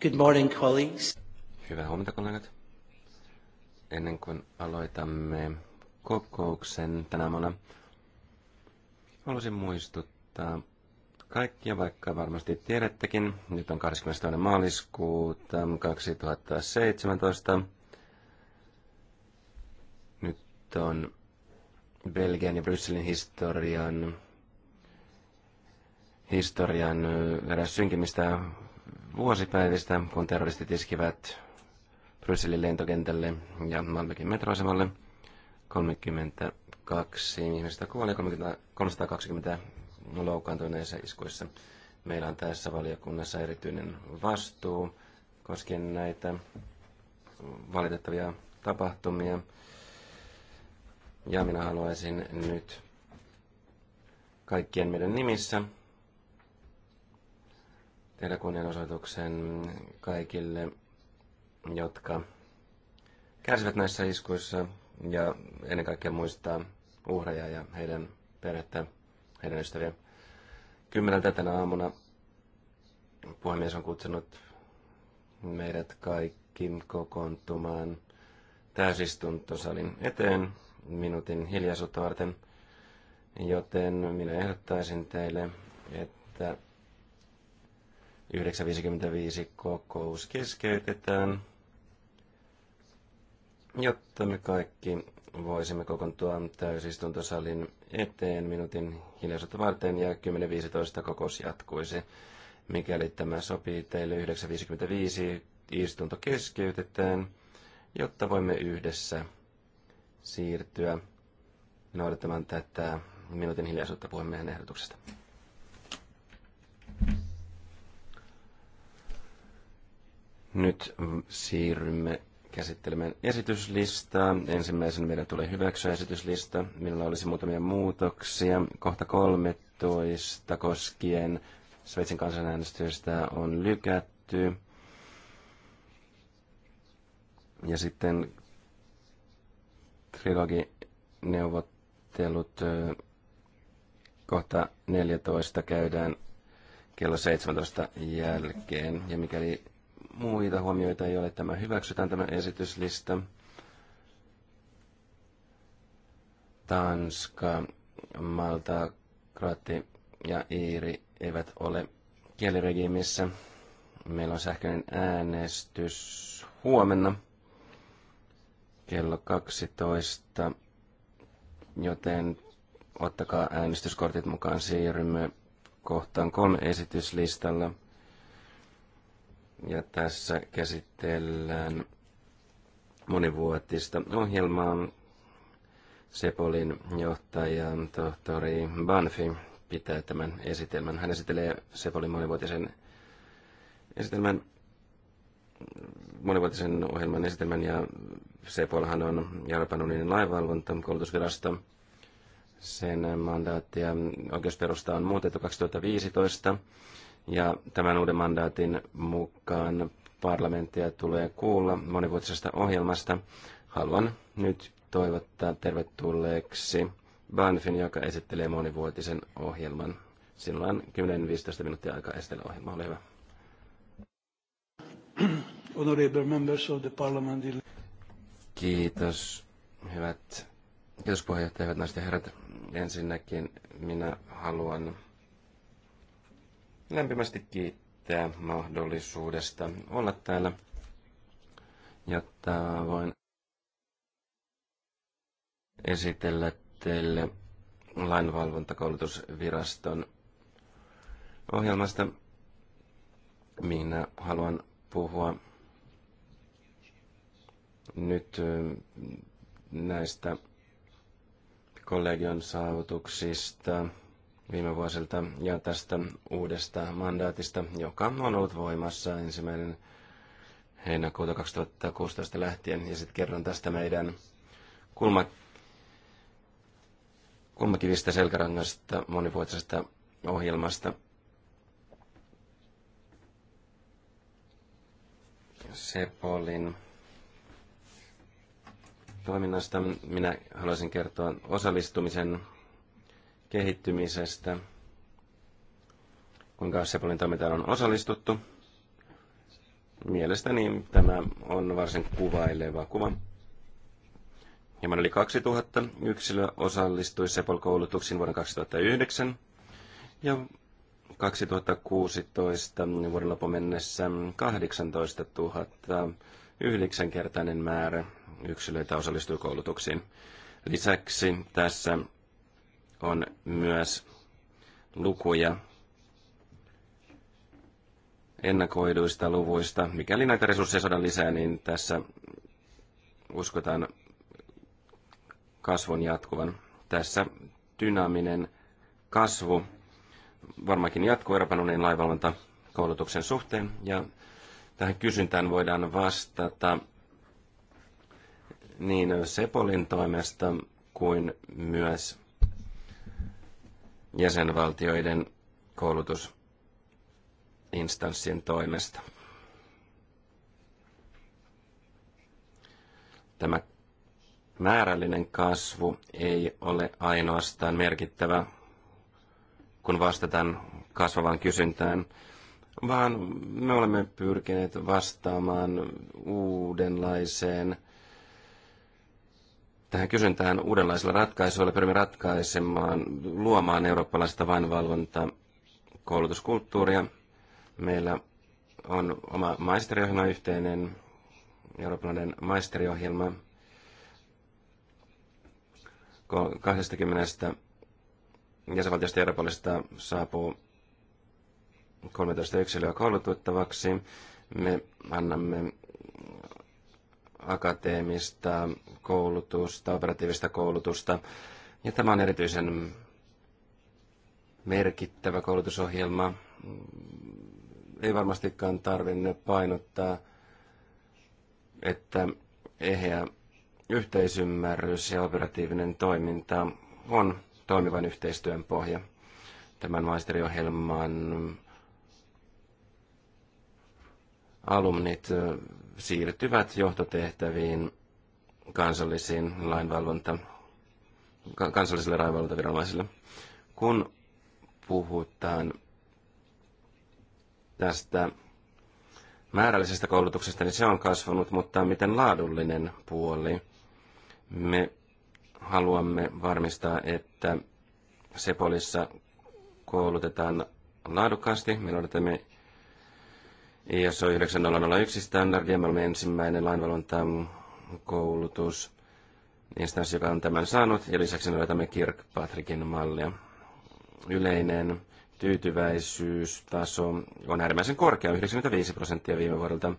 Good morning, colleagues. Hyvää huomenta, kollegat. Ennen kuin aloitamme kokouksen tänä aamuna, haluaisin muistuttaa kaikkia, vaikka varmasti tiedättekin. Nyt on 22. maaliskuuta 2017. Nyt on Belgian ja Brysselin historian historian äh, eräs synkimmistä vuosipäivistä, kun terroristit iskivät Brysselin lentokentälle ja Malmökin metroasemalle. 32 ihmistä kuoli 30, 320 loukkaantuneissa iskuissa. Meillä on tässä valiokunnassa erityinen vastuu koskien näitä valitettavia tapahtumia. Ja minä haluaisin nyt kaikkien meidän nimissä tehdä kunnianosoituksen kaikille, jotka kärsivät näissä iskuissa ja ennen kaikkea muistaa uhreja ja heidän perhettä, heidän ystäviä. Kymmeneltä tänä aamuna puhemies on kutsunut meidät kaikki kokoontumaan täysistuntosalin eteen minuutin hiljaisuutta varten, joten minä ehdottaisin teille, että 9.55 kokous keskeytetään, jotta me kaikki voisimme kokoontua täysistuntosalin eteen minuutin hiljaisuutta varten ja 10.15 kokous jatkuisi. Mikäli tämä sopii teille 9.55, istunto keskeytetään, jotta voimme yhdessä siirtyä noudattamaan tätä minuutin hiljaisuutta puhemiehen ehdotuksesta. Nyt siirrymme käsittelemään esityslistaa. Ensimmäisen meidän tulee hyväksyä esityslista, millä olisi muutamia muutoksia. Kohta 13 koskien Sveitsin kansanäänestystä on lykätty. Ja sitten trilogineuvottelut kohta 14 käydään kello 17 jälkeen. Ja mikäli muita huomioita ei ole. Tämä hyväksytään tämä esityslista. Tanska, Malta, Kroatti ja Iiri eivät ole kieliregiimissä. Meillä on sähköinen äänestys huomenna kello 12, joten ottakaa äänestyskortit mukaan. Siirrymme kohtaan kolme esityslistalla. Ja tässä käsitellään monivuotista ohjelmaa. Sepolin johtaja tohtori Banfi pitää tämän esitelmän. Hän esittelee Sepolin monivuotisen esitelmän monivuotisen ohjelman esitelmän ja Sepolhan on Euroopan unionin laivalvonta, koulutusvirasto. Sen mandaatti ja oikeusperusta on muutettu 2015 ja tämän uuden mandaatin mukaan parlamenttia tulee kuulla monivuotisesta ohjelmasta. Haluan nyt toivottaa tervetulleeksi Banfin, joka esittelee monivuotisen ohjelman. Sinulla on 10-15 minuuttia aikaa esitellä ohjelma. Ole hyvä. Honorable members of the parliament. Kiitos, hyvät, kiitos puheenjohtaja, hyvät naiset ja herrat. Ensinnäkin minä haluan lämpimästi kiittää mahdollisuudesta olla täällä, jotta voin esitellä teille lainvalvontakoulutusviraston ohjelmasta. Minä haluan puhua nyt näistä kollegion saavutuksista viime vuosilta ja tästä uudesta mandaatista, joka on ollut voimassa ensimmäinen heinäkuuta 2016 lähtien. Ja sitten kerron tästä meidän kulma, kulmakivistä selkärangasta monivuotisesta ohjelmasta. Sepolin toiminnasta minä haluaisin kertoa osallistumisen kehittymisestä, kuinka Sepolin toimintaan on osallistuttu. Mielestäni tämä on varsin kuvaileva kuva. Hieman yli 2000 yksilöä osallistui Sepol-koulutuksiin vuonna 2009 ja 2016 vuoden lopun mennessä 18 000 yhdeksänkertainen määrä yksilöitä osallistui koulutuksiin. Lisäksi tässä on myös lukuja ennakoiduista luvuista. Mikäli näitä resursseja saadaan lisää, niin tässä uskotaan kasvun jatkuvan. Tässä dynaaminen kasvu varmaankin jatkuu Euroopan unionin laivalvonta koulutuksen suhteen. Ja tähän kysyntään voidaan vastata niin Sepolin toimesta kuin myös jäsenvaltioiden koulutusinstanssien toimesta. Tämä määrällinen kasvu ei ole ainoastaan merkittävä, kun vastataan kasvavaan kysyntään, vaan me olemme pyrkineet vastaamaan uudenlaiseen – tähän kysyntään uudenlaisilla ratkaisuilla pyrimme ratkaisemaan, luomaan eurooppalaista vainvalvonta koulutuskulttuuria. Meillä on oma maisteriohjelma yhteinen, eurooppalainen maisteriohjelma 20 jäsenvaltiosta Euroopallista saapuu 13 yksilöä koulutettavaksi. Me annamme akateemista koulutusta, operatiivista koulutusta. Ja tämä on erityisen merkittävä koulutusohjelma. Ei varmastikaan tarvinne painottaa, että eheä yhteisymmärrys ja operatiivinen toiminta on toimivan yhteistyön pohja. Tämän maisteriohjelman alumnit siirtyvät johtotehtäviin kansallisiin lainvalvonta, kansallisille lainvalvontaviranomaisille. Kun puhutaan tästä määrällisestä koulutuksesta, niin se on kasvanut, mutta miten laadullinen puoli? Me haluamme varmistaa, että Sepolissa koulutetaan laadukkaasti. Me odotamme. ISO 9001 standard, ja me olemme ensimmäinen lainvalvontakoulutus instanssi, joka on tämän saanut, ja lisäksi noitamme Kirk Patrickin mallia. Yleinen tyytyväisyystaso on äärimmäisen korkea, 95 prosenttia viime vuodelta.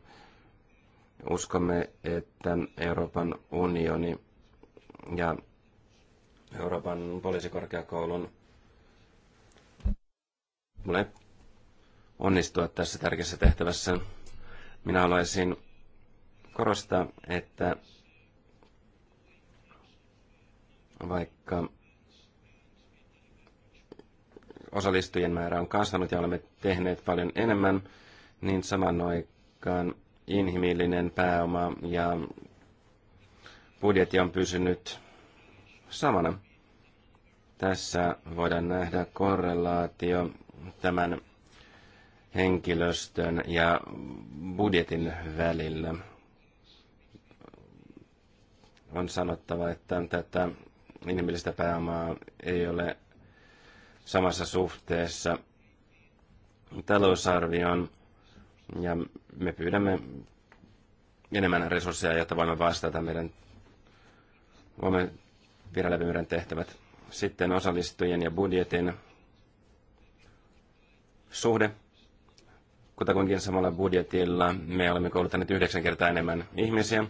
Uskomme, että Euroopan unioni ja Euroopan poliisikorkeakoulun molemmat onnistua tässä tärkeässä tehtävässä. Minä haluaisin korostaa, että vaikka osallistujien määrä on kasvanut ja olemme tehneet paljon enemmän, niin saman aikaan inhimillinen pääoma ja budjetti on pysynyt samana. Tässä voidaan nähdä korrelaatio tämän henkilöstön ja budjetin välillä. On sanottava, että tätä inhimillistä pääomaa ei ole samassa suhteessa talousarvioon ja me pyydämme enemmän resursseja, jotta voimme vastata meidän, voimme viedä läpi meidän tehtävät. Sitten osallistujien ja budjetin suhde kutakuinkin samalla budjetilla me olemme kouluttaneet yhdeksän kertaa enemmän ihmisiä.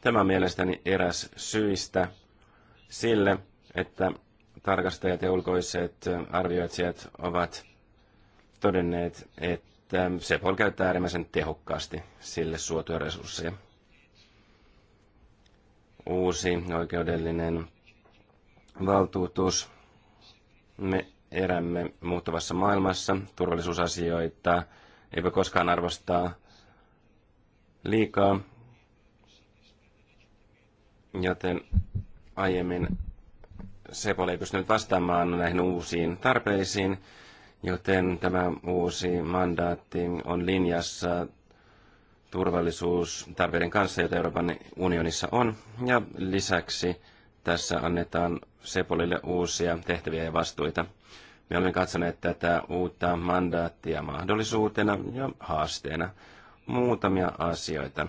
Tämä on mielestäni eräs syistä sille, että tarkastajat ja ulkoiset arvioitsijat ovat todenneet, että Sepol käyttää äärimmäisen tehokkaasti sille suotuja resursseja. Uusi oikeudellinen valtuutus. Me erämme muuttuvassa maailmassa turvallisuusasioita ei voi koskaan arvostaa liikaa, joten aiemmin Sepol ei pystynyt vastaamaan näihin uusiin tarpeisiin, joten tämä uusi mandaatti on linjassa turvallisuustarpeiden kanssa, joita Euroopan unionissa on. Ja lisäksi tässä annetaan Sepolille uusia tehtäviä ja vastuita. Me olemme katsoneet tätä uutta mandaattia mahdollisuutena ja haasteena. Muutamia asioita.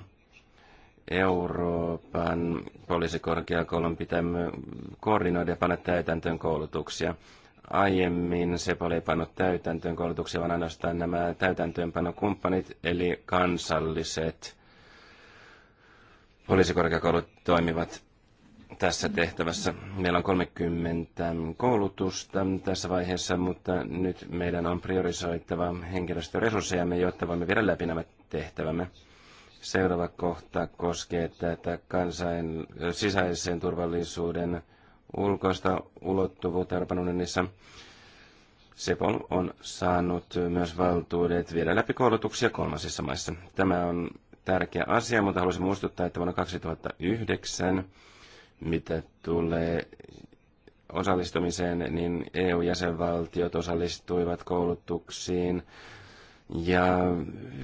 Euroopan poliisikorkeakoulun pitää koordinoida ja panna täytäntöön koulutuksia. Aiemmin se oli pannut täytäntöön koulutuksia, vaan ainoastaan nämä täytäntöönpanokumppanit, eli kansalliset poliisikorkeakoulut toimivat tässä tehtävässä. Meillä on 30 koulutusta tässä vaiheessa, mutta nyt meidän on priorisoitava henkilöstöresurssejamme, jotta voimme viedä läpi nämä tehtävämme. Seuraava kohta koskee tätä kansain, sisäisen turvallisuuden ulkoista ulottuvuutta Euroopan unionissa. Sepol on saanut myös valtuudet viedä läpi koulutuksia kolmansissa maissa. Tämä on tärkeä asia, mutta haluaisin muistuttaa, että vuonna 2009 mitä tulee osallistumiseen, niin EU-jäsenvaltiot osallistuivat koulutuksiin ja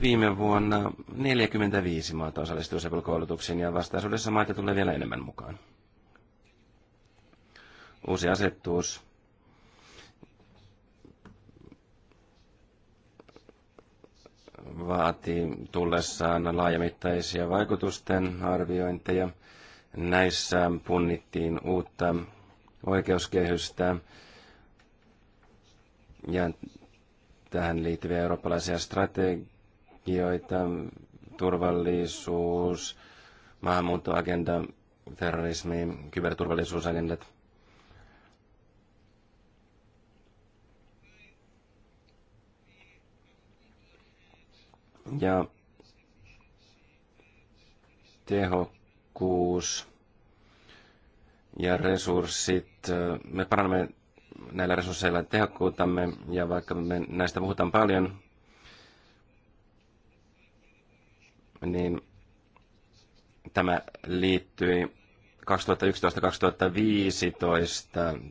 viime vuonna 45 maata osallistui Sepul-koulutuksiin ja vastaisuudessa maita tulee vielä enemmän mukaan. Uusi asetus vaatii tullessaan laajamittaisia vaikutusten arviointeja – Näissä punnittiin uutta oikeuskehystä ja tähän liittyviä eurooppalaisia strategioita, turvallisuus, maahanmuuttoagenda, terrorismi, kyberturvallisuusagendat. Ja teho tehokkuus ja resurssit. Me parannamme näillä resursseilla tehokkuutamme ja vaikka me näistä puhutaan paljon, niin tämä liittyi 2011-2015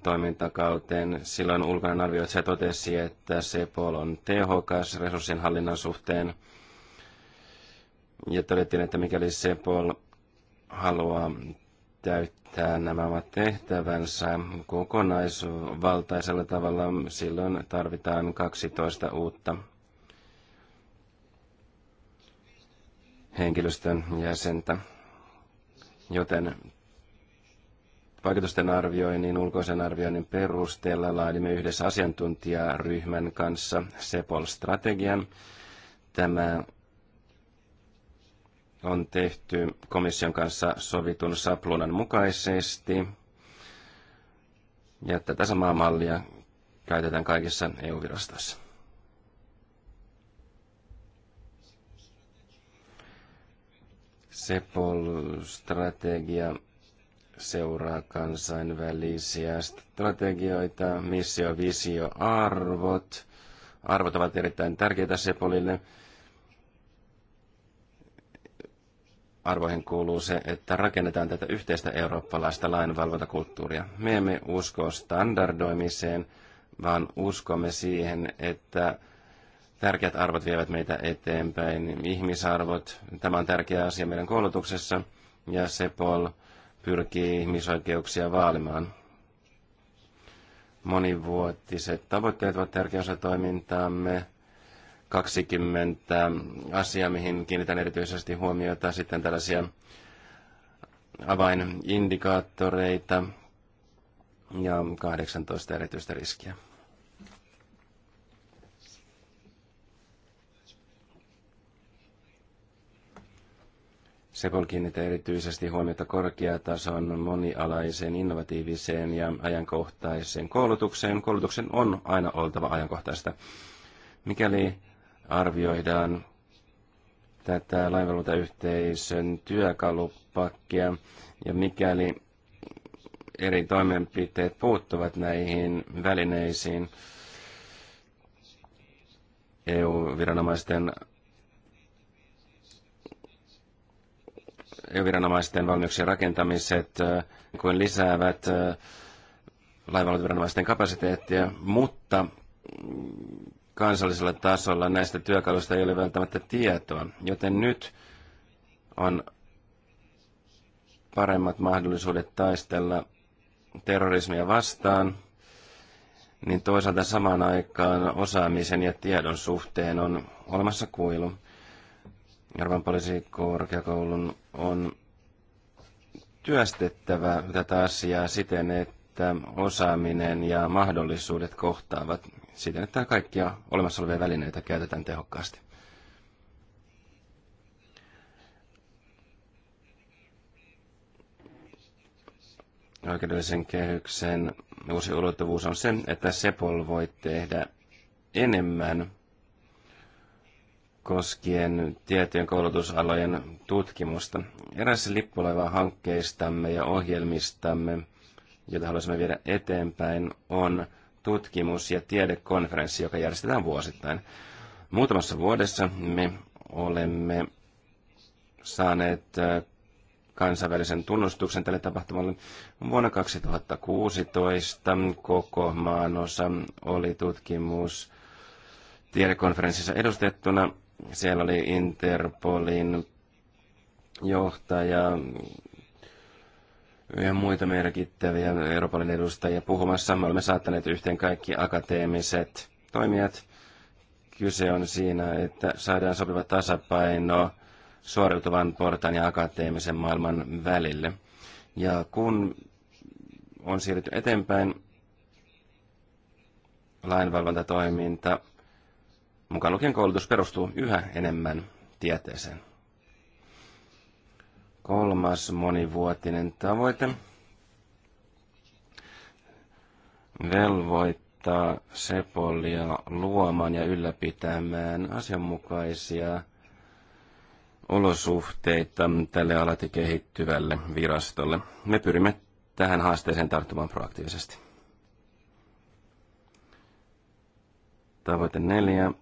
toimintakauteen. Silloin ulkoinen arvioitsija totesi, että CEPOL on tehokas resurssien hallinnan suhteen. Ja todettiin, että mikäli CEPOL haluaa täyttää nämä ovat tehtävänsä kokonaisvaltaisella tavalla, silloin tarvitaan 12 uutta henkilöstön jäsentä. Joten vaikutusten arvioinnin, ulkoisen arvioinnin perusteella laadimme yhdessä asiantuntijaryhmän kanssa Sepol-strategian. Tämä on tehty komission kanssa sovitun sapluunan mukaisesti. Ja tätä samaa mallia käytetään kaikissa EU-virastoissa. Sepol-strategia seuraa kansainvälisiä strategioita, missio, visio, arvot. Arvot ovat erittäin tärkeitä Sepolille arvoihin kuuluu se, että rakennetaan tätä yhteistä eurooppalaista lainvalvontakulttuuria. Me emme usko standardoimiseen, vaan uskomme siihen, että tärkeät arvot vievät meitä eteenpäin. Ihmisarvot, tämä on tärkeä asia meidän koulutuksessa, ja Sepol pyrkii ihmisoikeuksia vaalimaan. Monivuotiset tavoitteet ovat tärkeä osa toimintaamme 20 asiaa, mihin kiinnitän erityisesti huomiota. Sitten tällaisia avainindikaattoreita ja 18 erityistä riskiä. Sepol kiinnittää erityisesti huomiota korkeatason monialaiseen, innovatiiviseen ja ajankohtaiseen koulutukseen. Koulutuksen on aina oltava ajankohtaista. Mikäli arvioidaan tätä laivaluutayhteisön työkalupakkia, ja mikäli eri toimenpiteet puuttuvat näihin välineisiin, EU-viranomaisten EU-viranomaisten valmiuksien rakentamiset äh, kuin lisäävät äh, laivaluotoviranomaisten kapasiteettia, mutta kansallisella tasolla näistä työkaluista ei ole välttämättä tietoa, joten nyt on paremmat mahdollisuudet taistella terrorismia vastaan, niin toisaalta samaan aikaan osaamisen ja tiedon suhteen on olemassa kuilu. Arvan poliisikorkeakoulun on työstettävä tätä asiaa siten, että että osaaminen ja mahdollisuudet kohtaavat siten, että kaikkia olemassa olevia välineitä käytetään tehokkaasti. Oikeudellisen kehyksen uusi ulottuvuus on se, että Sepol voi tehdä enemmän koskien tiettyjen koulutusalojen tutkimusta. Eräs lippulaiva hankkeistamme ja ohjelmistamme – jota haluaisimme viedä eteenpäin, on tutkimus- ja tiedekonferenssi, joka järjestetään vuosittain. Muutamassa vuodessa me olemme saaneet äh, kansainvälisen tunnustuksen tälle tapahtumalle. Vuonna 2016 koko maanosa oli tutkimus tiedekonferenssissa edustettuna. Siellä oli Interpolin johtaja, ja muita merkittäviä Euroopan edustajia puhumassa. Me olemme saattaneet yhteen kaikki akateemiset toimijat. Kyse on siinä, että saadaan sopiva tasapaino suoriutuvan portaan ja akateemisen maailman välille. Ja kun on siirrytty eteenpäin, lainvalvontatoiminta, mukaan lukien koulutus, perustuu yhä enemmän tieteeseen kolmas monivuotinen tavoite velvoittaa Sepolia luomaan ja ylläpitämään asianmukaisia olosuhteita tälle alati kehittyvälle virastolle. Me pyrimme tähän haasteeseen tarttumaan proaktiivisesti. Tavoite neljä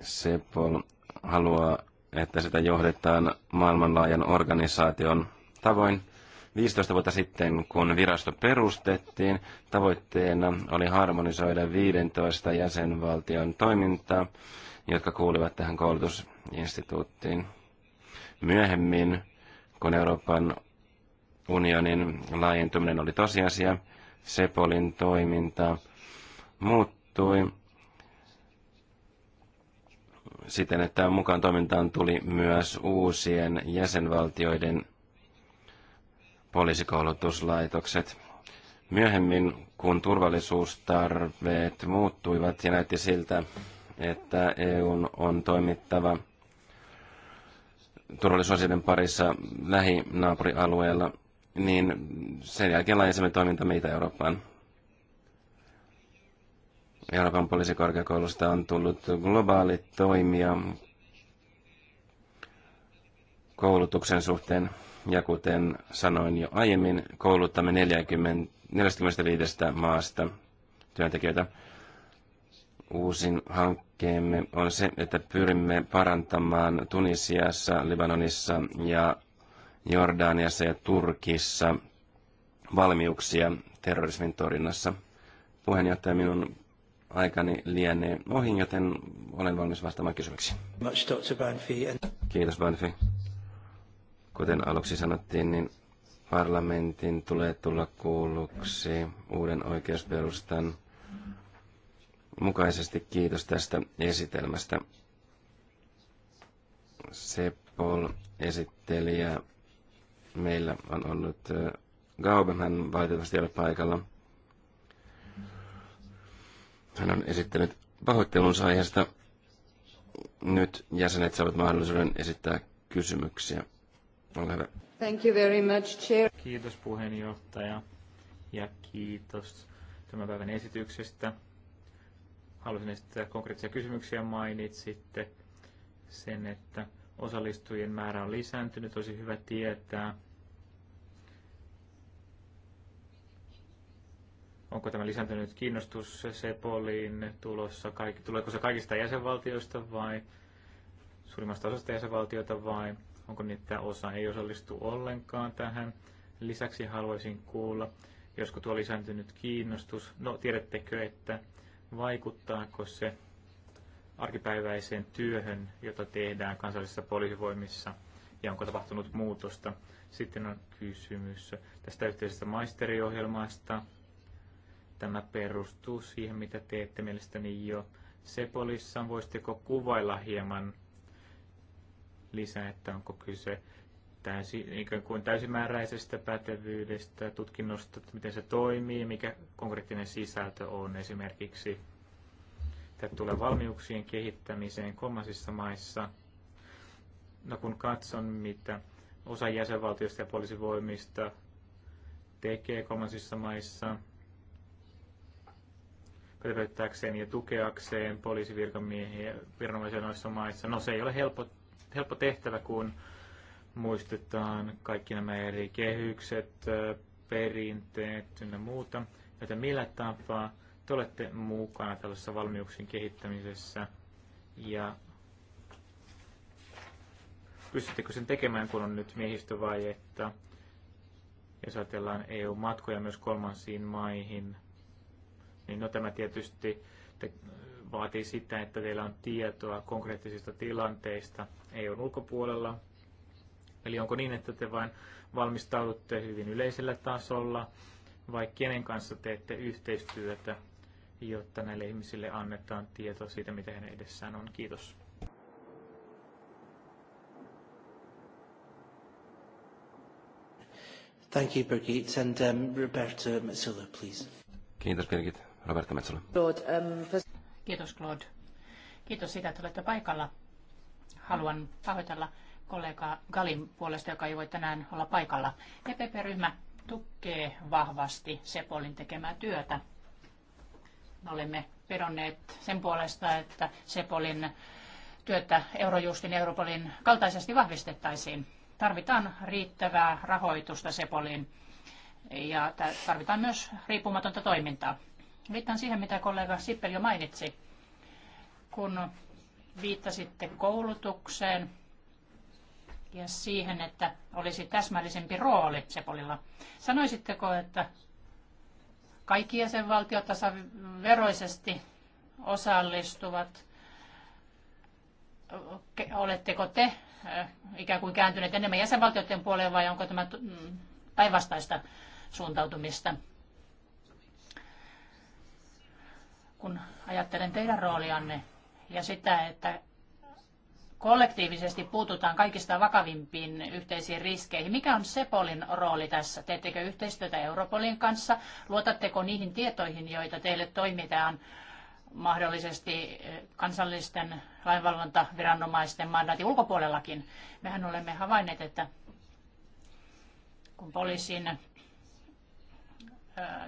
Sepol haluaa, että sitä johdetaan maailmanlaajan organisaation tavoin. 15 vuotta sitten, kun virasto perustettiin, tavoitteena oli harmonisoida 15 jäsenvaltion toimintaa, jotka kuuluvat tähän koulutusinstituuttiin. Myöhemmin, kun Euroopan unionin laajentuminen oli tosiasia, Sepolin toiminta muuttui siten, että mukaan toimintaan tuli myös uusien jäsenvaltioiden poliisikoulutuslaitokset. Myöhemmin, kun turvallisuustarpeet muuttuivat ja näytti siltä, että EU on toimittava turvallisuusasioiden parissa lähinaapurialueella, niin sen jälkeen laajensimme toiminta meitä Eurooppaan. Euroopan poliisikorkeakoulusta on tullut globaali toimija koulutuksen suhteen. Ja kuten sanoin jo aiemmin, kouluttamme 40, 45 maasta työntekijöitä. Uusin hankkeemme on se, että pyrimme parantamaan Tunisiassa, Libanonissa ja Jordaniassa ja Turkissa valmiuksia terrorismin torjunnassa. Puheenjohtaja, minun aikani lienee ohi, joten olen valmis vastaamaan kysymyksiin. Kiitos Banfi. Kuten aluksi sanottiin, niin parlamentin tulee tulla kuulluksi uuden oikeusperustan mukaisesti. Kiitos tästä esitelmästä. Seppol esittelijä meillä on ollut äh, Gauben, hän valitettavasti ei ole paikalla. Hän on esittänyt pahoittelunsa aiheesta. Nyt jäsenet saavat mahdollisuuden esittää kysymyksiä. Ole hyvä. Thank you very much, chair. Kiitos puheenjohtaja ja kiitos tämän päivän esityksestä. Haluaisin esittää konkreettisia kysymyksiä. Mainitsitte sen, että osallistujien määrä on lisääntynyt. Olisi hyvä tietää, Onko tämä lisääntynyt kiinnostus Sepoliin tulossa? Kaikki, tuleeko se kaikista jäsenvaltioista vai suurimmasta osasta jäsenvaltioita vai onko niitä osa ei osallistu ollenkaan tähän? Lisäksi haluaisin kuulla, josko tuo lisääntynyt kiinnostus, no tiedättekö, että vaikuttaako se arkipäiväiseen työhön, jota tehdään kansallisissa poliisivoimissa, ja onko tapahtunut muutosta. Sitten on kysymys tästä yhteisestä maisteriohjelmasta, Tämä perustuu siihen, mitä teette mielestäni jo Sepolissa. Voisitteko kuvailla hieman lisää, että onko kyse täysi, ikään kuin täysimääräisestä pätevyydestä, tutkinnosta, että miten se toimii, mikä konkreettinen sisältö on esimerkiksi. Tämä tulee valmiuksien kehittämiseen kolmansissa maissa. No kun katson, mitä osa jäsenvaltioista ja poliisivoimista tekee kolmansissa maissa, terveyttääkseen ja tukeakseen poliisivirkamiehiä viranomaisia noissa maissa. No se ei ole helppo, helppo tehtävä, kun muistetaan kaikki nämä eri kehykset, perinteet ynnä muuta. Joten millä tapaa te olette mukana tällaisessa valmiuksien kehittämisessä ja pystyttekö sen tekemään, kun on nyt miehistövaietta? Jos ajatellaan EU-matkoja myös kolmansiin maihin – niin no tämä tietysti te, vaatii sitä, että teillä on tietoa konkreettisista tilanteista EUn ulkopuolella. Eli onko niin, että te vain valmistaudutte hyvin yleisellä tasolla, vai kenen kanssa teette yhteistyötä, jotta näille ihmisille annetaan tietoa siitä, mitä heidän edessään on. Kiitos. Thank you, Birgit. And um, Roberto Metsola, please. Kiitos, Birgit. Roberta Metsola. Ähm, Kiitos Claude. Kiitos siitä, että olette paikalla. Haluan pahoitella kollega Galin puolesta, joka ei voi tänään olla paikalla. EPP-ryhmä tukee vahvasti Sepolin tekemää työtä. Me olemme vedonneet sen puolesta, että Sepolin työtä Eurojustin ja Europolin kaltaisesti vahvistettaisiin. Tarvitaan riittävää rahoitusta Sepolin ja tarvitaan myös riippumatonta toimintaa. Viittaan siihen, mitä kollega Sippel jo mainitsi, kun viittasitte koulutukseen ja siihen, että olisi täsmällisempi rooli Sepolilla. Sanoisitteko, että kaikki jäsenvaltiot tasaveroisesti osallistuvat? Oletteko te eh, ikään kuin kääntyneet enemmän jäsenvaltioiden puoleen vai onko tämä mm, päinvastaista suuntautumista? kun ajattelen teidän roolianne ja sitä, että kollektiivisesti puututaan kaikista vakavimpiin yhteisiin riskeihin. Mikä on Sepolin rooli tässä? Teettekö yhteistyötä Europolin kanssa? Luotatteko niihin tietoihin, joita teille toimitaan mahdollisesti eh, kansallisten lainvalvontaviranomaisten mandaatin ulkopuolellakin? Mehän olemme havainneet, että kun poliisin eh,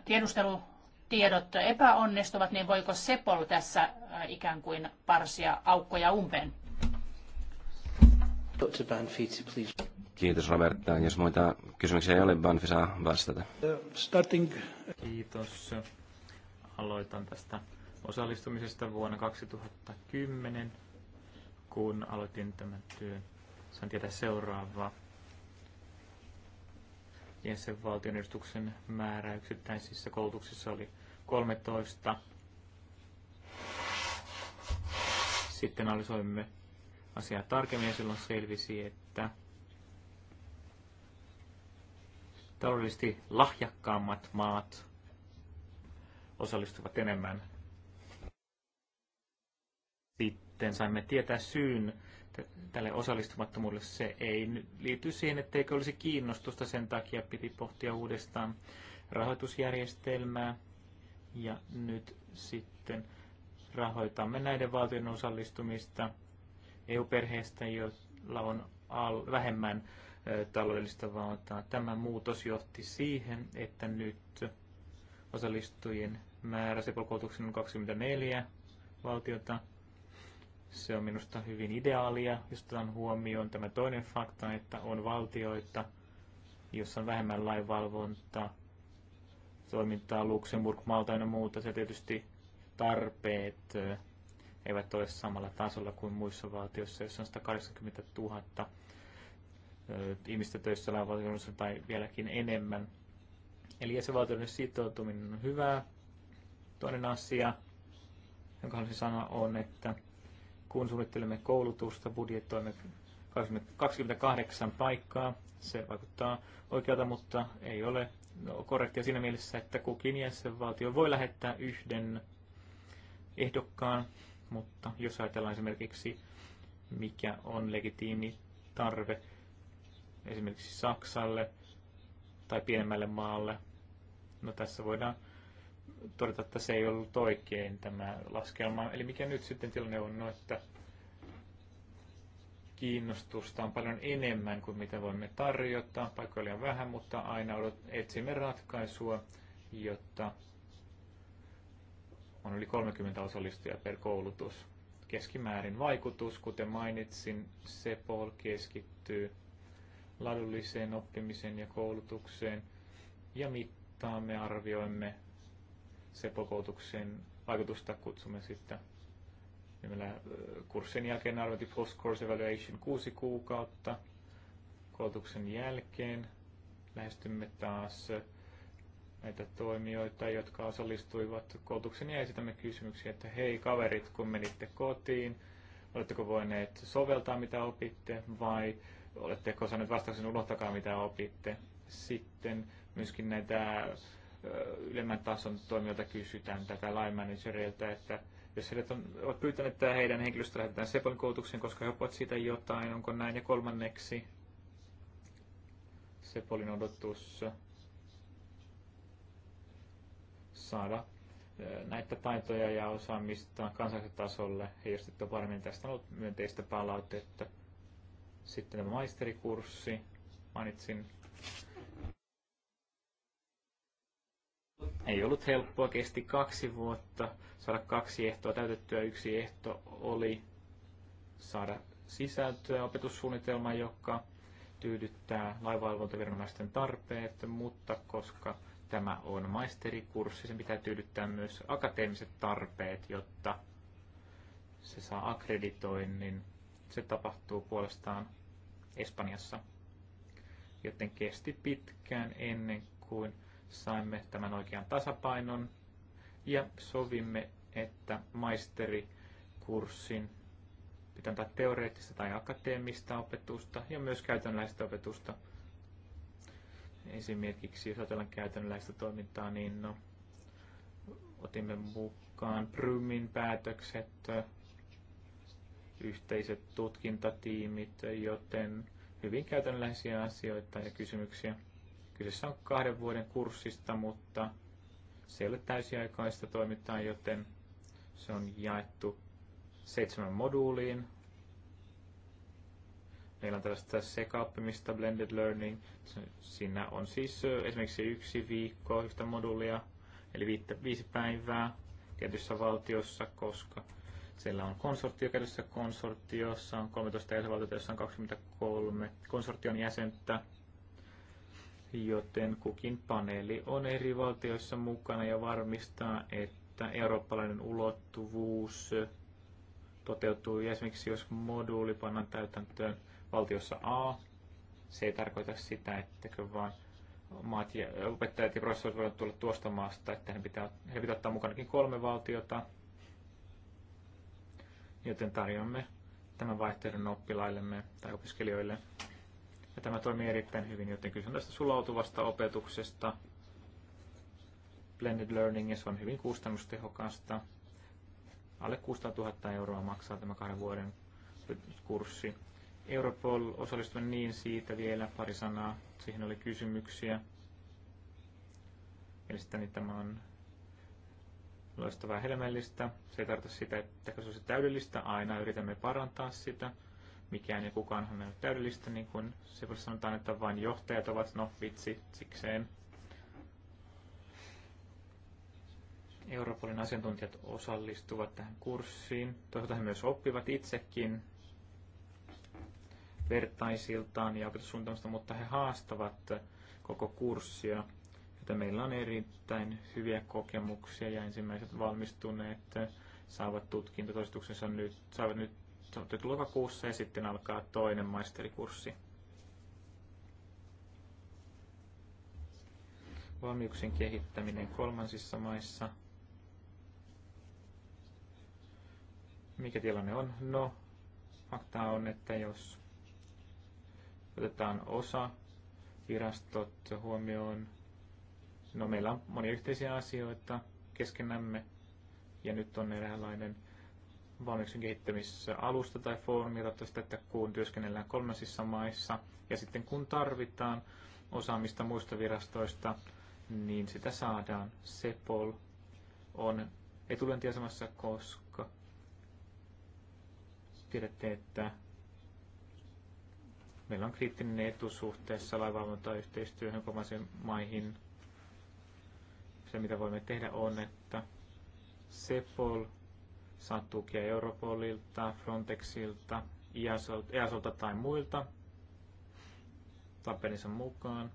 tiedustelu tiedot epäonnistuvat, niin voiko Sepol tässä äh, ikään kuin parsia aukkoja umpeen? Banfi, please. Kiitos Robertta Jos muita kysymyksiä ei ole, Banfi saa vastata. Uh, starting. Kiitos. Aloitan tästä osallistumisesta vuonna 2010, kun aloitin tämän työn. Sain tietää seuraavaa. Jensen valtionedustuksen määrä yksittäisissä koulutuksissa oli 13. Sitten analysoimme asiaa tarkemmin ja silloin selvisi, että taloudellisesti lahjakkaammat maat osallistuvat enemmän. Sitten saimme tietää syyn tälle osallistumattomuudelle. Se ei liity siihen, etteikö olisi kiinnostusta, sen takia piti pohtia uudestaan rahoitusjärjestelmää ja nyt sitten rahoitamme näiden valtion osallistumista EU-perheestä, joilla on vähemmän taloudellista valtaa. Tämä muutos johti siihen, että nyt osallistujien määrä sepulkoulutuksen on 24 valtiota. Se on minusta hyvin ideaalia, jos otetaan huomioon tämä toinen fakta, että on valtioita, jossa on vähemmän lainvalvontaa toimintaa, Luxemburg, Malta ja muuta, se tietysti tarpeet eivät ole samalla tasolla kuin muissa valtioissa, jossa on 180 000 ihmistä töissä lainvaltioissa tai vieläkin enemmän. Eli jäsenvaltioiden sitoutuminen on hyvää. Toinen asia, jonka haluaisin sanoa, on, että kun suunnittelemme koulutusta, budjettoimme 28 paikkaa. Se vaikuttaa oikealta, mutta ei ole korrektia siinä mielessä, että kukin jäsenvaltio voi lähettää yhden ehdokkaan, mutta jos ajatellaan esimerkiksi, mikä on legitiimi tarve esimerkiksi Saksalle tai pienemmälle maalle, no tässä voidaan todeta, että se ei ollut oikein tämä laskelma. Eli mikä nyt sitten tilanne on, no, että kiinnostusta on paljon enemmän kuin mitä voimme tarjota. Paikkoja liian vähän, mutta aina etsimme ratkaisua, jotta on yli 30 osallistujaa per koulutus. Keskimäärin vaikutus, kuten mainitsin, Sepol keskittyy laadulliseen oppimiseen ja koulutukseen ja mittaamme, arvioimme Sepol-koulutuksen vaikutusta, kutsumme sitten niin meillä äh, kurssin jälkeen arvioiti post course evaluation kuusi kuukautta. Koulutuksen jälkeen lähestymme taas näitä toimijoita, jotka osallistuivat koulutuksen ja esitämme kysymyksiä, että hei kaverit, kun menitte kotiin, oletteko voineet soveltaa mitä opitte vai oletteko saaneet vastauksen unohtakaa mitä opitte. Sitten myöskin näitä ylemmän tason toimijoita kysytään tätä line managerilta, että jos heidät on, ovat pyytäneet, että heidän henkilöstö lähetetään Sepalin koulutukseen, koska he ovat siitä jotain, onko näin. Ja kolmanneksi Sepolin odotus eh, saada eh, näitä taitoja ja osaamista kansalliselle tasolle heijastettua paremmin. Tästä on ollut myönteistä palautetta. Sitten tämä maisterikurssi, mainitsin Ei ollut helppoa, kesti kaksi vuotta saada kaksi ehtoa täytettyä. Yksi ehto oli saada sisältöä opetussuunnitelma, joka tyydyttää laivaalvontaviranomaisten tarpeet, mutta koska tämä on maisterikurssi, sen pitää tyydyttää myös akateemiset tarpeet, jotta se saa akkreditoinnin. Se tapahtuu puolestaan Espanjassa, joten kesti pitkään ennen kuin saimme tämän oikean tasapainon ja sovimme, että maisterikurssin pitää antaa teoreettista tai akateemista opetusta ja myös käytännöllistä opetusta. Esimerkiksi jos ajatellaan käytännöllistä toimintaa, niin no, otimme mukaan Prymin päätökset, yhteiset tutkintatiimit, joten hyvin käytännöllisiä asioita ja kysymyksiä. Kyseessä on kahden vuoden kurssista, mutta se ei ole täysiaikaista toimintaa, joten se on jaettu seitsemän moduuliin. Meillä on tällaista sekaoppimista, blended learning. Siinä on siis esimerkiksi yksi viikko yhtä moduulia, eli viittä, viisi päivää tietyssä valtiossa, koska siellä on konsortio käytössä konsortiossa, on 13 jäsenvaltiota, jossa on 23 konsortion jäsentä joten kukin paneeli on eri valtioissa mukana ja varmistaa, että eurooppalainen ulottuvuus toteutuu. Ja esimerkiksi jos moduuli pannaan täytäntöön valtiossa A, se ei tarkoita sitä, että vaan maat ja opettajat ja professorit voivat tulla tuosta maasta, että he pitää, he pitää ottaa mukanakin kolme valtiota. Joten tarjoamme tämän vaihtoehdon oppilaillemme tai opiskelijoille. Ja tämä toimii erittäin hyvin, joten kyse on tästä sulautuvasta opetuksesta. Blended Learning, ja se on hyvin kustannustehokasta. Alle 600 000 euroa maksaa tämä kahden vuoden kurssi. Europol osallistuminen niin siitä vielä pari sanaa. Siihen oli kysymyksiä. Mielestäni tämä on loistavaa ja helmeellistä. Se ei tarkoita sitä, että se olisi täydellistä. Aina yritämme parantaa sitä mikään ja kukaan ei ole täydellistä, niin kuin se voi sanotaan, että vain johtajat ovat, no vitsi, sikseen. Europolin asiantuntijat osallistuvat tähän kurssiin. Toisaalta he myös oppivat itsekin vertaisiltaan ja opetussuunnitelmasta, mutta he haastavat koko kurssia, joten meillä on erittäin hyviä kokemuksia ja ensimmäiset valmistuneet saavat tutkintotoistuksensa nyt, saavat nyt se on lokakuussa ja sitten alkaa toinen maisterikurssi. Valmiuksien kehittäminen kolmansissa maissa. Mikä tilanne on? No, fakta on, että jos otetaan osa virastot huomioon, no meillä on monia yhteisiä asioita keskenämme, ja nyt on eräänlainen valmiuksien kehittämisessä alusta tai foorumia ratkaista, että kun työskennellään kolmansissa maissa ja sitten kun tarvitaan osaamista muista virastoista, niin sitä saadaan. Sepol on etulentiasemassa, koska tiedätte, että meillä on kriittinen etu suhteessa laivavalvontayhteistyöhön kolmansiin maihin. Se, mitä voimme tehdä, on, että Sepol saat tukea Europolilta, Frontexilta, EASolta, e tai muilta tapelinsa mukaan.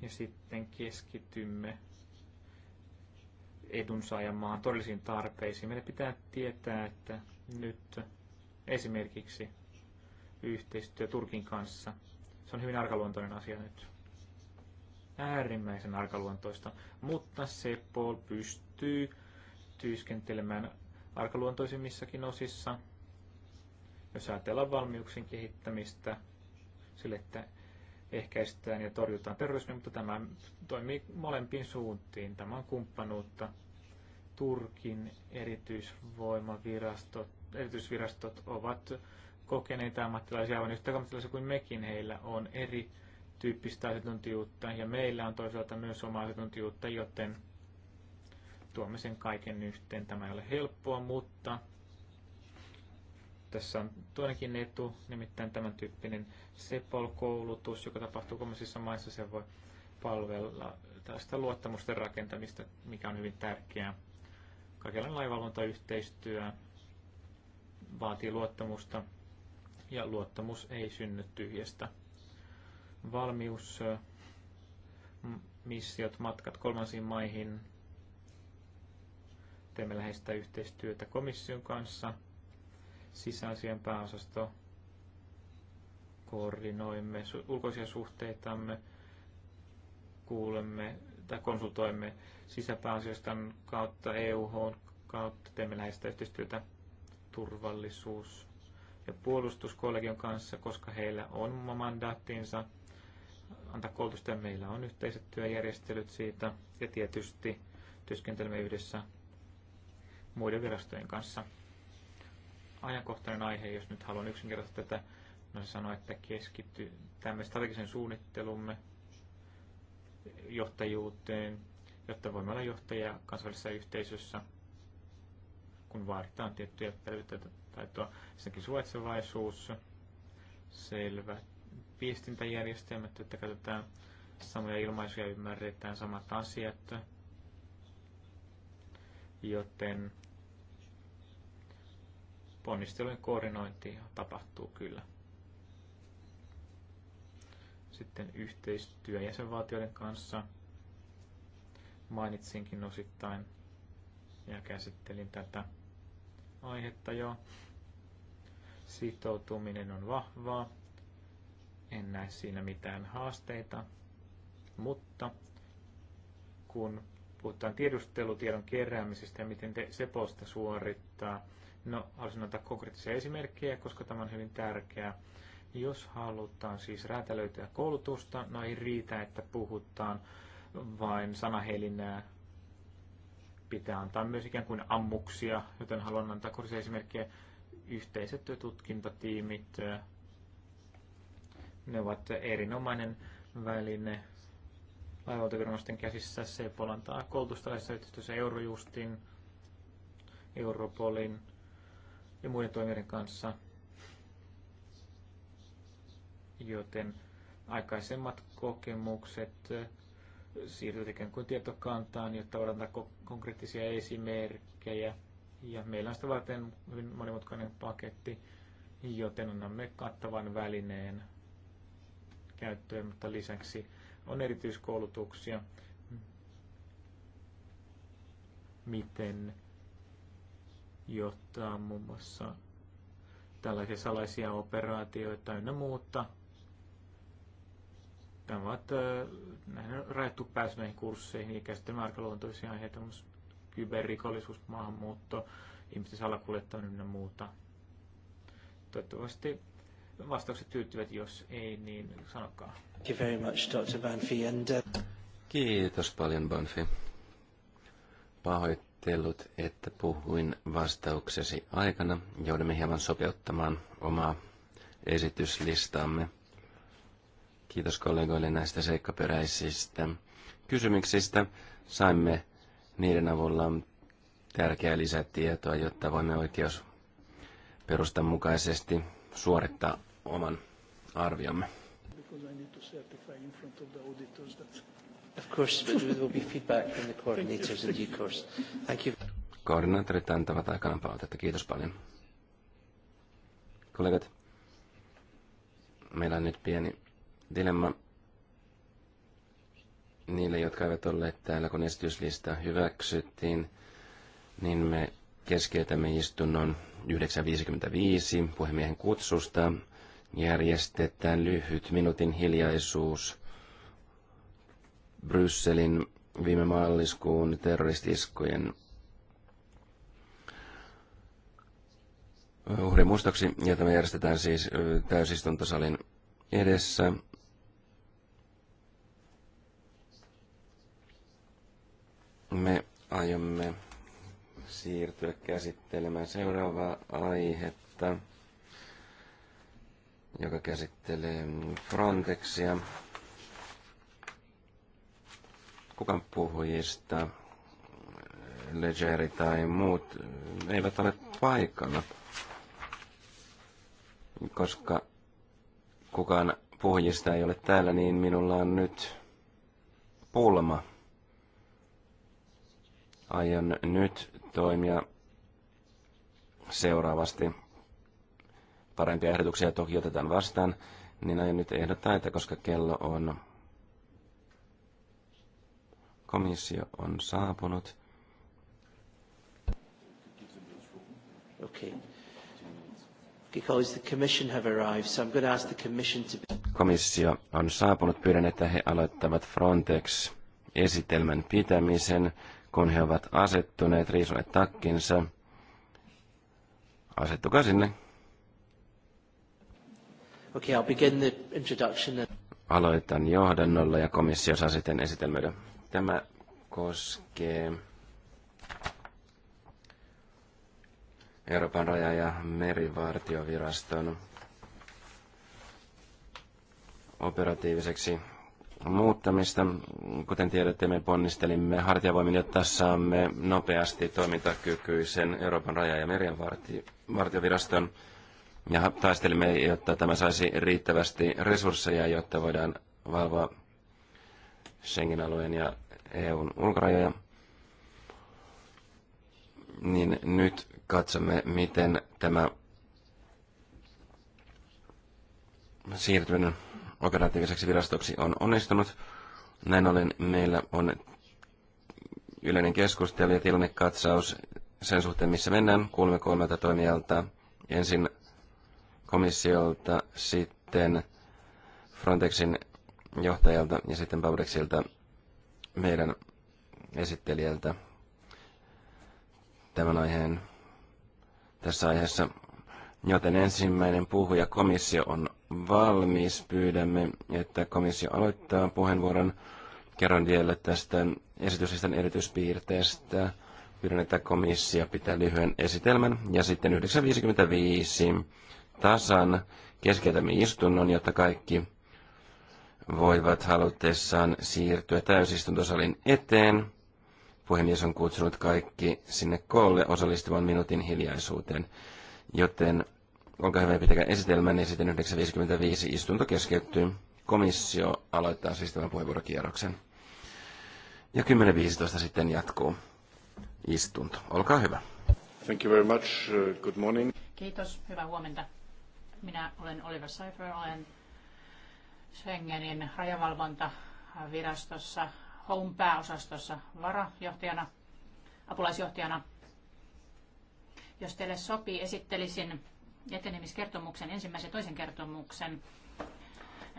Ja sitten keskitymme edunsaajamaan todellisiin tarpeisiin. Meidän pitää tietää, että nyt esimerkiksi yhteistyö Turkin kanssa, se on hyvin arkaluontoinen asia nyt. Äärimmäisen arkaluontoista. Mutta Sepol pystyy työskentelemään arkaluontoisimmissakin osissa. Jos ajatellaan valmiuksien kehittämistä sille, että ehkäistään ja torjutaan terrorismi, mutta tämä toimii molempiin suuntiin. Tämä on kumppanuutta. Turkin erityisvoimavirastot, erityisvirastot ovat kokeneita ammattilaisia aivan yhtä ammattilaisia kuin mekin. Heillä on eri tyyppistä asiantuntijuutta ja meillä on toisaalta myös omaa asiantuntijuutta, joten tuomme sen kaiken yhteen. Tämä ei ole helppoa, mutta tässä on toinenkin etu, nimittäin tämän tyyppinen sepolkoulutus, joka tapahtuu kolmansissa maissa, se voi palvella tästä luottamusten rakentamista, mikä on hyvin tärkeää. Kaikella laivalvontayhteistyö vaatii luottamusta ja luottamus ei synny tyhjästä. Valmius, missiot, matkat kolmansiin maihin Teemme läheistä yhteistyötä komission kanssa. Sisäasian pääosasto koordinoimme ulkoisia suhteitamme, kuulemme tai konsultoimme sisäpääasioistan kautta, EUH kautta, teemme läheistä yhteistyötä turvallisuus- ja puolustuskollegion kanssa, koska heillä on oma mandaattinsa antaa koulutusta ja meillä on yhteiset työjärjestelyt siitä ja tietysti työskentelemme yhdessä muiden virastojen kanssa. Ajankohtainen aihe, jos nyt haluan yksinkertaisesti tätä, no se sanoo, että keskitty tämme strategisen suunnittelumme johtajuuteen, jotta voimme olla johtajia kansallisessa yhteisössä, kun vaaditaan tiettyjä taitoa. Ensinnäkin suvaitsevaisuus, selvä viestintäjärjestelmät, että käytetään samoja ilmaisuja, ymmärretään samat asiat, joten ponnistelujen koordinointi tapahtuu kyllä. Sitten yhteistyö jäsenvaltioiden kanssa. Mainitsinkin osittain ja käsittelin tätä aihetta jo. Sitoutuminen on vahvaa. En näe siinä mitään haasteita, mutta kun puhutaan tiedustelutiedon keräämisestä ja miten te Seposta suorittaa, No, haluaisin antaa konkreettisia esimerkkejä, koska tämä on hyvin tärkeää. Jos halutaan siis räätälöityä koulutusta, no ei riitä, että puhutaan vain sanahelinää. Pitää antaa myös ikään kuin ammuksia, joten haluan antaa konkreettisia esimerkkejä. Yhteiset tutkintatiimit, ne ovat erinomainen väline laivaltaviranomaisten käsissä. Se polantaa koulutusta yhteistyössä Eurojustin, Europolin, ja muiden toimijoiden kanssa. Joten aikaisemmat kokemukset siirtyvät ikään kuin tietokantaan, jotta voidaan antaa konkreettisia esimerkkejä. Ja meillä on sitä varten hyvin monimutkainen paketti, joten annamme kattavan välineen käyttöön, mutta lisäksi on erityiskoulutuksia, miten johtaa muun mm. muassa tällaisia salaisia operaatioita ynnä muuta. Tämä on näihin rajattu pääsy näihin kursseihin ja käsittelemme luontoisia aiheita, myös kyberrikollisuus, maahanmuutto, ihmisten salakuljettaminen ynnä muuta. Toivottavasti vastaukset tyyttyvät, jos ei, niin sanokaa. Thank you very much, Dr. Banfi. And, uh, Kiitos paljon, Banfi. Pahoit pahoitellut, että puhuin vastauksesi aikana. Joudumme hieman sopeuttamaan omaa esityslistaamme. Kiitos kollegoille näistä seikkaperäisistä kysymyksistä. Saimme niiden avulla tärkeää lisätietoa, jotta voimme oikeus perustan mukaisesti suorittaa oman arviomme. Because I need to certify in front of the auditors that Of course, but there will be feedback from the coordinators in due course. Thank you. Koordinaattorit antavat aikanaan palautetta. Kiitos paljon. Kollegat, meillä on nyt pieni dilemma niille, jotka eivät olleet täällä, kun esityslista hyväksyttiin, niin me keskeytämme istunnon 9.55 puhemiehen kutsusta. Järjestetään lyhyt minuutin hiljaisuus Brysselin viime maaliskuun terroristiskojen uhrin muistoksi, ja tämä järjestetään siis täysistuntosalin edessä. Me aiomme siirtyä käsittelemään seuraavaa aihetta, joka käsittelee Frontexia kukaan puhujista, Legeri tai muut, eivät ole paikalla, koska kukaan puhujista ei ole täällä, niin minulla on nyt pulma. Aion nyt toimia seuraavasti. Parempia ehdotuksia toki otetaan vastaan, niin aion nyt ehdottaa, että koska kello on Komissio on saapunut. Okay. Komissio on saapunut. Pyydän, että he aloittavat Frontex-esitelmän pitämisen, kun he ovat asettuneet, riisuneet takkinsa. Asettukaa sinne. Okay, I'll begin the introduction. Aloitan johdannolla ja komissio saa sitten esitelmöidä. Tämä koskee Euroopan raja- ja merivartioviraston operatiiviseksi muuttamista. Kuten tiedätte, me ponnistelimme hartiavoimin, jotta saamme nopeasti toimintakykyisen Euroopan raja- ja merivartioviraston ja taistelimme, jotta tämä saisi riittävästi resursseja, jotta voidaan valvoa Schengen-alueen ja EUn ulkorajoja, niin nyt katsomme, miten tämä siirtyminen operatiiviseksi virastoksi on onnistunut. Näin ollen meillä on yleinen keskustelu ja tilannekatsaus sen suhteen, missä mennään. Kuulemme kolmelta toimijalta. Ensin komissiolta, sitten Frontexin johtajalta ja sitten Pabrexilta meidän esittelijältä tämän aiheen tässä aiheessa. Joten ensimmäinen puhuja komissio on valmis. Pyydämme, että komissio aloittaa puheenvuoron. Kerron vielä tästä esityksestä erityispiirteestä. Pyydän, että komissio pitää lyhyen esitelmän. Ja sitten 9.55 tasan keskeytämme istunnon, jotta kaikki voivat halutessaan siirtyä täysistuntosalin eteen. Puhemies on kutsunut kaikki sinne koolle osallistuvan minuutin hiljaisuuteen, joten olkaa hyvä pitäkää esitelmän, niin sitten 9.55 istunto keskeytyy. Komissio aloittaa siis tämän puheenvuorokierroksen. Ja 10.15 sitten jatkuu istunto. Olkaa hyvä. Thank you very much. Good morning. Kiitos. Hyvää huomenta. Minä olen Oliver Seifer, olen Schengenin rajavalvontavirastossa Home pääosastossa varajohtajana, apulaisjohtajana. Jos teille sopii, esittelisin etenemiskertomuksen, ensimmäisen ja toisen kertomuksen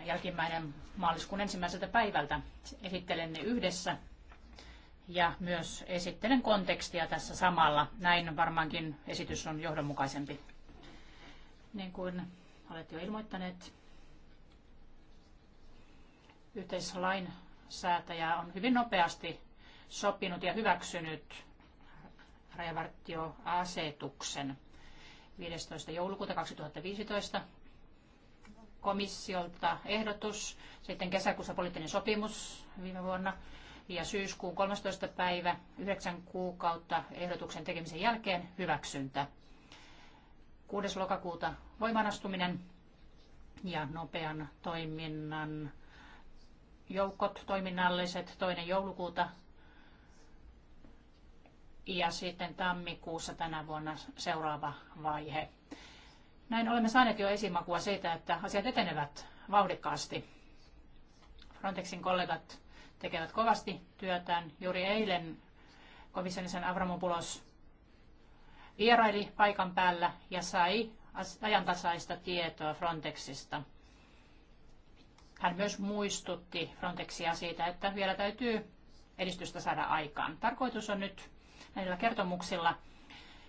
jälkimmäinen maaliskuun ensimmäiseltä päivältä. Esittelen ne yhdessä ja myös esittelen kontekstia tässä samalla. Näin varmaankin esitys on johdonmukaisempi. Niin kuin olette jo ilmoittaneet, yhteislain säätäjä on hyvin nopeasti sopinut ja hyväksynyt rajavartioasetuksen 15. joulukuuta 2015 komissiolta ehdotus, sitten kesäkuussa poliittinen sopimus viime vuonna ja syyskuun 13. päivä yhdeksän kuukautta ehdotuksen tekemisen jälkeen hyväksyntä. 6. lokakuuta voimaanastuminen ja nopean toiminnan joukot toiminnalliset toinen joulukuuta ja sitten tammikuussa tänä vuonna seuraava vaihe. Näin olemme saaneet jo esimakua siitä, että asiat etenevät vauhdikkaasti. Frontexin kollegat tekevät kovasti työtään. Juuri eilen komissionisen Avramopulos vieraili paikan päällä ja sai ajantasaista tietoa Frontexista – hän myös muistutti Frontexia siitä, että vielä täytyy edistystä saada aikaan. Tarkoitus on nyt näillä kertomuksilla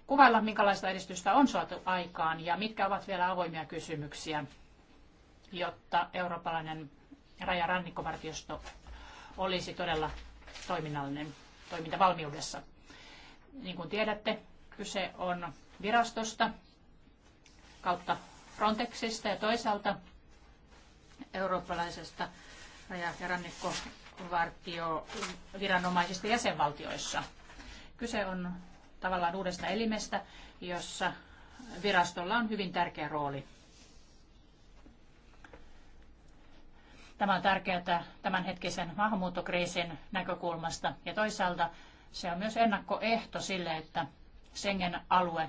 kuvailla, minkälaista edistystä on saatu aikaan ja mitkä ovat vielä avoimia kysymyksiä, jotta eurooppalainen rajarannikkovartiosto olisi todella toiminnallinen toimintavalmiudessa. Niin kuin tiedätte, kyse on virastosta kautta Frontexista ja toisaalta eurooppalaisesta raja- ja rannikkovartioviranomaisista jäsenvaltioissa. Kyse on tavallaan uudesta elimestä, jossa virastolla on hyvin tärkeä rooli. Tämä on tärkeää tämänhetkisen maahanmuuttokriisin näkökulmasta ja toisaalta se on myös ennakkoehto sille, että Schengen-alue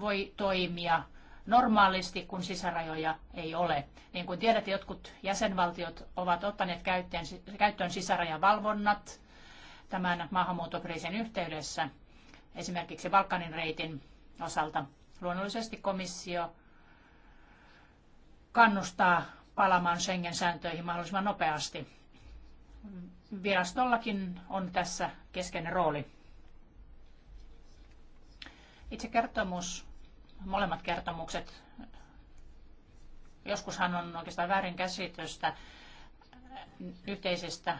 voi toimia normaalisti, kun sisärajoja ei ole. Niin kuin tiedät, jotkut jäsenvaltiot ovat ottaneet käyttöön, käyttöön sisärajavalvonnat tämän maahanmuuttokriisin yhteydessä, esimerkiksi Balkanin reitin osalta. Luonnollisesti komissio kannustaa palamaan Schengen-sääntöihin mahdollisimman nopeasti. Virastollakin on tässä keskeinen rooli. Itse kertomus molemmat kertomukset. Joskushan on oikeastaan väärin käsitystä yhteisistä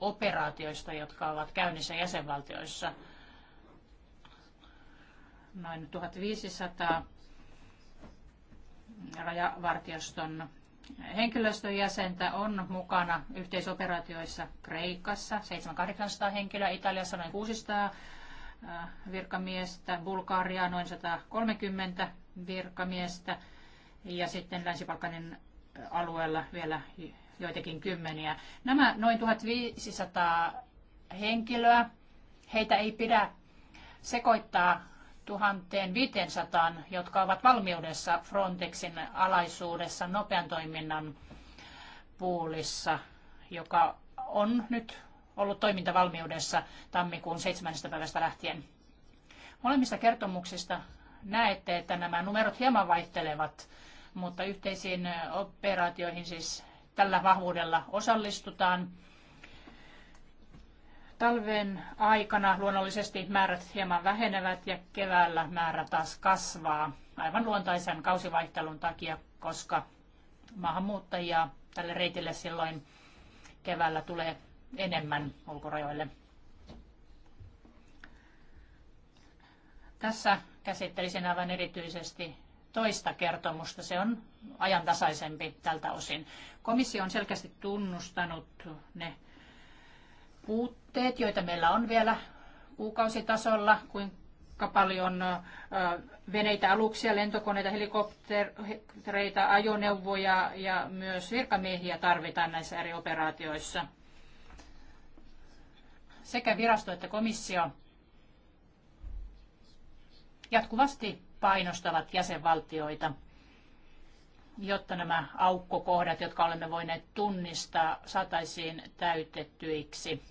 operaatioista, jotka ovat käynnissä jäsenvaltioissa. Noin 1500 rajavartioston henkilöstön jäsentä on mukana yhteisoperaatioissa Kreikassa, 700-800 henkilöä, Italiassa noin 600 Äh, virkamiestä, Bulgaria noin 130 virkamiestä ja sitten länsi äh, alueella vielä joitakin kymmeniä. Nämä noin 1500 henkilöä, heitä ei pidä sekoittaa 1500, jotka ovat valmiudessa Frontexin alaisuudessa nopean toiminnan puulissa, joka on nyt ollut toimintavalmiudessa tammikuun 7. päivästä lähtien. Molemmista kertomuksista näette, että nämä numerot hieman vaihtelevat, mutta yhteisiin operaatioihin siis tällä vahvuudella osallistutaan. Talven aikana luonnollisesti määrät hieman vähenevät ja keväällä määrä taas kasvaa aivan luontaisen kausivaihtelun takia, koska maahanmuuttajia tälle reitille silloin keväällä tulee enemmän ulkorajoille. Tässä käsittelisin aivan erityisesti toista kertomusta. Se on ajantasaisempi tältä osin. Komissio on selkeästi tunnustanut ne puutteet, joita meillä on vielä kuukausitasolla, kuinka paljon veneitä, aluksia, lentokoneita, helikoptereita, ajoneuvoja ja myös virkamiehiä tarvitaan näissä eri operaatioissa – sekä virasto että komissio jatkuvasti painostavat jäsenvaltioita, jotta nämä aukkokohdat, jotka olemme voineet tunnistaa, saataisiin täytettyiksi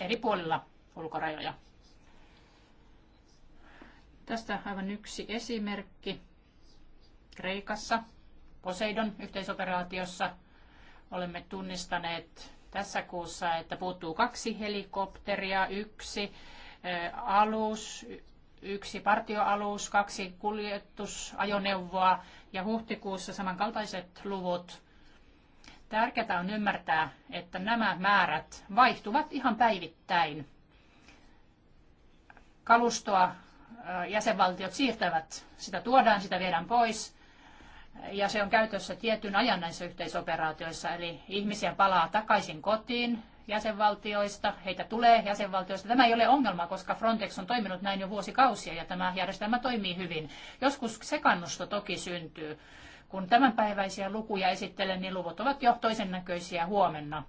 eri puolilla ulkorajoja. Tästä aivan yksi esimerkki. Kreikassa, Poseidon yhteisoperaatiossa, olemme tunnistaneet tässä kuussa, että puuttuu kaksi helikopteria, yksi alus, yksi partioalus, kaksi kuljetusajoneuvoa ja huhtikuussa samankaltaiset luvut. Tärkeää on ymmärtää, että nämä määrät vaihtuvat ihan päivittäin. Kalustoa jäsenvaltiot siirtävät, sitä tuodaan, sitä viedään pois ja se on käytössä tietyn ajan näissä yhteisoperaatioissa, eli ihmisiä palaa takaisin kotiin jäsenvaltioista, heitä tulee jäsenvaltioista. Tämä ei ole ongelma, koska Frontex on toiminut näin jo vuosikausia ja tämä järjestelmä toimii hyvin. Joskus sekannusta toki syntyy. Kun tämänpäiväisiä lukuja esittelen, niin luvut ovat jo toisen näköisiä huomenna.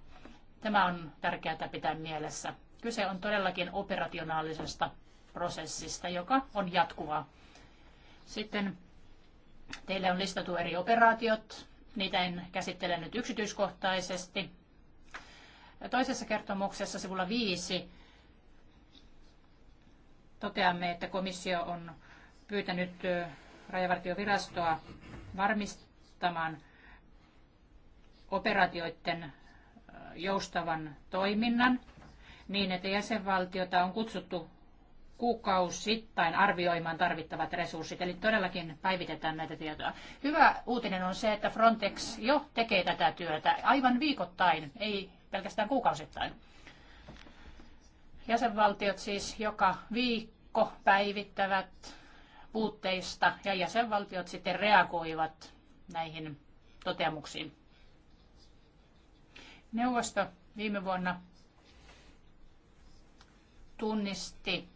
Tämä on tärkeää pitää mielessä. Kyse on todellakin operationaalisesta prosessista, joka on jatkuva. Sitten Teille on listattu eri operaatiot, niitä en käsittele nyt yksityiskohtaisesti. Toisessa kertomuksessa sivulla 5 toteamme, että komissio on pyytänyt rajavartiovirastoa varmistamaan operaatioiden joustavan toiminnan niin, että jäsenvaltiota on kutsuttu kuukausittain arvioimaan tarvittavat resurssit, eli todellakin päivitetään näitä tietoja. Hyvä uutinen on se, että Frontex jo tekee tätä työtä aivan viikoittain, ei pelkästään kuukausittain. Jäsenvaltiot siis joka viikko päivittävät puutteista ja jäsenvaltiot sitten reagoivat näihin toteamuksiin. Neuvosto viime vuonna tunnisti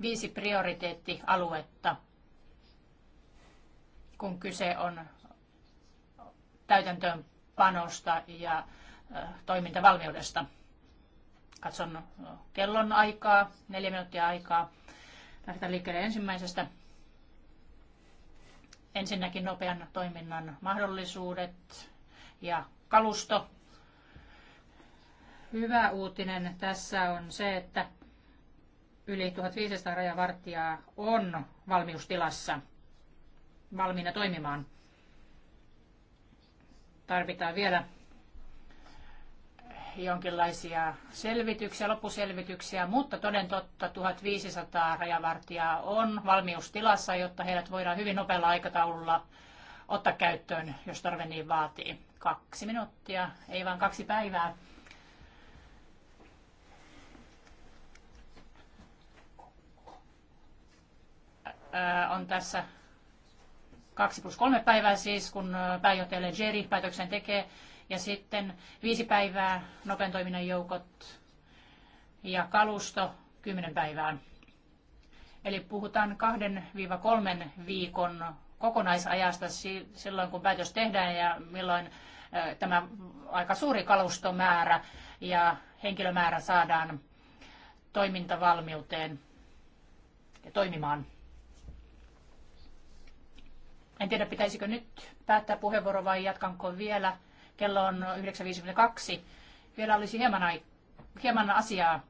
viisi prioriteettialuetta, kun kyse on täytäntöönpanosta ja toimintavalmiudesta. Katson kellon aikaa, neljä minuuttia aikaa. Lähdetään liikkeelle ensimmäisestä. Ensinnäkin nopean toiminnan mahdollisuudet ja kalusto. Hyvä uutinen tässä on se, että yli 1500 rajavartijaa on valmiustilassa valmiina toimimaan. Tarvitaan vielä jonkinlaisia selvityksiä, loppuselvityksiä, mutta toden totta 1500 rajavartijaa on valmiustilassa, jotta heidät voidaan hyvin nopealla aikataululla ottaa käyttöön, jos tarve niin vaatii. Kaksi minuuttia, ei vaan kaksi päivää. Äh, on tässä 2 plus 3 päivää siis, kun äh, pääjohtaja Legeri päätöksen tekee, ja sitten viisi päivää nopean toiminnan joukot ja kalusto 10 päivään. Eli puhutaan 2-3 viikon kokonaisajasta silloin, kun päätös tehdään ja milloin äh, tämä aika suuri kalustomäärä ja henkilömäärä saadaan toimintavalmiuteen ja toimimaan. En tiedä, pitäisikö nyt päättää puheenvuoro vai jatkanko vielä. Kello on 9.52. Vielä olisi hieman, ai- hieman asiaa,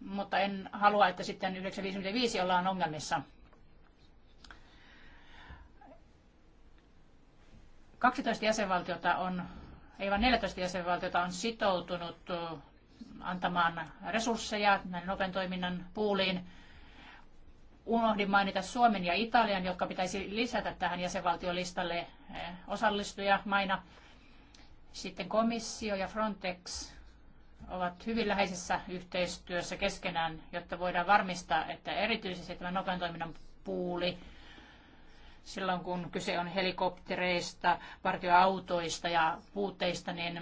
mutta en halua, että sitten 9.55 ollaan ongelmissa. 12 jäsenvaltiota on, ei vaan 14 jäsenvaltiota on sitoutunut antamaan resursseja näiden nopean toiminnan puuliin. Unohdin mainita Suomen ja Italian, jotka pitäisi lisätä tähän jäsenvaltiolistalle eh, osallistuja maina. Sitten komissio ja Frontex ovat hyvin läheisessä yhteistyössä keskenään, jotta voidaan varmistaa, että erityisesti tämä nopean toiminnan puuli, silloin kun kyse on helikoptereista, partioautoista ja puutteista, niin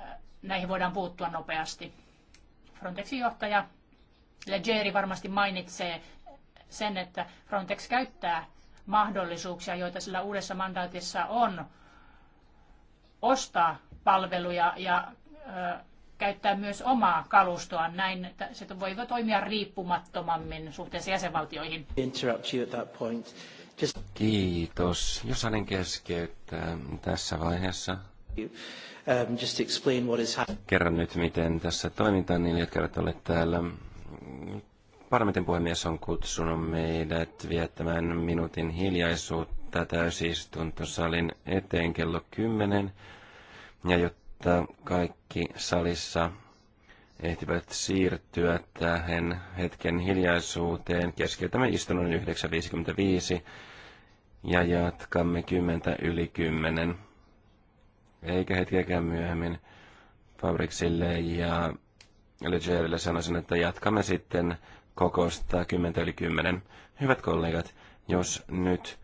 eh, näihin voidaan puuttua nopeasti. Frontexin johtaja Leggeri varmasti mainitsee sen, että Frontex käyttää mahdollisuuksia, joita sillä uudessa mandaatissa on ostaa palveluja ja ö, käyttää myös omaa kalustoa. Näin se voi toimia riippumattomammin suhteessa jäsenvaltioihin. Just... Kiitos. Jos hänen keskeyttää tässä vaiheessa. Um, just explain what is Kerron nyt, miten tässä toimitaan niille, jotka ovat olleet täällä. Parlamentin puhemies on kutsunut meidät viettämään minuutin hiljaisuutta täysistuntosalin eteen kello 10. Ja jotta kaikki salissa ehtivät siirtyä tähän hetken hiljaisuuteen, keskeytämme istunnon 9.55 ja jatkamme 10 yli 10. Eikä hetkeäkään myöhemmin Fabriksille ja Legerille sanoisin, että jatkamme sitten kokousta 10 yli 10. Hyvät kollegat, jos nyt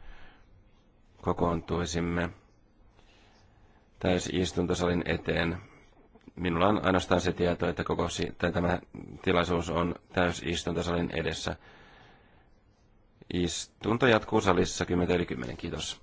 kokoontuisimme täysistuntosalin eteen, minulla on ainoastaan se tieto, että koko tai tämä tilaisuus on täysistuntosalin edessä. Istunto jatkuu salissa 10 yli 10. Kiitos.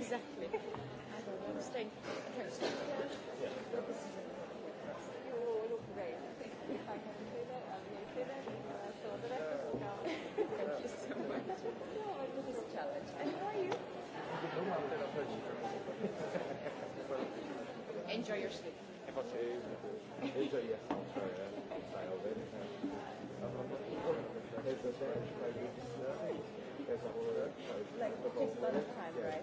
Exactly. look great. If I can the rest Thank you so much. No, And how are you? Enjoy your sleep. Enjoy, your sleep. Like, it takes a lot of time, right?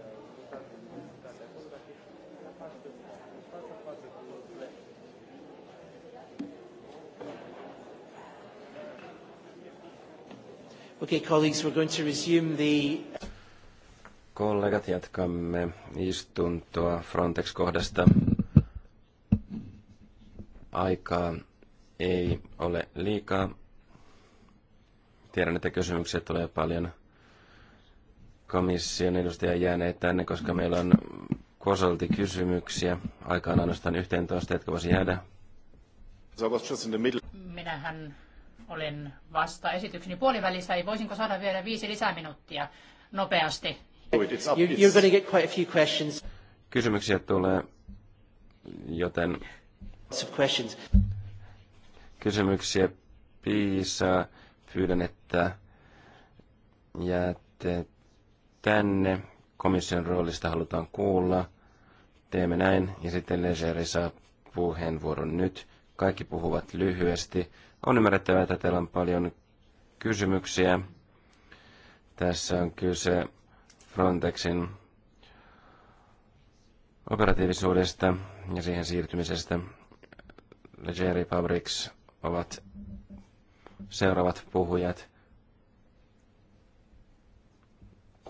Okay, colleagues, we're going to resume the... Kollegat, jatkamme istuntoa Frontex-kohdasta. Aikaa ei ole liikaa. Tiedän, että kysymyksiä tulee paljon komission edustajia jääneet tänne, koska meillä on kosolti kysymyksiä. Aikaan ainoastaan 11, jotka voisi jäädä. Minähän olen vasta esitykseni puolivälissä, ei voisinko saada vielä viisi lisäminuuttia nopeasti? You're going to get quite a few questions. Kysymyksiä tulee, joten... Kysymyksiä piisaa. Pyydän, että jäätte tänne komission roolista halutaan kuulla. Teemme näin ja sitten Legeri saa puheenvuoron nyt. Kaikki puhuvat lyhyesti. On ymmärrettävää, että teillä on paljon kysymyksiä. Tässä on kyse Frontexin operatiivisuudesta ja siihen siirtymisestä. Legeri Fabrics ovat seuraavat puhujat.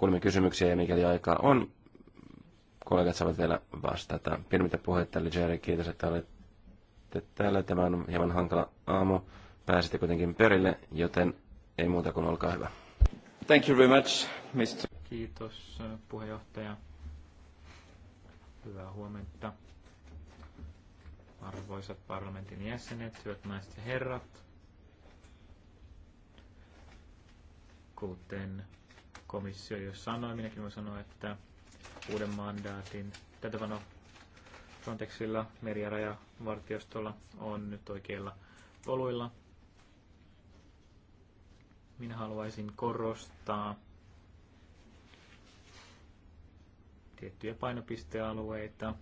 Kuulemme kysymyksiä ja mikäli aikaa on, kollegat saavat vielä vastata. Pidemmittä puhetta, Jerry, kiitos, että olette täällä. Tämä on hieman hankala aamu. Pääsitte kuitenkin perille, joten ei muuta kuin olkaa hyvä. Thank you very much, Mr. Kiitos puheenjohtaja. Hyvää huomenta. Arvoisat parlamentin jäsenet, hyvät naiset ja herrat. Kuten komissio jo sanoi, minäkin voin sanoa, että uuden mandaatin täytäpano Frontexilla, meri- ja rajavartiostolla on nyt oikeilla poluilla. Minä haluaisin korostaa tiettyjä painopistealueita,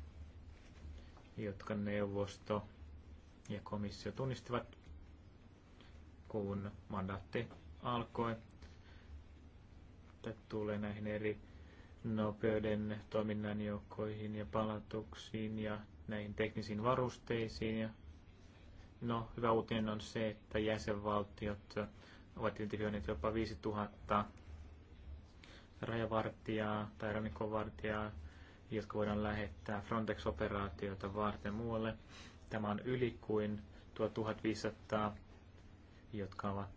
jotka neuvosto ja komissio tunnistivat, kun mandaatti alkoi että tulee näihin eri nopeuden toiminnan joukkoihin ja palatuksiin ja näihin teknisiin varusteisiin. Ja no, hyvä uutinen on se, että jäsenvaltiot ovat identifioineet jopa 5000 rajavartijaa tai rannikkovartijaa, jotka voidaan lähettää Frontex-operaatioita varten muualle. Tämä on yli kuin tuo 1500, jotka ovat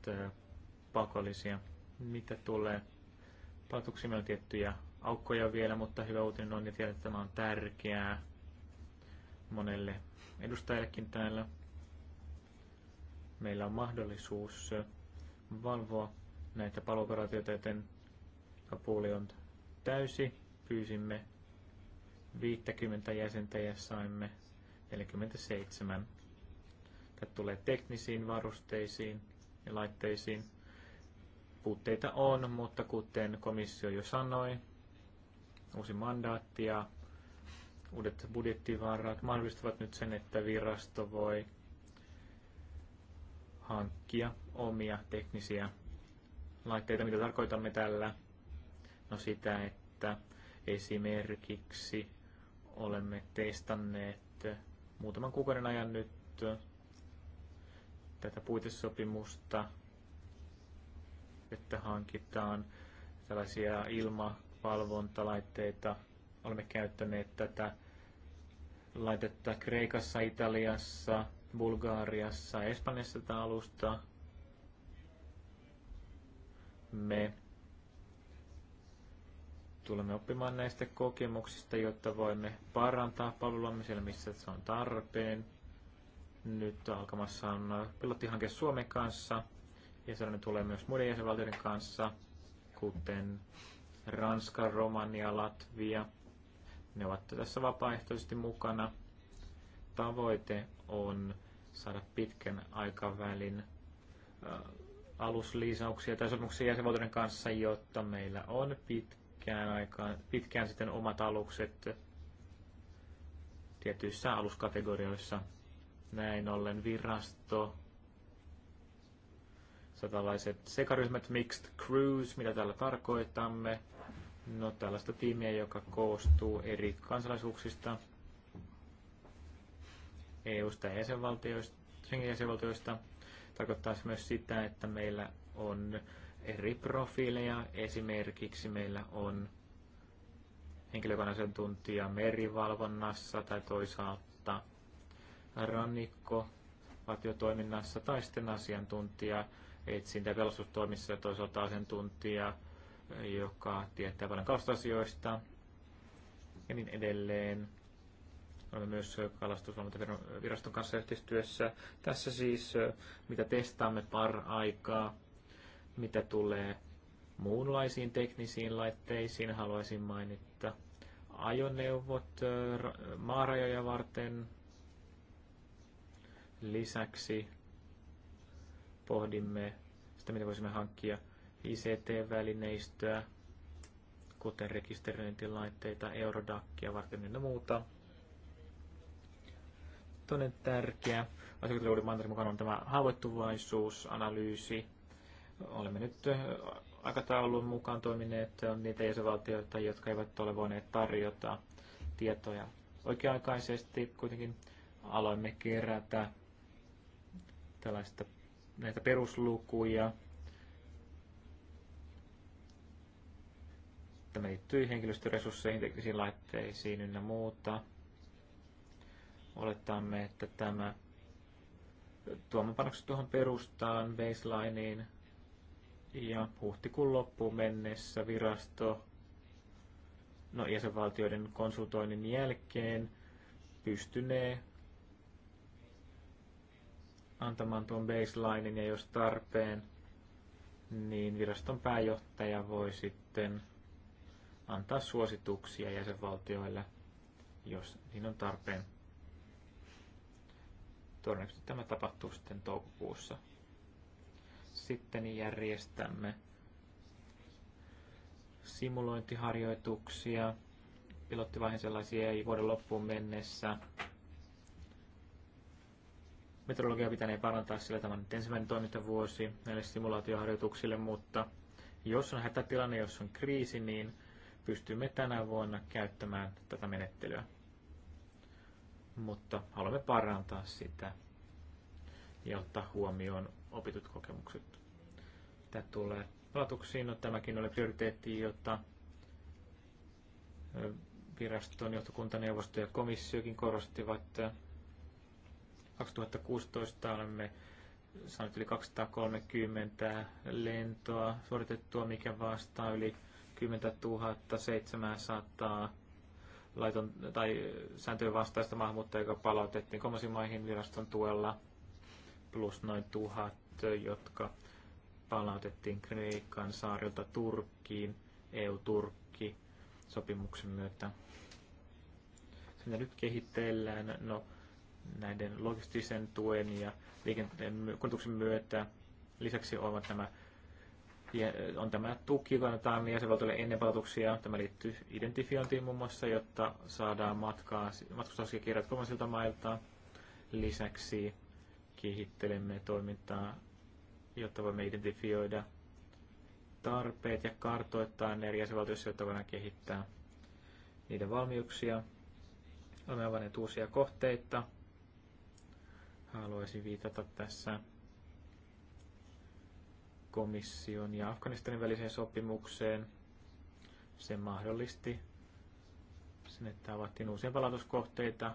pakollisia. Mitä tulee Palautuksiin meillä on tiettyjä aukkoja vielä, mutta hyvä uutinen on ja tiedän, että tämä on tärkeää monelle edustajallekin täällä. Meillä on mahdollisuus valvoa näitä paluoperaatioita, joten puoli on täysi. Pyysimme 50 jäsentä ja saimme 47. Tämä tulee teknisiin varusteisiin ja laitteisiin puutteita on, mutta kuten komissio jo sanoi, uusi mandaatti ja uudet budjettivarat mahdollistavat nyt sen, että virasto voi hankkia omia teknisiä laitteita. Mitä tarkoitamme tällä? No sitä, että esimerkiksi olemme testanneet muutaman kuukauden ajan nyt tätä puitesopimusta että hankitaan tällaisia ilmavalvontalaitteita. Olemme käyttäneet tätä laitetta Kreikassa, Italiassa, Bulgaariassa, Espanjassa tätä alusta. Me tulemme oppimaan näistä kokemuksista, jotta voimme parantaa palveluamme siellä, missä se on tarpeen. Nyt alkamassa on pilottihanke Suomen kanssa ja sellainen tulee myös muiden jäsenvaltioiden kanssa, kuten Ranska, Romania, Latvia. Ne ovat tässä vapaaehtoisesti mukana. Tavoite on saada pitkän aikavälin alusliisauksia tai sopimuksia jäsenvaltioiden kanssa, jotta meillä on pitkään, aikaan, pitkään sitten omat alukset tietyissä aluskategorioissa. Näin ollen virasto tällaiset sekaryhmät, mixed crews, mitä tällä tarkoitamme. No tällaista tiimiä, joka koostuu eri kansalaisuuksista, EU-sta ja jäsenvaltioista, Schengen jäsenvaltioista. Tarkoittaa se myös sitä, että meillä on eri profiileja. Esimerkiksi meillä on henkilökohtaisentuntija merivalvonnassa tai toisaalta rannikko valtiotoiminnassa tai sitten asiantuntija etsintä- ja pelastustoimissa ja toisaalta asiantuntija, joka tietää paljon kalastusasioista ja niin edelleen. Olemme myös kalastusvalmentaviraston kanssa yhteistyössä. Tässä siis, mitä testaamme par-aikaa, mitä tulee muunlaisiin teknisiin laitteisiin, haluaisin mainita ajoneuvot maarajoja varten. Lisäksi pohdimme sitä, mitä voisimme hankkia ICT-välineistöä, kuten rekisteröintilaitteita, Eurodakia varten ja muuta. Toinen tärkeä asia, joka uuden mantarin mukaan, on tämä haavoittuvaisuusanalyysi. Olemme nyt aikataulun mukaan toimineet on niitä jäsenvaltioita, jotka eivät ole voineet tarjota tietoja oikea-aikaisesti. Kuitenkin aloimme kerätä tällaista näitä peruslukuja. Tämä liittyy henkilöstöresursseihin, teknisiin laitteisiin ynnä muuta. Olettamme, että tämä tuomme panokset tuohon perustaan, baselineen, ja huhtikuun loppuun mennessä virasto no, jäsenvaltioiden konsultoinnin jälkeen pystynee antamaan tuon baselinen ja jos tarpeen, niin viraston pääjohtaja voi sitten antaa suosituksia jäsenvaltioille, jos niin on tarpeen. Todennäköisesti tämä tapahtuu sitten toukokuussa. Sitten järjestämme simulointiharjoituksia. Pilottivaiheen sellaisia ei vuoden loppuun mennessä Metrologia pitäneen parantaa, sillä tämä on nyt ensimmäinen toimintavuosi näille simulaatioharjoituksille, mutta jos on hätätilanne, jos on kriisi, niin pystymme tänä vuonna käyttämään tätä menettelyä. Mutta haluamme parantaa sitä ja ottaa huomioon opitut kokemukset. Tämä tulee palatuksiin. No, tämäkin oli prioriteetti, jota viraston johtokuntaneuvosto ja komissiokin korostivat 2016 olemme saaneet yli 230 lentoa suoritettua, mikä vastaa yli 10 700 laiton, tai sääntöjen vastaista maahanmuuttoa, joka palautettiin kolmansiin maihin viraston tuella, plus noin tuhat, jotka palautettiin Kreikan saarilta Turkkiin, EU-Turkki sopimuksen myötä. Se, nyt kehitellään, no näiden logistisen tuen ja liikenteen kuntuksen myötä. Lisäksi ovat nämä, on tämä tuki, joka annetaan jäsenvaltioille ennen palautuksia. Tämä liittyy identifiointiin muun muassa, jotta saadaan matkaa, matkustusasiakirjat kolmansilta mailta. Lisäksi kehittelemme toimintaa, jotta voimme identifioida tarpeet ja kartoittaa ne eri jäsenvaltioissa, jotta voidaan kehittää niiden valmiuksia. Olemme avanneet uusia kohteita, haluaisin viitata tässä komission ja Afganistanin väliseen sopimukseen. Se mahdollisti sen, että avattiin uusia palautuskohteita.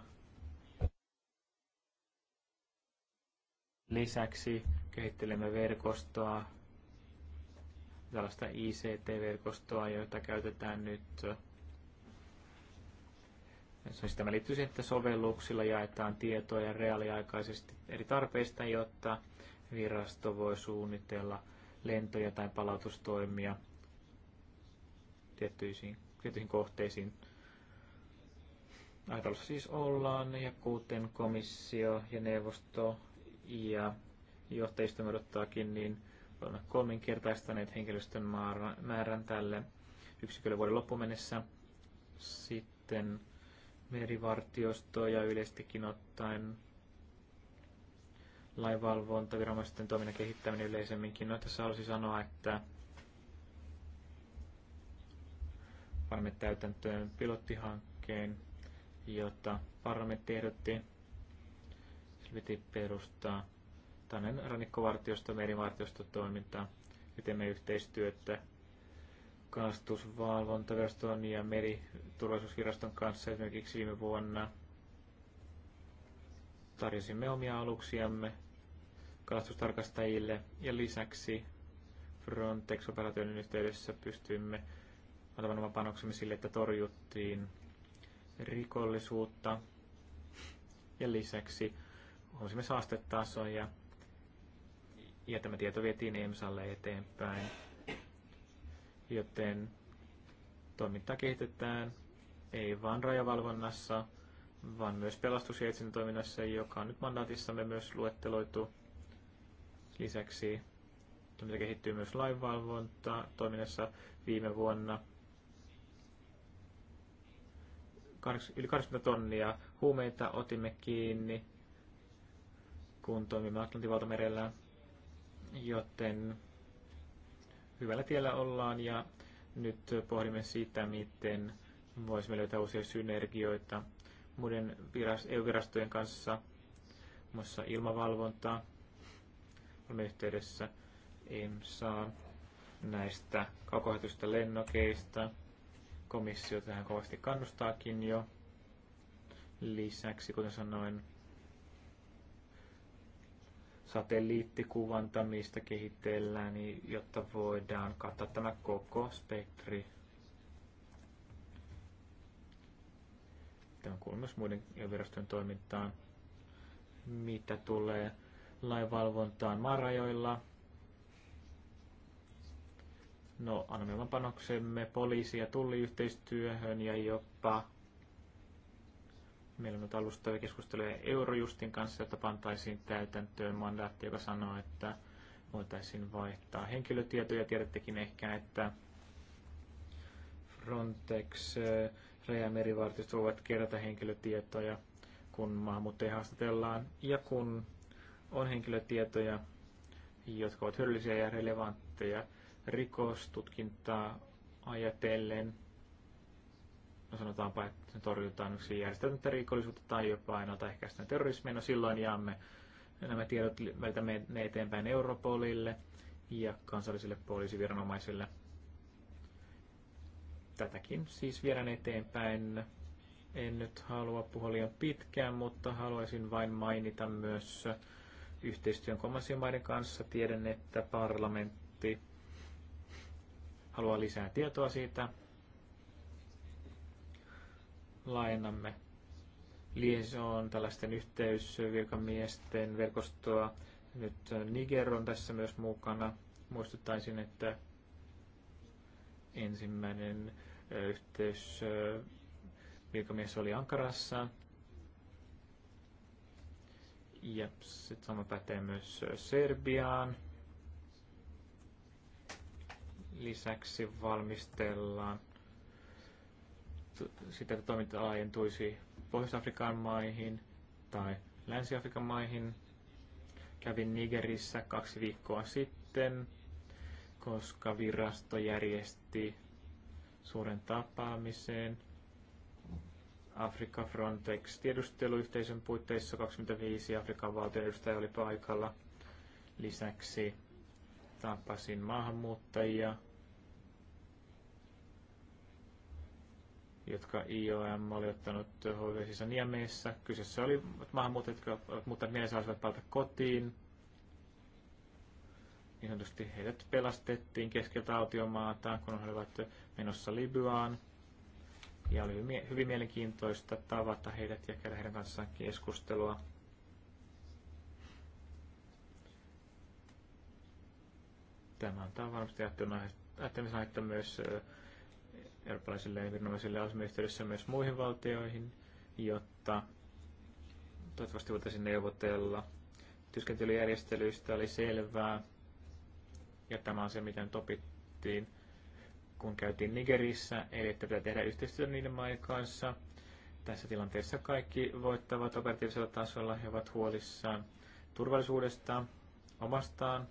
Lisäksi kehittelemme verkostoa, tällaista ICT-verkostoa, joita käytetään nyt sitten tämä liittyy siihen, että sovelluksilla jaetaan tietoa ja reaaliaikaisesti eri tarpeista, jotta virasto voi suunnitella lentoja tai palautustoimia tiettyihin, tiettyihin kohteisiin. Aikalossa siis ollaan, ja kuten komissio ja neuvosto ja johtajistomme odottaakin, niin olemme kolminkertaistaneet henkilöstön määrän tälle yksikölle vuoden loppumennessä. Sitten merivartiostoa ja yleistikin ottaen lainvalvonta, viranomaisten toiminnan kehittäminen yleisemminkin. No, tässä haluaisin sanoa, että panemme täytäntöön pilottihankkeen, jota parlamentti ehdotti. piti perustaa tällainen rannikkovartiosto, merivartiostotoiminta, ja teemme yhteistyötä kalastusvalvontaviraston ja meriturvallisuusviraston kanssa esimerkiksi viime vuonna tarjosimme omia aluksiamme kalastustarkastajille ja lisäksi Frontex-operaation yhteydessä pystyimme antamaan oman panoksemme sille, että torjuttiin rikollisuutta ja lisäksi huomasimme saastetasoja ja tämä tieto vietiin EMSalle eteenpäin joten toimintaa kehitetään ei vain rajavalvonnassa, vaan myös pelastus- ja etsintätoiminnassa, joka on nyt mandaatissamme myös luetteloitu. Lisäksi toiminta kehittyy myös lainvalvonta toiminnassa viime vuonna. Yli 80 tonnia huumeita otimme kiinni, kun toimimme Atlantin valtamerellä, joten hyvällä tiellä ollaan ja nyt pohdimme siitä, miten voisimme löytää uusia synergioita muiden EU-virastojen kanssa, muun muassa ilmavalvonta, Olemme yhteydessä EMSA näistä kaukohjatuista lennokeista. Komissio tähän kovasti kannustaakin jo. Lisäksi, kuten sanoin, mistä kehitellään, niin jotta voidaan katsoa tämä koko spektri. Tämä kuuluu myös muiden virastojen toimintaan, mitä tulee lainvalvontaan maarajoilla. No, annamme oman panoksemme poliisi- ja tulliyhteistyöhön ja jopa Meillä on nyt alustavia keskusteluja Eurojustin kanssa, jotta pantaisiin täytäntöön mandaatti, joka sanoo, että voitaisiin vaihtaa henkilötietoja. Tiedättekin ehkä, että Frontex, eh, Raja- ja voivat kerätä henkilötietoja, kun maahanmuuttajia haastatellaan ja kun on henkilötietoja, jotka ovat hyödyllisiä ja relevantteja rikostutkintaa ajatellen – no sanotaanpa, että torjutaan yksi järjestäytyntä rikollisuutta tai jopa ennaltaehkäistä terrorismia, no silloin jaamme nämä tiedot, meiltä ne eteenpäin Europolille ja kansallisille poliisiviranomaisille. Tätäkin siis viedään eteenpäin. En nyt halua puhua liian pitkään, mutta haluaisin vain mainita myös yhteistyön kolmansien maiden kanssa. Tiedän, että parlamentti haluaa lisää tietoa siitä, lainamme. Liaison tällaisten yhteysvirkamiesten verkostoa. Nyt Niger on tässä myös mukana. Muistuttaisin, että ensimmäinen yhteysvirkamies oli Ankarassa. Ja sitten sama pätee myös Serbiaan. Lisäksi valmistellaan sitä, että toiminta laajentuisi Pohjois-Afrikan maihin tai Länsi-Afrikan maihin. Kävin Nigerissä kaksi viikkoa sitten, koska virasto järjesti suuren tapaamiseen Afrika Frontex tiedusteluyhteisön puitteissa 25 Afrikan valtion edustaja oli paikalla. Lisäksi tapasin maahanmuuttajia, jotka IOM oli ottanut hoivaisissa Niemeissä. Kyseessä oli maahanmuuttajat, jotka olivat muuttaneet mielensä halusivat palata kotiin. Niin sanotusti heidät pelastettiin keskeltä autiomaata, kun he olivat menossa Libyaan. Ja oli hyvin mielenkiintoista tavata heidät ja käydä heidän kanssaan keskustelua. Tämä on varmasti ajattelemisen aihetta myös eurooppalaisille viranomaisille olisimme yhteydessä myös muihin valtioihin, jotta toivottavasti voitaisiin neuvotella. Työskentelyjärjestelyistä oli selvää, ja tämä on se, mitä nyt opittiin, kun käytiin Nigerissä, eli että pitää tehdä yhteistyötä niiden maiden kanssa. Tässä tilanteessa kaikki voittavat operatiivisella tasolla, he ovat huolissaan turvallisuudesta, omastaan,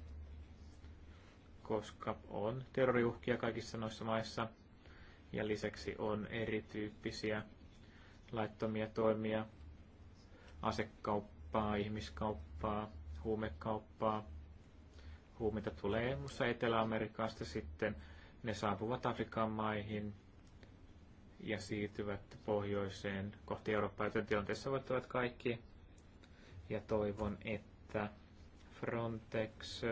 koska on terroriuhkia kaikissa noissa maissa – ja lisäksi on erityyppisiä laittomia toimia, asekauppaa, ihmiskauppaa, huumekauppaa. Huumeita tulee muussa Etelä-Amerikasta sitten. Ne saapuvat Afrikan maihin ja siirtyvät pohjoiseen kohti Eurooppaa, joten tilanteessa voittavat kaikki. Ja toivon, että Frontex,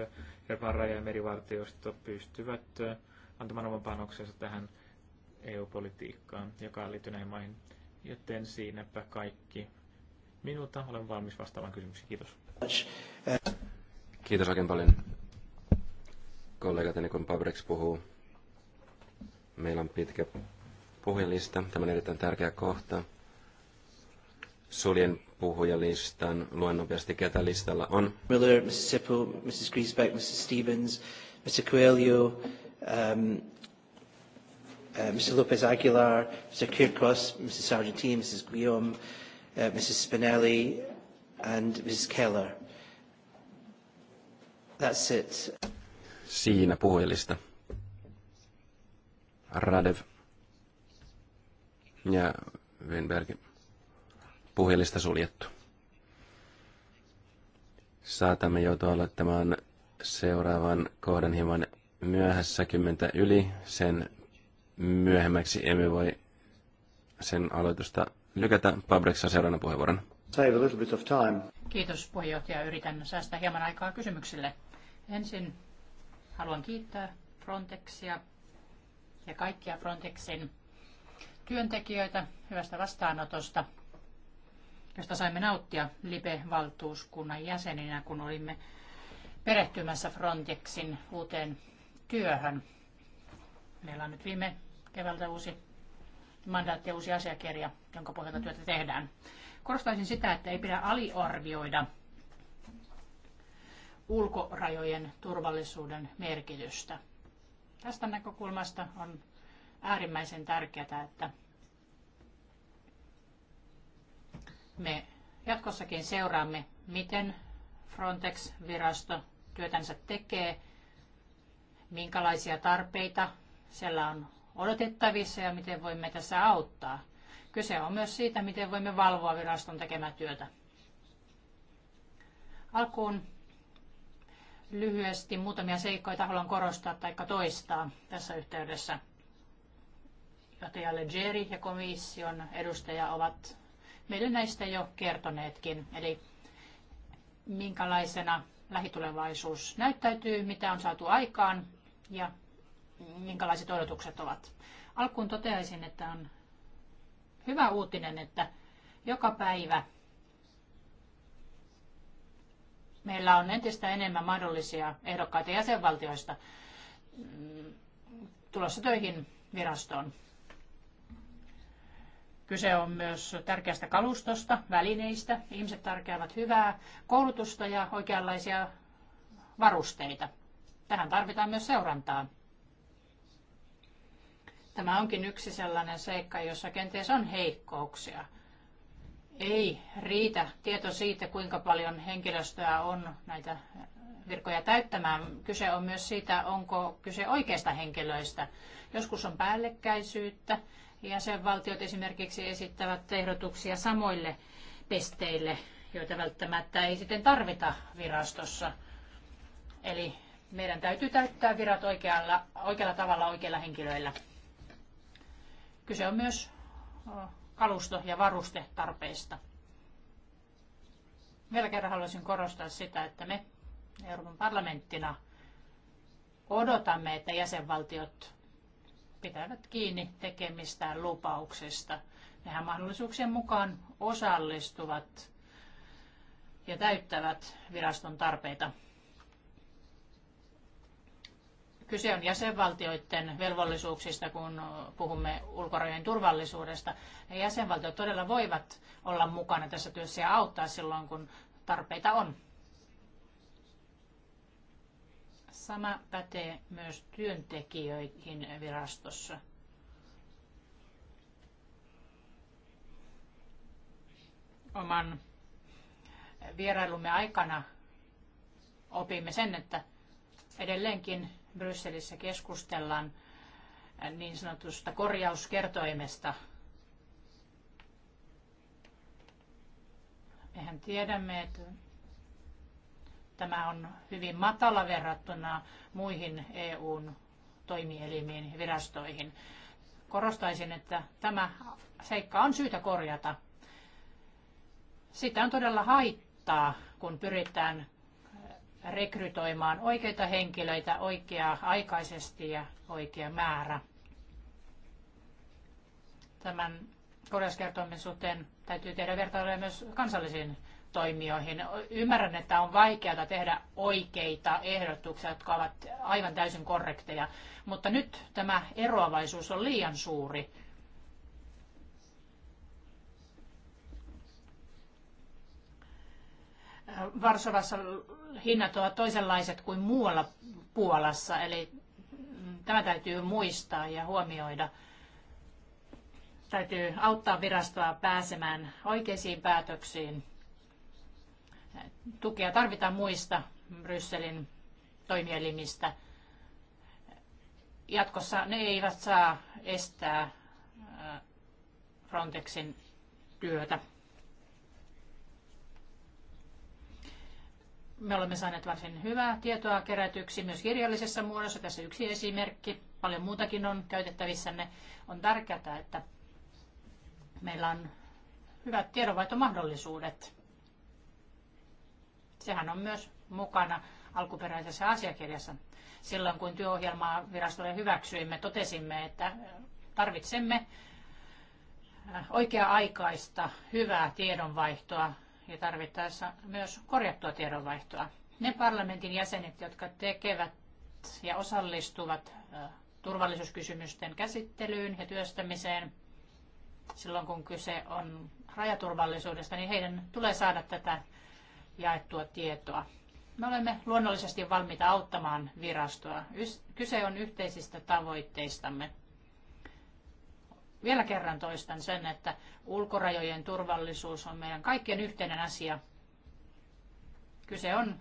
ja raja- ja merivartiosto pystyvät äh, antamaan oman panoksensa tähän EU-politiikkaan, joka liittyy näihin maihin. Joten siinäpä kaikki. Minulta olen valmis vastaamaan kysymyksiin. Kiitos. Kiitos oikein paljon. Kollegat, ennen kuin Pabrix puhuu, meillä on pitkä puhujalista. Tämä on erittäin tärkeä kohta. Suljen puhujalistan. Luen nopeasti, ketä listalla on. Miller, Mrs. Sippel, Mrs. Griesbeck, Mrs. Stevens, Mr. Coelho, um, Uh, Mr Lopez Aguilar, Mr Kirkos, Mrs Sargentini, Mrs Guillaume, uh, Mrs Spinelli and Mrs Keller. That's it. Siinä puhelista. Radev ja Winberg puhelista suljettu. Saatamme joutua aloittamaan seuraavan kohdan hieman myöhässä kymmentä yli. Sen myöhemmäksi. Emme voi sen aloitusta lykätä. saa seuraavana puheenvuoron. Save a little bit of time. Kiitos puheenjohtaja. Yritän säästää hieman aikaa kysymyksille. Ensin haluan kiittää Frontexia ja kaikkia Frontexin työntekijöitä hyvästä vastaanotosta, josta saimme nauttia Libe-valtuuskunnan jäseninä, kun olimme perehtymässä Frontexin uuteen työhön. Meillä on nyt viime keväältä uusi mandaatti ja uusi asiakirja, jonka pohjalta työtä tehdään. Korostaisin sitä, että ei pidä aliarvioida ulkorajojen turvallisuuden merkitystä. Tästä näkökulmasta on äärimmäisen tärkeää, että me jatkossakin seuraamme, miten Frontex-virasto työtänsä tekee, minkälaisia tarpeita siellä on odotettavissa ja miten voimme tässä auttaa. Kyse on myös siitä, miten voimme valvoa viraston tekemää työtä. Alkuun lyhyesti muutamia seikkoja haluan korostaa tai toistaa tässä yhteydessä. Johtaja Leggeri ja komission edustaja ovat meille näistä jo kertoneetkin. Eli minkälaisena lähitulevaisuus näyttäytyy, mitä on saatu aikaan ja minkälaiset odotukset ovat. Alkuun toteaisin, että on hyvä uutinen, että joka päivä meillä on entistä enemmän mahdollisia ehdokkaita jäsenvaltioista mm, tulossa töihin virastoon. Kyse on myös tärkeästä kalustosta, välineistä. Ihmiset tarkeavat hyvää koulutusta ja oikeanlaisia varusteita. Tähän tarvitaan myös seurantaa. Tämä onkin yksi sellainen seikka, jossa kenties on heikkouksia. Ei riitä tieto siitä, kuinka paljon henkilöstöä on näitä virkoja täyttämään. Kyse on myös siitä, onko kyse oikeista henkilöistä. Joskus on päällekkäisyyttä. Jäsenvaltiot esimerkiksi esittävät ehdotuksia samoille pesteille, joita välttämättä ei sitten tarvita virastossa. Eli meidän täytyy täyttää virat oikealla, oikealla tavalla oikeilla henkilöillä. Kyse on myös kalusto- ja varustetarpeista. Vielä kerran haluaisin korostaa sitä, että me Euroopan parlamenttina odotamme, että jäsenvaltiot pitävät kiinni tekemistään lupauksista. Nehän mahdollisuuksien mukaan osallistuvat ja täyttävät viraston tarpeita. Kyse on jäsenvaltioiden velvollisuuksista, kun puhumme ulkorajojen turvallisuudesta. Ja jäsenvaltiot todella voivat olla mukana tässä työssä ja auttaa silloin, kun tarpeita on. Sama pätee myös työntekijöihin virastossa. Oman vierailumme aikana opimme sen, että edelleenkin Brysselissä keskustellaan niin sanotusta korjauskertoimesta. Mehän tiedämme, että tämä on hyvin matala verrattuna muihin EUn toimielimiin ja virastoihin. Korostaisin, että tämä seikka on syytä korjata. Sitä on todella haittaa, kun pyritään rekrytoimaan oikeita henkilöitä oikea-aikaisesti ja oikea määrä. Tämän korjauskertoimen suhteen täytyy tehdä vertailuja myös kansallisiin toimijoihin. Ymmärrän, että on vaikeaa tehdä oikeita ehdotuksia, jotka ovat aivan täysin korrekteja, mutta nyt tämä eroavaisuus on liian suuri Varsovassa hinnat ovat toisenlaiset kuin muualla Puolassa, eli mm, tämä täytyy muistaa ja huomioida. Täytyy auttaa virastoa pääsemään oikeisiin päätöksiin. Tukea tarvitaan muista Brysselin toimielimistä. Jatkossa ne eivät saa estää äh, Frontexin työtä. Me olemme saaneet varsin hyvää tietoa kerätyksi myös kirjallisessa muodossa. Tässä yksi esimerkki. Paljon muutakin on käytettävissänne. On tärkeää, että meillä on hyvät tiedonvaihtomahdollisuudet. Sehän on myös mukana alkuperäisessä asiakirjassa. Silloin kun työohjelmaa virastolle hyväksyimme, totesimme, että tarvitsemme oikea-aikaista, hyvää tiedonvaihtoa ja tarvittaessa myös korjattua tiedonvaihtoa. Ne parlamentin jäsenet, jotka tekevät ja osallistuvat turvallisuuskysymysten käsittelyyn ja työstämiseen silloin, kun kyse on rajaturvallisuudesta, niin heidän tulee saada tätä jaettua tietoa. Me olemme luonnollisesti valmiita auttamaan virastoa. Kyse on yhteisistä tavoitteistamme. Vielä kerran toistan sen, että ulkorajojen turvallisuus on meidän kaikkien yhteinen asia. Kyse on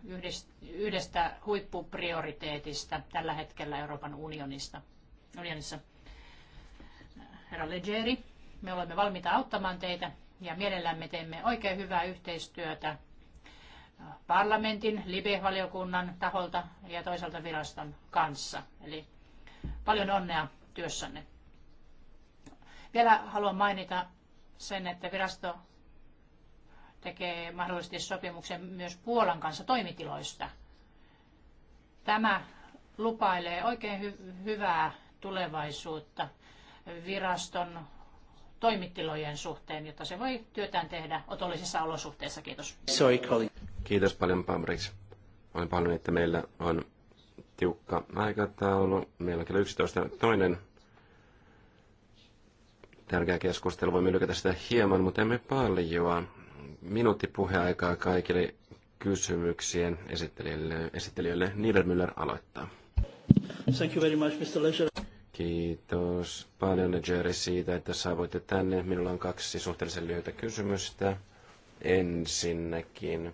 yhdestä huippuprioriteetista tällä hetkellä Euroopan unionista, unionissa. Herra Leggeri, me olemme valmiita auttamaan teitä ja mielellämme teemme oikein hyvää yhteistyötä parlamentin, LIBE-valiokunnan taholta ja toisaalta viraston kanssa. Eli paljon onnea työssänne. Vielä haluan mainita sen, että virasto tekee mahdollisesti sopimuksen myös Puolan kanssa toimitiloista. Tämä lupailee oikein hy- hyvää tulevaisuutta viraston toimittilojen suhteen, jotta se voi työtään tehdä otollisissa olosuhteissa. Kiitos. Sorry, Kiitos paljon, Pamriks. Olen paljon, että meillä on tiukka aikataulu. Meillä on kello 11 toinen tärkeä keskustelu. Voimme lykätä sitä hieman, mutta emme paljon. Minuutti puheaikaa kaikille kysymyksien esittelijöille. esittelijöille. Müller aloittaa. Thank you very much, Mr. Leisure. Kiitos paljon, Jerry, siitä, että saavuitte tänne. Minulla on kaksi suhteellisen lyhyitä kysymystä. Ensinnäkin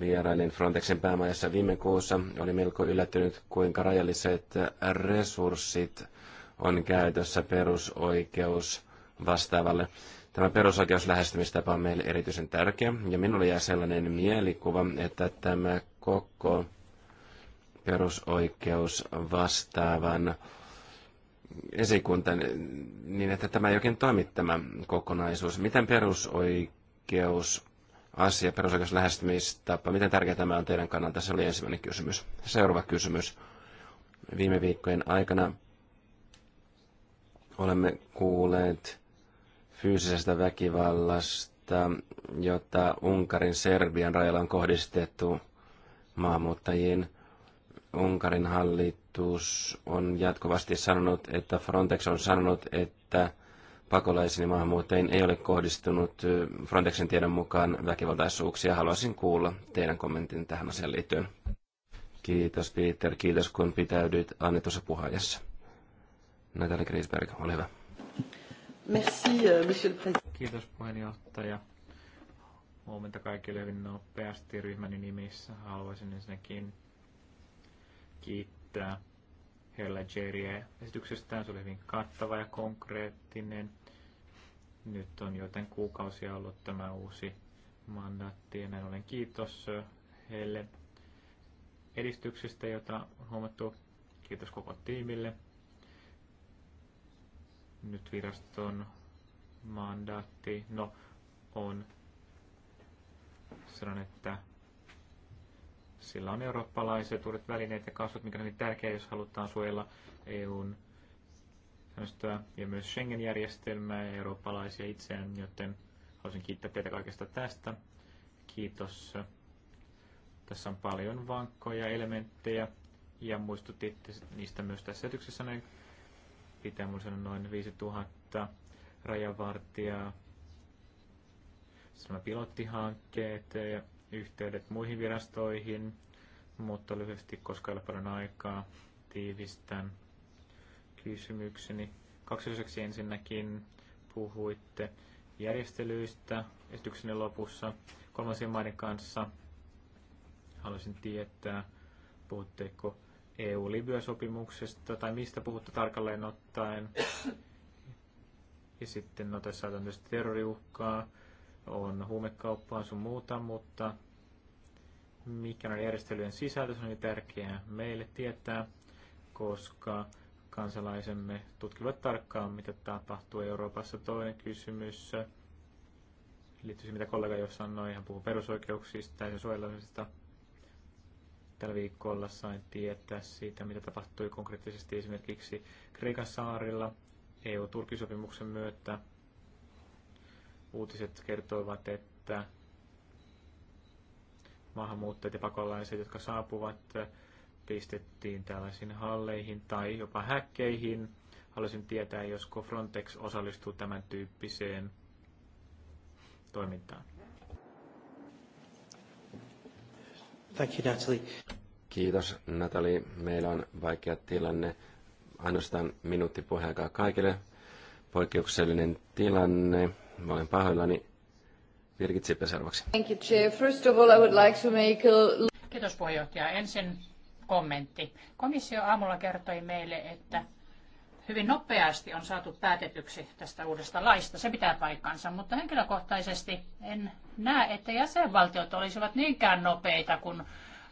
vierailin Frontexin päämajassa viime kuussa. Oli melko yllättynyt, kuinka rajalliset resurssit on käytössä perusoikeus vastaavalle. Tämä perusoikeuslähestymistapa on meille erityisen tärkeä, ja minulle jää sellainen mielikuva, että tämä koko perusoikeus vastaavan esikunta, niin että tämä ei oikein toimi tämä kokonaisuus. Miten perusoikeus asia, perusoikeuslähestymistapa, miten tärkeä tämä on teidän kannalta? Se oli ensimmäinen kysymys. Seuraava kysymys. Viime viikkojen aikana Olemme kuulleet fyysisestä väkivallasta, jota Unkarin Serbian rajalla on kohdistettu maahanmuuttajiin. Unkarin hallitus on jatkuvasti sanonut, että Frontex on sanonut, että pakolaisiin ja maahanmuuttajiin ei ole kohdistunut Frontexin tiedon mukaan väkivaltaisuuksia. Haluaisin kuulla teidän kommentin tähän asiaan liittyen. Kiitos Peter, kiitos kun pitäydyit annetussa puhajassa. Natalie Griesberg, ole hyvä. Merci, euh, monsieur le président. Kiitos puheenjohtaja. Huomenta kaikille hyvin nopeasti ryhmäni nimissä. Haluaisin ensinnäkin kiittää Hella Jerryä esityksestään. Se oli hyvin kattava ja konkreettinen. Nyt on joten kuukausia ollut tämä uusi mandaatti ja näin olen kiitos äh, heille edistyksestä, jota on huomattu. Kiitos koko tiimille nyt viraston mandaatti, no, on sanon, että sillä on eurooppalaiset uudet välineet ja kasvot, mikä on niin tärkeää, jos halutaan suojella EUn ja myös Schengen-järjestelmää ja eurooppalaisia itseään, joten haluaisin kiittää teitä kaikesta tästä. Kiitos. Tässä on paljon vankkoja elementtejä ja muistutitte niistä myös tässä esityksessä pitää mulla sanoa noin 5000 rajavartijaa. Sitten siis pilottihankkeet ja yhteydet muihin virastoihin, mutta lyhyesti, koska ei ole paljon aikaa, tiivistän kysymykseni. Kaksi ensinnäkin puhuitte järjestelyistä Esityksen lopussa kolmansien maiden kanssa. Haluaisin tietää, puhutteko EU-Libya-sopimuksesta, tai mistä puhutte tarkalleen ottaen. Ja sitten, no tässä on tietysti terroriuhkaa, on huumekauppaa sun muuta, mutta mikä on järjestelyjen sisältö, se on niin tärkeää meille tietää, koska kansalaisemme tutkivat tarkkaan, mitä tapahtuu Euroopassa. Toinen kysymys liittyy siihen, mitä kollega jo sanoi, hän puhuu perusoikeuksista ja sen suojelemisesta Tällä viikolla sain tietää siitä, mitä tapahtui konkreettisesti esimerkiksi Kreikan saarilla EU-Turkisopimuksen myötä. Uutiset kertoivat, että maahanmuuttajat ja pakolaiset, jotka saapuvat, pistettiin tällaisiin halleihin tai jopa häkkeihin. Haluaisin tietää, josko Frontex osallistuu tämän tyyppiseen toimintaan. Thank you, Natalie. Kiitos, Natali. Meillä on vaikea tilanne. Ainoastaan minuutti puheenjohtaja kaikille. Poikkeuksellinen tilanne. Mä olen pahoillani. Virgit Sippe seuraavaksi. Thank you, Chair. First of all, I would like to make a... Kiitos puheenjohtaja. Ensin kommentti. Komissio aamulla kertoi meille, että hyvin nopeasti on saatu päätetyksi tästä uudesta laista. Se pitää paikkansa, mutta henkilökohtaisesti en näe, että jäsenvaltiot olisivat niinkään nopeita, kun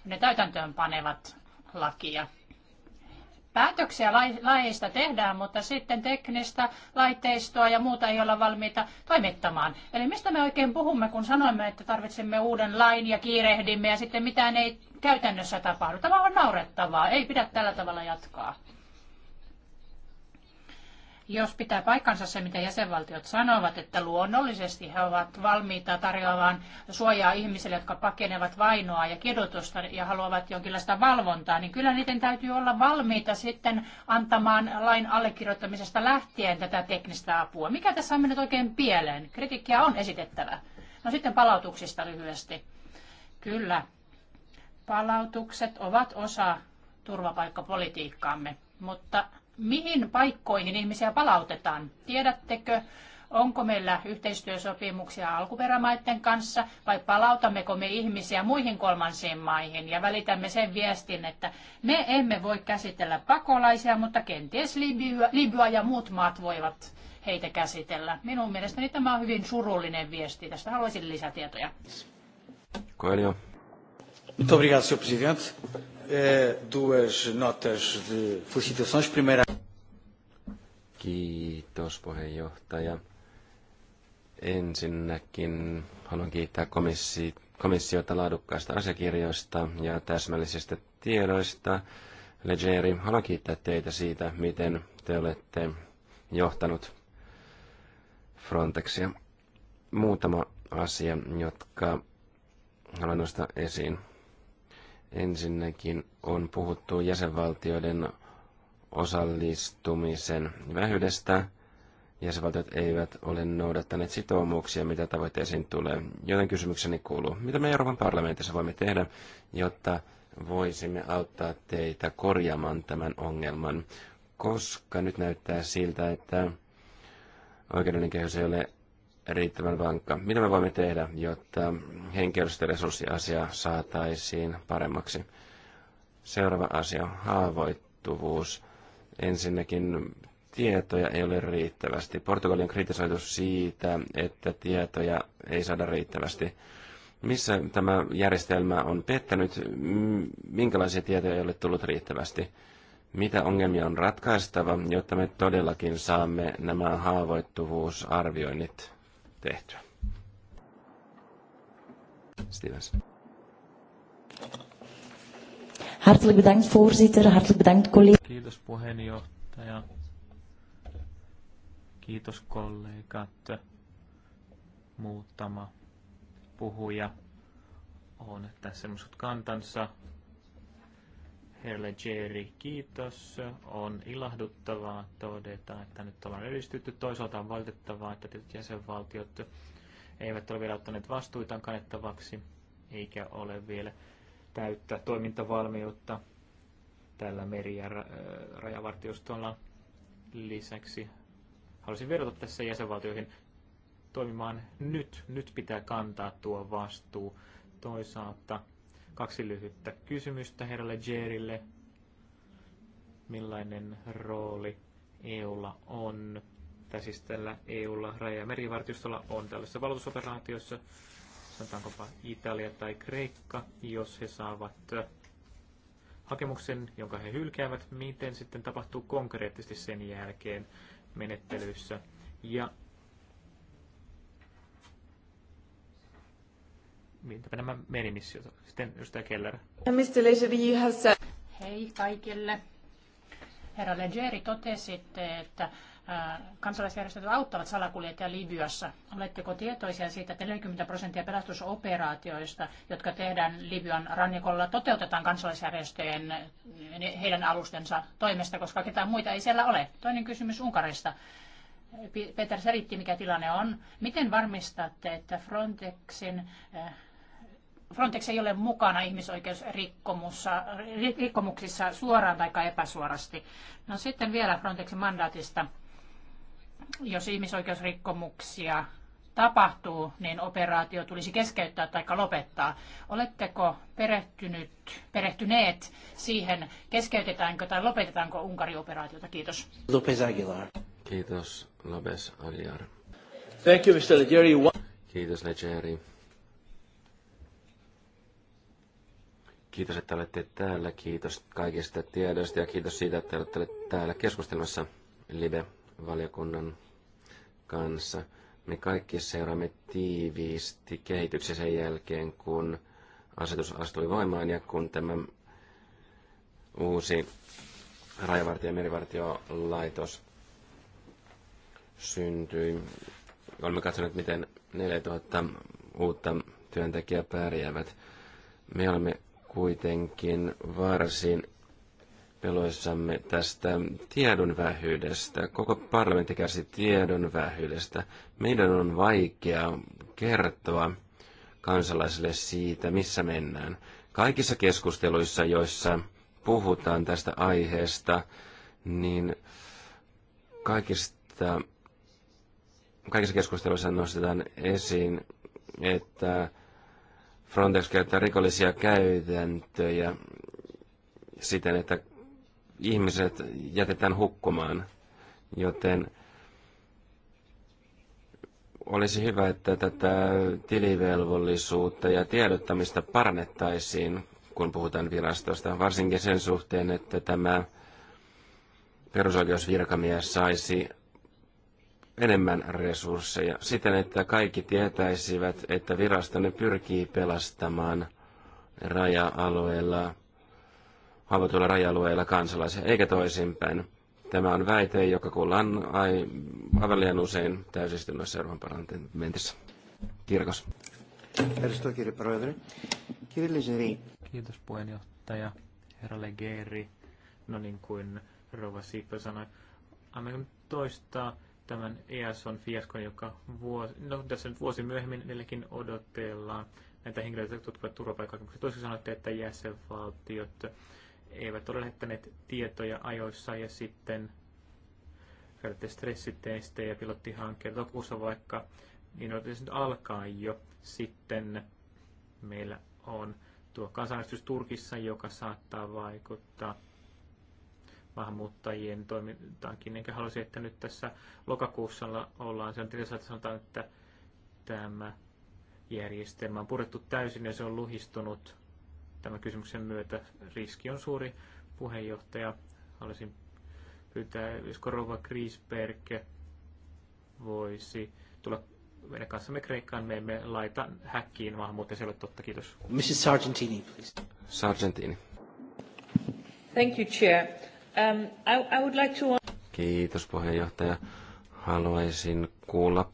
ne täytäntöön panevat lakia. Päätöksiä laista tehdään, mutta sitten teknistä laitteistoa ja muuta ei olla valmiita toimittamaan. Eli mistä me oikein puhumme, kun sanoimme, että tarvitsemme uuden lain ja kiirehdimme ja sitten mitään ei käytännössä tapahdu? Tämä on naurettavaa. Ei pidä tällä tavalla jatkaa. Jos pitää paikkansa se, mitä jäsenvaltiot sanovat, että luonnollisesti he ovat valmiita tarjoamaan suojaa ihmisille, jotka pakenevat vainoa ja kidutusta ja haluavat jonkinlaista valvontaa, niin kyllä niiden täytyy olla valmiita sitten antamaan lain allekirjoittamisesta lähtien tätä teknistä apua. Mikä tässä on mennyt oikein pieleen? Kritiikkiä on esitettävä. No sitten palautuksista lyhyesti. Kyllä, palautukset ovat osa turvapaikkapolitiikkaamme, mutta mihin paikkoihin ihmisiä palautetaan? Tiedättekö, onko meillä yhteistyösopimuksia alkuperämaiden kanssa vai palautammeko me ihmisiä muihin kolmansiin maihin ja välitämme sen viestin, että me emme voi käsitellä pakolaisia, mutta kenties Libya, Libya ja muut maat voivat heitä käsitellä. Minun mielestäni tämä on hyvin surullinen viesti. Tästä haluaisin lisätietoja. Koelio. Muito obrigado, Sr. Presidente. Duas notas de felicitações. Primeira... Kiitos puheenjohtaja. Ensinnäkin haluan kiittää komissi- komissiota laadukkaista asiakirjoista ja täsmällisistä tiedoista. Legeri, haluan kiittää teitä siitä, miten te olette johtanut Frontexia. Muutama asia, jotka haluan nostaa esiin. Ensinnäkin on puhuttu jäsenvaltioiden osallistumisen vähyydestä. Jäsenvaltiot eivät ole noudattaneet sitoumuksia, mitä tavoitteisiin tulee. Joten kysymykseni kuuluu, mitä me Euroopan parlamentissa voimme tehdä, jotta voisimme auttaa teitä korjaamaan tämän ongelman? Koska nyt näyttää siltä, että oikeudellinen kehys ei ole riittävän vankka. Mitä me voimme tehdä, jotta henkilöstöresurssiasia saataisiin paremmaksi? Seuraava asia, haavoittuvuus. Ensinnäkin tietoja ei ole riittävästi. Portugali on kritisoitu siitä, että tietoja ei saada riittävästi. Missä tämä järjestelmä on pettänyt? Minkälaisia tietoja ei ole tullut riittävästi? Mitä ongelmia on ratkaistava, jotta me todellakin saamme nämä haavoittuvuusarvioinnit tehtyä. Stevens. Hartelijk bedankt voorzitter, hartelijk bedankt collega. Kiitos puheenjohtaja. Kiitos kollegat. Muutama puhuja on tässä semmoiset kantansa Herra Jerry, kiitos. On ilahduttavaa todeta, että nyt ollaan edistytty. Toisaalta on valitettavaa, että tietyt jäsenvaltiot eivät ole vielä ottaneet vastuitaan kannettavaksi, eikä ole vielä täyttä toimintavalmiutta tällä meri- ja rajavartiostolla lisäksi. Haluaisin vedota tässä jäsenvaltioihin toimimaan nyt. Nyt pitää kantaa tuo vastuu. Toisaalta Kaksi lyhyttä kysymystä herralle Jerille. Millainen rooli EUlla on, tai siis tällä EUlla raja- ja merivartiostolla on tällaisessa valotusoperaatiossa, sanotaankopa Italia tai Kreikka, jos he saavat hakemuksen, jonka he hylkäävät, miten sitten tapahtuu konkreettisesti sen jälkeen menettelyissä. Ja mitäpä nämä merimissiot. Sitten edustaja Keller. Mr. you have Hei kaikille. Herra Legeri, totesitte, että kansalaisjärjestöt auttavat salakuljettajia Libyassa. Oletteko tietoisia siitä, että 40 prosenttia pelastusoperaatioista, jotka tehdään Libyan rannikolla, toteutetaan kansalaisjärjestöjen heidän alustensa toimesta, koska ketään muita ei siellä ole? Toinen kysymys Unkarista. Peter selitti, mikä tilanne on. Miten varmistatte, että Frontexin Frontex ei ole mukana ihmisoikeusrikkomuksissa suoraan tai epäsuorasti. No sitten vielä Frontexin mandaatista. Jos ihmisoikeusrikkomuksia tapahtuu, niin operaatio tulisi keskeyttää tai lopettaa. Oletteko perehtynyt, perehtyneet siihen, keskeytetäänkö tai lopetetaanko Unkarin operaatiota? Kiitos. Lopez Aguilar. Kiitos, Lopez Aguilar. Thank you, Mr. Legeri. Kiitos, Legeri. Kiitos, että olette täällä. Kiitos kaikista tiedoista ja kiitos siitä, että olette täällä keskustelemassa Live-valiokunnan kanssa. Me kaikki seuraamme tiiviisti kehityksen sen jälkeen, kun asetus astui voimaan ja kun tämä uusi rajavartio- ja merivartiolaitos syntyi. Olemme katsoneet, miten 4000 uutta työntekijää pärjäävät. Me olemme kuitenkin varsin peloissamme tästä tiedon vähyydestä. Koko parlamentti kärsi tiedon vähyydestä. Meidän on vaikea kertoa kansalaisille siitä, missä mennään. Kaikissa keskusteluissa, joissa puhutaan tästä aiheesta, niin kaikista, kaikissa keskusteluissa nostetaan esiin, että Frontex käyttää rikollisia käytäntöjä siten, että ihmiset jätetään hukkumaan, joten olisi hyvä, että tätä tilivelvollisuutta ja tiedottamista parannettaisiin, kun puhutaan virastosta, varsinkin sen suhteen, että tämä perusoikeusvirkamies saisi enemmän resursseja siten, että kaikki tietäisivät, että virastonne pyrkii pelastamaan raja-alueella, haavoituilla raja-alueilla kansalaisia, eikä toisinpäin. Tämä on väite, joka kuullaan ai, aivan liian usein täysistunnossa Euroopan parlamentissa. Kirkos. Kiitos puheenjohtaja, herra Legeri. No niin kuin Rova Siipä sanoi, annamme toistaa tämän EASON fiaskon, joka vuosi, no tässä nyt vuosi myöhemmin edelleenkin odotellaan näitä henkilöitä, jotka tutkivat turvapaikkahakemuksia. Toisin sanoitte, että jäsenvaltiot eivät ole lähettäneet tietoja ajoissa ja sitten käytätte stressitestejä ja pilottihankkeen lokussa vaikka, niin nyt alkaa jo sitten meillä on tuo kansanäänestys Turkissa, joka saattaa vaikuttaa maahanmuuttajien toimintaankin, enkä halusi, että nyt tässä lokakuussa ollaan sen tietysti, että sanotaan, että tämä järjestelmä on purettu täysin ja se on luhistunut tämän kysymyksen myötä. Riski on suuri puheenjohtaja. Haluaisin pyytää, jos Korova Griesberg voisi tulla meidän kanssamme Kreikkaan, me emme laita häkkiin maahanmuuttajia, se ei totta, kiitos. Mrs. Sargentini, please. Sargentini. Thank you, Chair. Um, I, I would like to... Kiitos puheenjohtaja. Haluaisin kuulla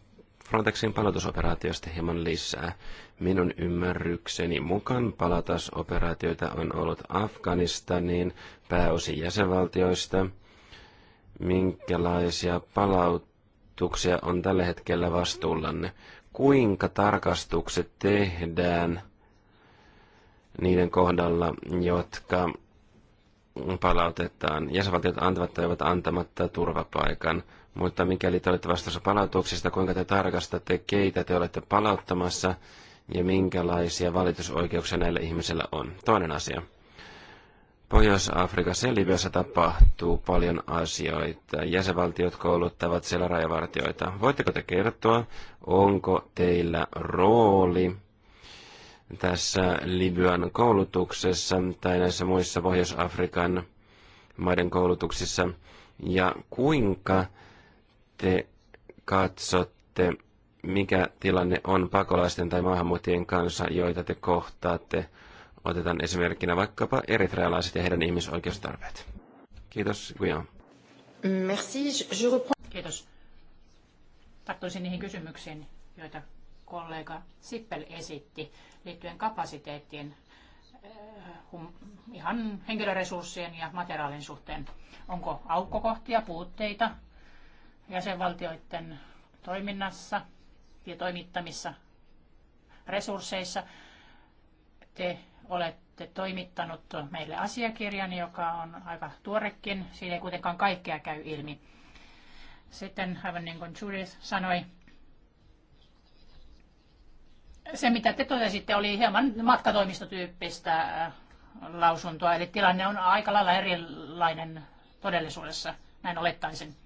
Frontexin palautusoperaatiosta hieman lisää. Minun ymmärrykseni mukaan palautusoperaatioita on ollut Afganistaniin pääosin jäsenvaltioista. Minkälaisia palautuksia on tällä hetkellä vastuullanne? Kuinka tarkastukset tehdään niiden kohdalla, jotka palautetaan. Jäsenvaltiot antavat tai ovat antamatta turvapaikan. Mutta mikäli te olette vastuussa palautuksista, kuinka te tarkastatte, keitä te olette palauttamassa ja minkälaisia valitusoikeuksia näillä ihmisillä on? Toinen asia. Pohjois-Afrikassa ja Libyassa tapahtuu paljon asioita. Jäsenvaltiot kouluttavat siellä rajavartioita. Voitteko te kertoa, onko teillä rooli – tässä Libyan koulutuksessa tai näissä muissa Pohjois-Afrikan maiden koulutuksissa ja kuinka te katsotte, mikä tilanne on pakolaisten tai maahanmuuttajien kanssa, joita te kohtaatte. Otetaan esimerkkinä vaikkapa eritrealaiset ja heidän ihmisoikeustarpeet. Kiitos, Guillaume. Merci, je reprends. Kiitos. Tarttuisin niihin kysymyksiin, joita kollega Sippel esitti liittyen kapasiteettiin eh, ihan henkilöresurssien ja materiaalin suhteen. Onko aukkokohtia, puutteita jäsenvaltioiden toiminnassa ja toimittamissa resursseissa? Te olette toimittanut meille asiakirjan, joka on aika tuorekin. Siinä ei kuitenkaan kaikkea käy ilmi. Sitten, aivan niin kuin Judith sanoi, se, mitä te totesitte, oli hieman matkatoimistotyyppistä äh, lausuntoa, eli tilanne on aika lailla erilainen todellisuudessa, näin olettaisin.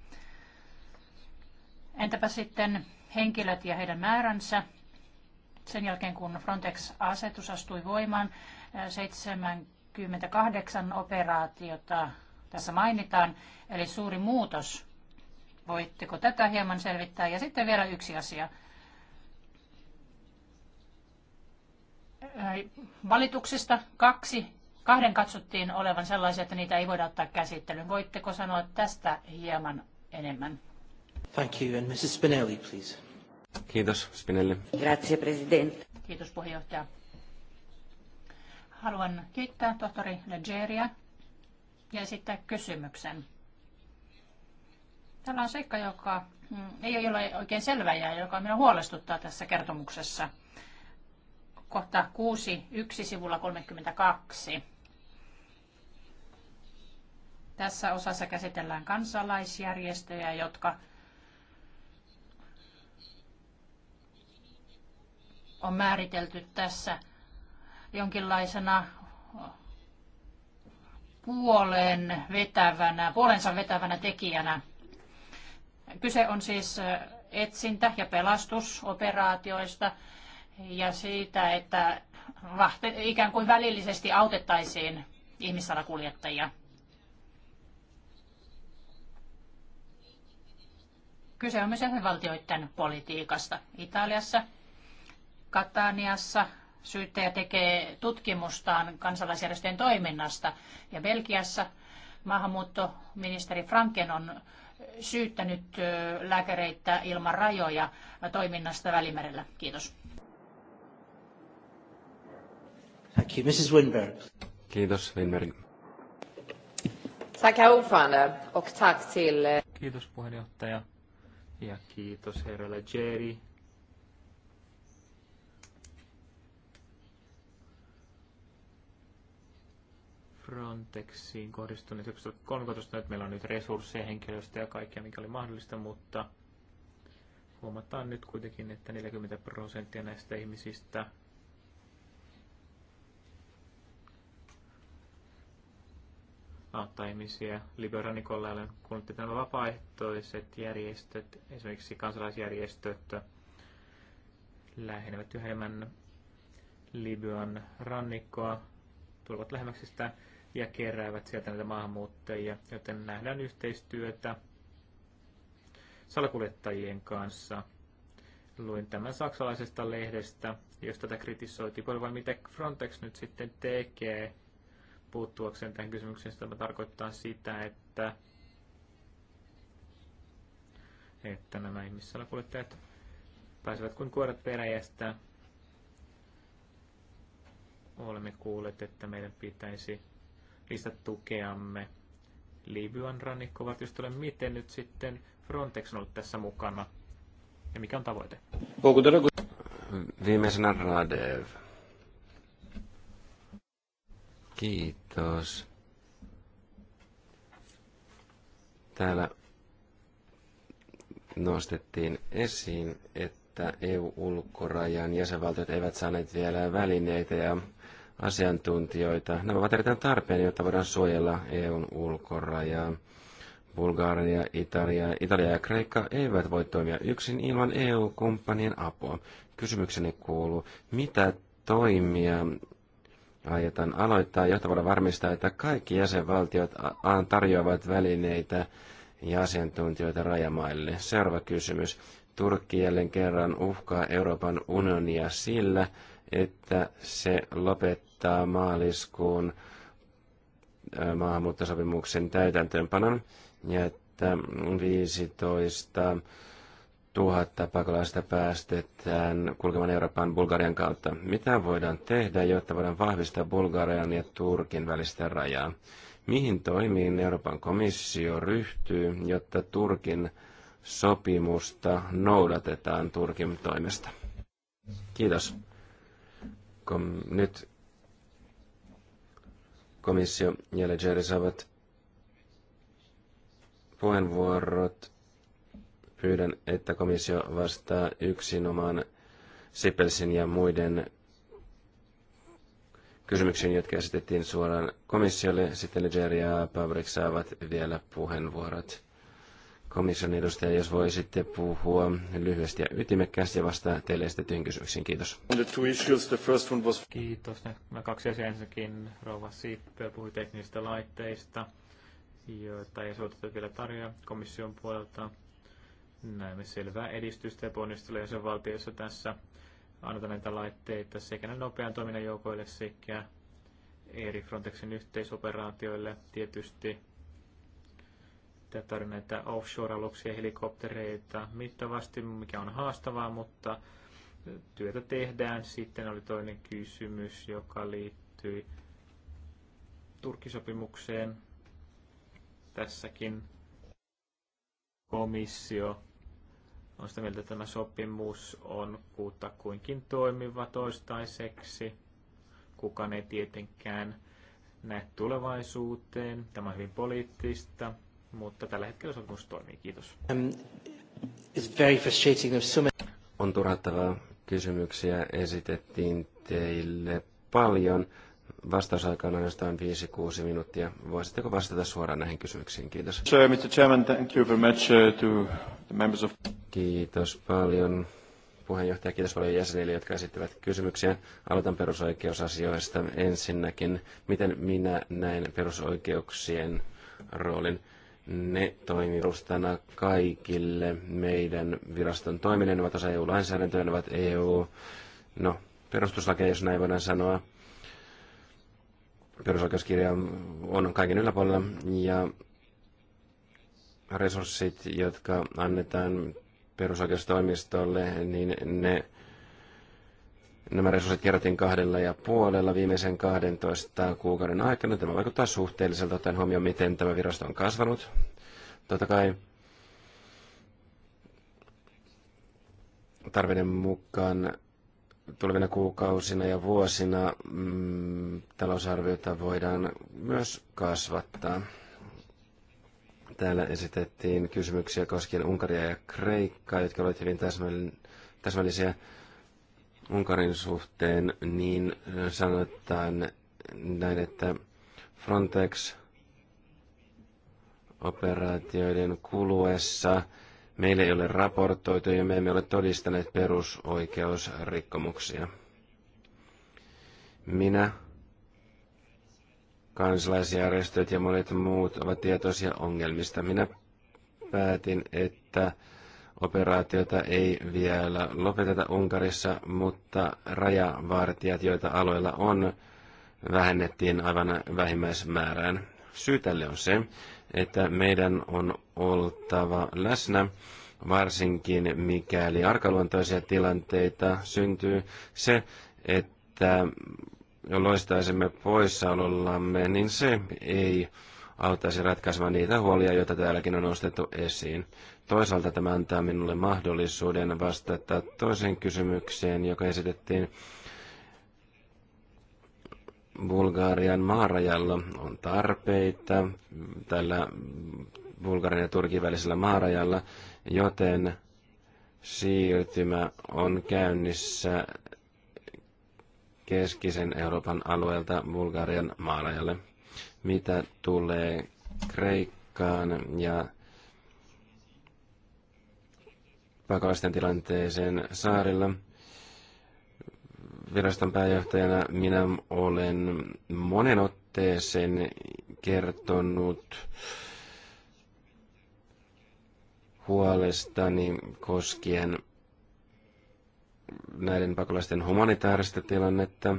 Entäpä sitten henkilöt ja heidän määränsä? Sen jälkeen, kun Frontex-asetus astui voimaan, 78 äh, operaatiota tässä mainitaan, eli suuri muutos. Voitteko tätä hieman selvittää? Ja sitten vielä yksi asia – Äh, Valituksista kaksi, kahden katsottiin olevan sellaisia, että niitä ei voida ottaa käsittelyyn. Voitteko sanoa tästä hieman enemmän? Thank you, and Mrs. Spinelli, please. Kiitos, Spinelli. Grazie, President. Kiitos, puheenjohtaja. Haluan kiittää tohtori Legeria ja esittää kysymyksen. Tällä on seikka, joka mm, ei ole oikein selvä ja joka minua huolestuttaa tässä kertomuksessa kohta 6, 1 sivulla 32. Tässä osassa käsitellään kansalaisjärjestöjä, jotka on määritelty tässä jonkinlaisena puolen vetävänä, puolensa vetävänä tekijänä. Kyse on siis etsintä- ja pelastusoperaatioista – ja siitä, että vahte, ikään kuin välillisesti autettaisiin ihmissalakuljettajia. Kyse on myös jäsenvaltioiden politiikasta. Italiassa, Kataniassa syyttäjä tekee tutkimustaan kansalaisjärjestöjen toiminnasta ja Belgiassa maahanmuuttoministeri Franken on syyttänyt lääkäreitä ilman rajoja toiminnasta Välimerellä. Kiitos. Thank you. Mrs. Winberg. Kiitos, Winberg. Tack, ordförande, och tack till... Eh, kiitos puheenjohtaja ja kiitos herra Leggeri. Frontexiin kohdistuneet 2013, että meillä on nyt resursseja, henkilöstöä ja kaikkea, mikä oli mahdollista, mutta huomataan nyt kuitenkin, että 40 prosenttia näistä ihmisistä auttaa ihmisiä Liberanikolla, olen kuullut, että nämä vapaaehtoiset järjestöt, esimerkiksi kansalaisjärjestöt, lähenevät yhä enemmän Libyan rannikkoa, tulevat lähemmäksi sitä ja keräävät sieltä näitä maahanmuuttajia, joten nähdään yhteistyötä salakuljettajien kanssa. Luin tämän saksalaisesta lehdestä, josta tätä kritisoitiin, voi mitä Frontex nyt sitten tekee puuttuakseen tähän kysymykseen. Tämä tarkoittaa sitä, että, että nämä ihmissalakuljettajat pääsevät kuin kuoret peräjästä. Olemme kuulleet, että meidän pitäisi lisätä tukeamme Libyan rannikkovartiostolle. Miten nyt sitten Frontex on ollut tässä mukana ja mikä on tavoite? Viimeisenä Radev. Kiitos. Täällä nostettiin esiin, että EU-ulkorajan jäsenvaltiot eivät saaneet vielä välineitä ja asiantuntijoita. Nämä ovat erittäin tarpeen, jotta voidaan suojella EUn ulkorajaa. Bulgaria, Italia, Italia ja Kreikka eivät voi toimia yksin ilman EU-kumppanien apua. Kysymykseni kuuluu, mitä toimia aiotaan aloittaa, jotta voidaan varmistaa, että kaikki jäsenvaltiot tarjoavat välineitä ja asiantuntijoita rajamaille. Seuraava kysymys. Turkki jälleen kerran uhkaa Euroopan unionia sillä, että se lopettaa maaliskuun maahanmuuttosopimuksen täytäntöönpanon ja että 15 tuhatta pakolaista päästetään kulkemaan Euroopan Bulgarian kautta. Mitä voidaan tehdä, jotta voidaan vahvistaa Bulgarian ja Turkin välistä rajaa? Mihin toimiin Euroopan komissio ryhtyy, jotta Turkin sopimusta noudatetaan Turkin toimesta? Kiitos. Kom- nyt komissio ja Legeri saavat puheenvuorot Pyydän, että komissio vastaa yksinomaan Sipelsin ja muiden kysymyksiin, jotka esitettiin suoraan komissiolle. Sitten Nigeria ja Pabrik saavat vielä puheenvuorot. Komission edustaja, jos voisitte puhua lyhyesti ja ytimekkäästi ja vastaa teille esitettyihin kysymyksiin. Kiitos. Kiitos. Nämä kaksi asiaa ensinnäkin. Rouva Sippel puhui teknisistä laitteista, joita ei suotettu vielä tarjoa komission puolelta. Näemme selvää edistystä ja ponnistelua jäsenvaltioissa tässä. Annetaan näitä laitteita sekä nopean toiminnan joukoille sekä eri Frontexin yhteisoperaatioille tietysti. Tarvitaan näitä offshore-aluksia, helikoptereita mittavasti, mikä on haastavaa, mutta työtä tehdään. Sitten oli toinen kysymys, joka liittyi Turkisopimukseen. Tässäkin komissio on sitä mieltä, että tämä sopimus on kuinkin toimiva toistaiseksi. Kukaan ei tietenkään näe tulevaisuuteen. Tämä on hyvin poliittista, mutta tällä hetkellä sopimus toimii. Kiitos. Um, it's very frustrating. So many... On turhattavaa. Kysymyksiä esitettiin teille paljon. Vastausaikaan on ainoastaan 5-6 minuuttia. Voisitteko vastata suoraan näihin kysymyksiin? Kiitos. Mr. Chairman, thank you very much uh, to the members of... Kiitos paljon puheenjohtaja, kiitos paljon jäsenille, jotka esittävät kysymyksiä. Aloitan perusoikeusasioista ensinnäkin. Miten minä näen perusoikeuksien roolin? Ne toimivustana kaikille meidän viraston toiminen, ovat osa EU-lainsäädäntöä, ne ovat EU, no, perustuslakeja, jos näin voidaan sanoa perusoikeuskirja on kaiken yläpuolella ja resurssit, jotka annetaan perusoikeustoimistolle, niin ne, nämä resurssit kerätin kahdella ja puolella viimeisen 12 kuukauden aikana. Tämä vaikuttaa suhteelliselta ottaen huomioon, miten tämä virasto on kasvanut. Totta kai tarveiden mukaan tulevina kuukausina ja vuosina mm, talousarviota voidaan myös kasvattaa. Täällä esitettiin kysymyksiä koskien Unkaria ja Kreikkaa, jotka olivat hyvin täsmällisiä Unkarin suhteen, niin sanotaan näin, että Frontex operaatioiden kuluessa – Meille ei ole raportoitu ja me emme ole todistaneet perusoikeusrikkomuksia. Minä, kansalaisjärjestöt ja monet muut ovat tietoisia ongelmista. Minä päätin, että operaatiota ei vielä lopeteta Unkarissa, mutta rajavartijat, joita alueella on, vähennettiin aivan vähimmäismäärään. Syy tälle on se, että meidän on oltava läsnä, varsinkin mikäli arkaluontoisia tilanteita syntyy. Se, että loistaisimme poissaolollamme, niin se ei auttaisi ratkaisemaan niitä huolia, joita täälläkin on nostettu esiin. Toisaalta tämä antaa minulle mahdollisuuden vastata toiseen kysymykseen, joka esitettiin Bulgarian maarajalla on tarpeita tällä Bulgarian ja Turkin välisellä maarajalla, joten siirtymä on käynnissä keskisen Euroopan alueelta Bulgarian maarajalle. Mitä tulee Kreikkaan ja pakolaisten tilanteeseen saarilla, viraston pääjohtajana minä olen monen otteeseen kertonut huolestani koskien näiden pakolaisten humanitaarista tilannetta.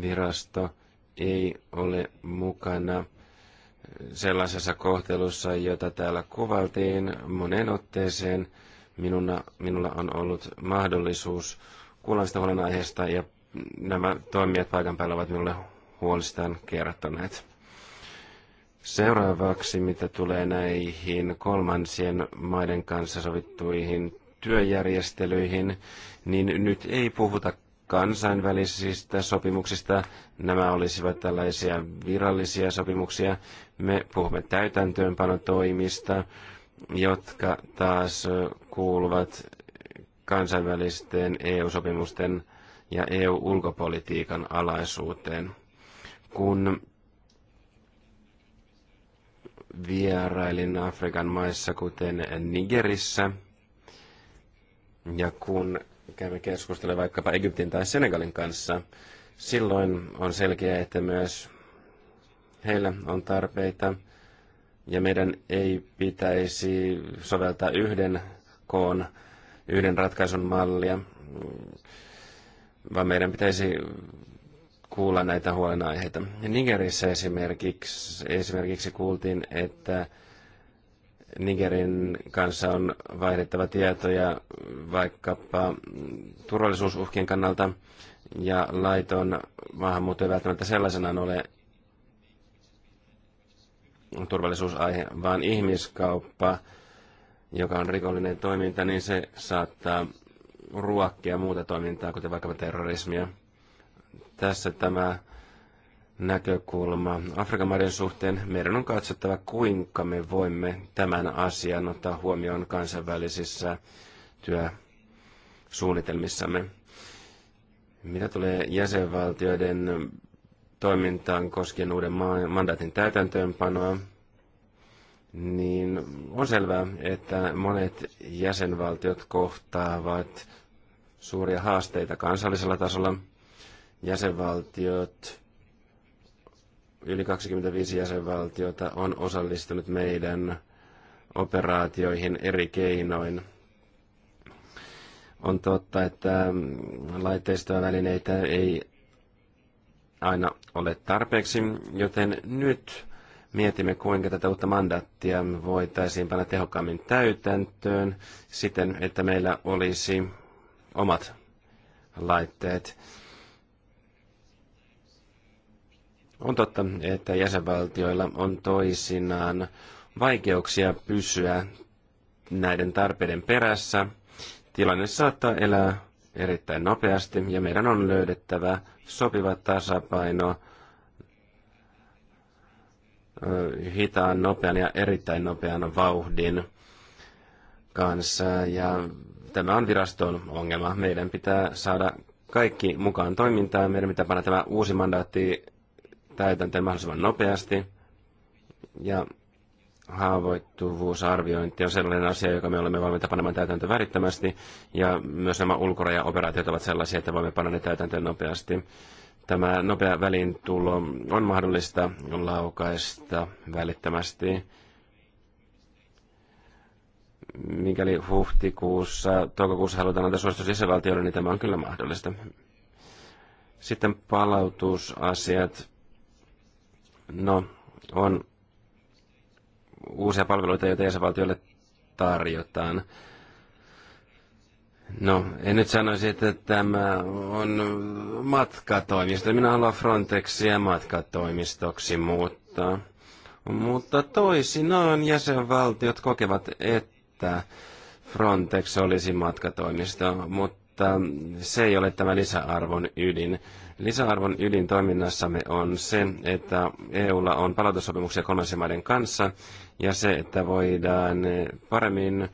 Virasto ei ole mukana sellaisessa kohtelussa, jota täällä kuvaltiin moneen otteeseen – Minulla, minulla on ollut mahdollisuus kuulla sitä huolenaiheesta ja nämä toimijat paikan päällä ovat minulle huolistaan kertoneet. Seuraavaksi, mitä tulee näihin kolmansien maiden kanssa sovittuihin työjärjestelyihin, niin nyt ei puhuta kansainvälisistä sopimuksista. Nämä olisivat tällaisia virallisia sopimuksia. Me puhumme täytäntöönpanotoimista jotka taas kuuluvat kansainvälisten EU-sopimusten ja EU-ulkopolitiikan alaisuuteen. Kun vierailin Afrikan maissa, kuten Nigerissä, ja kun käymme keskustelemaan vaikkapa Egyptin tai Senegalin kanssa, silloin on selkeää, että myös heillä on tarpeita – ja meidän ei pitäisi soveltaa yhden koon, yhden ratkaisun mallia, vaan meidän pitäisi kuulla näitä huolenaiheita. Nigerissä esimerkiksi, esimerkiksi kuultiin, että Nigerin kanssa on vaihdettava tietoja vaikkapa turvallisuusuhkien kannalta, ja laiton maahanmuutto ei välttämättä sellaisenaan ole turvallisuusaihe, vaan ihmiskauppa, joka on rikollinen toiminta, niin se saattaa ruokkia muuta toimintaa, kuten vaikkapa terrorismia. Tässä tämä näkökulma Afrikan maiden suhteen. Meidän on katsottava, kuinka me voimme tämän asian ottaa huomioon kansainvälisissä työsuunnitelmissamme. Mitä tulee jäsenvaltioiden toimintaan koskien uuden mandaatin täytäntöönpanoa, niin on selvää, että monet jäsenvaltiot kohtaavat suuria haasteita kansallisella tasolla. Jäsenvaltiot, yli 25 jäsenvaltiota on osallistunut meidän operaatioihin eri keinoin. On totta, että laitteistoa välineitä ei aina ole tarpeeksi, joten nyt mietimme, kuinka tätä uutta mandaattia voitaisiin panna tehokkaammin täytäntöön siten, että meillä olisi omat laitteet. On totta, että jäsenvaltioilla on toisinaan vaikeuksia pysyä näiden tarpeiden perässä. Tilanne saattaa elää erittäin nopeasti ja meidän on löydettävä sopiva tasapaino hitaan, nopean ja erittäin nopean vauhdin kanssa. Ja tämä on viraston ongelma. Meidän pitää saada kaikki mukaan toimintaan. Meidän pitää panna tämä uusi mandaatti täytäntöön mahdollisimman nopeasti. Ja haavoittuvuusarviointi on sellainen asia, joka me olemme valmiita panemaan täytäntöön värittömästi, ja myös nämä ulkorajaoperaatiot ovat sellaisia, että voimme panna ne täytäntöön nopeasti. Tämä nopea välintulo on mahdollista laukaista välittömästi. Mikäli huhtikuussa, toukokuussa halutaan antaa suositus jäsenvaltioille, niin tämä on kyllä mahdollista. Sitten palautusasiat. No, on uusia palveluita, joita jäsenvaltioille tarjotaan. No, en nyt sanoisi, että tämä on matkatoimisto. Minä haluan Frontexia matkatoimistoksi muuttaa. Mutta toisinaan jäsenvaltiot kokevat, että Frontex olisi matkatoimisto, mutta se ei ole tämä lisäarvon ydin. Lisäarvon ydin toiminnassamme on se, että EUlla on palautussopimuksia kolmansien maiden kanssa ja se, että voidaan paremmin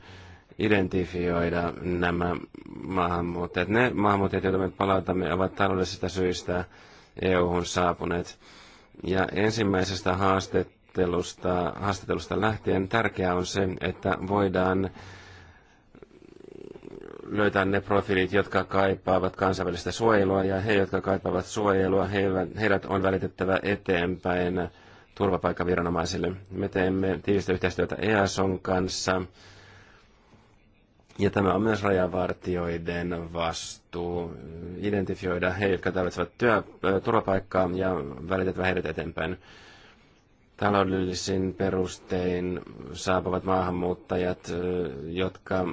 identifioida nämä maahanmuuttajat. Ne maahanmuuttajat, joita me palautamme, ovat taloudellisista syistä EU-hun saapuneet. Ja ensimmäisestä haastattelusta, haastattelusta lähtien tärkeää on se, että voidaan löytää ne profiilit, jotka kaipaavat kansainvälistä suojelua, ja he, jotka kaipaavat suojelua, heidät on välitettävä eteenpäin turvapaikkaviranomaisille. Me teemme tiivistä yhteistyötä EASON kanssa, ja tämä on myös rajavartioiden vastuu identifioida he, jotka tarvitsevat työ, turvapaikkaa ja välitettävä heidät eteenpäin. Taloudellisin perustein saapuvat maahanmuuttajat, jotka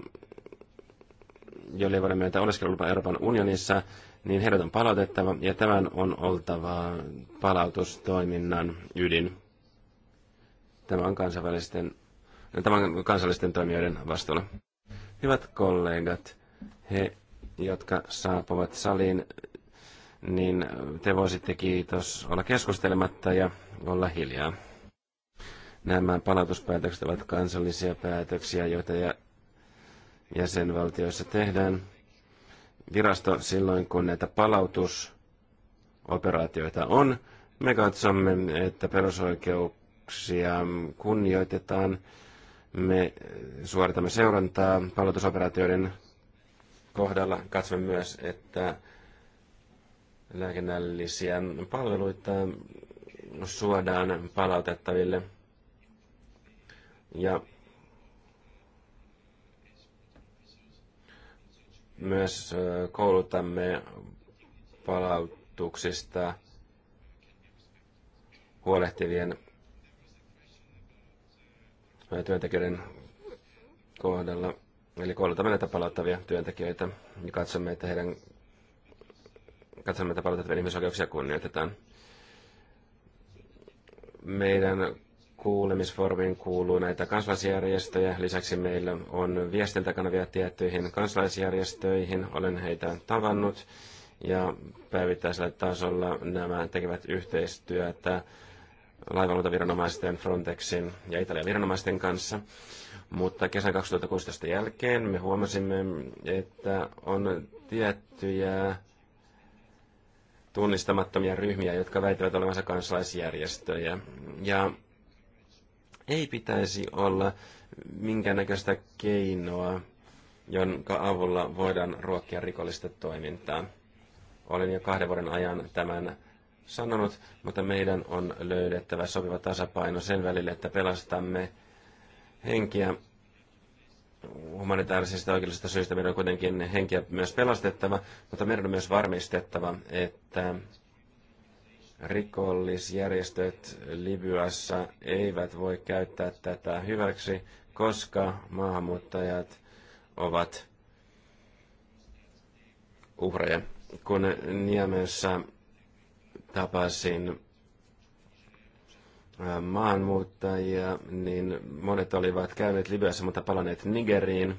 joille ei voida myöntää oleskelulupa Euroopan unionissa, niin heidät on palautettava, ja tämän on oltava palautustoiminnan ydin. Tämä on kansainvälisten, tämä on kansallisten toimijoiden vastuulla. Hyvät kollegat, he, jotka saapuvat saliin, niin te voisitte kiitos olla keskustelematta ja olla hiljaa. Nämä palautuspäätökset ovat kansallisia päätöksiä, joita ja jäsenvaltioissa tehdään. Virasto silloin, kun näitä palautusoperaatioita on, me katsomme, että perusoikeuksia kunnioitetaan. Me suoritamme seurantaa palautusoperaatioiden kohdalla. Katsomme myös, että lääkinnällisiä palveluita suodaan palautettaville. Ja Myös koulutamme palautuksista huolehtivien työntekijöiden kohdalla. Eli koulutamme näitä palauttavia työntekijöitä ja katsomme, että heidän katsomme, että palautettavien ihmisoikeuksia kunnioitetaan. Meidän kuulemisfoorumiin kuuluu näitä kansalaisjärjestöjä. Lisäksi meillä on viestintäkanavia tiettyihin kansalaisjärjestöihin. Olen heitä tavannut ja päivittäisellä tasolla nämä tekevät yhteistyötä laivaluotaviranomaisten, Frontexin ja Italian viranomaisten kanssa. Mutta kesän 2016 jälkeen me huomasimme, että on tiettyjä tunnistamattomia ryhmiä, jotka väittävät olevansa kansalaisjärjestöjä. Ja ei pitäisi olla minkäännäköistä keinoa, jonka avulla voidaan ruokkia rikollista toimintaa. Olen jo kahden vuoden ajan tämän sanonut, mutta meidän on löydettävä sopiva tasapaino sen välille, että pelastamme henkiä humanitaarisista oikeudellisista syistä meidän on kuitenkin henkiä myös pelastettava, mutta meidän on myös varmistettava, että rikollisjärjestöt Libyassa eivät voi käyttää tätä hyväksi, koska maahanmuuttajat ovat uhreja. Kun Niemessä tapasin maahanmuuttajia, niin monet olivat käyneet Libyassa, mutta palanneet Nigeriin.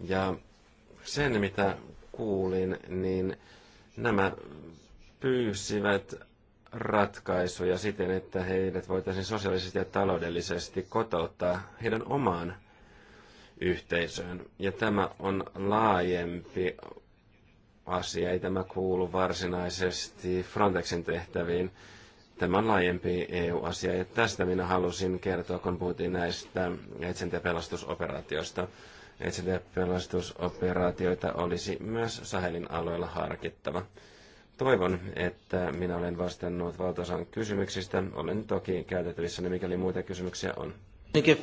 Ja sen, mitä kuulin, niin nämä pyysivät ratkaisuja siten, että heidät voitaisiin sosiaalisesti ja taloudellisesti kotouttaa heidän omaan yhteisöön. Ja tämä on laajempi asia, ei tämä kuulu varsinaisesti Frontexin tehtäviin. Tämä on laajempi EU-asia ja tästä minä halusin kertoa, kun puhuttiin näistä etsintä- ja pelastusoperaatioista. Etsintä- ja pelastusoperaatioita olisi myös Sahelin alueella harkittava. Toivon, että minä olen vastannut valtaosan kysymyksistä. Olen toki käytettävissä, niin mikäli muita kysymyksiä on. Give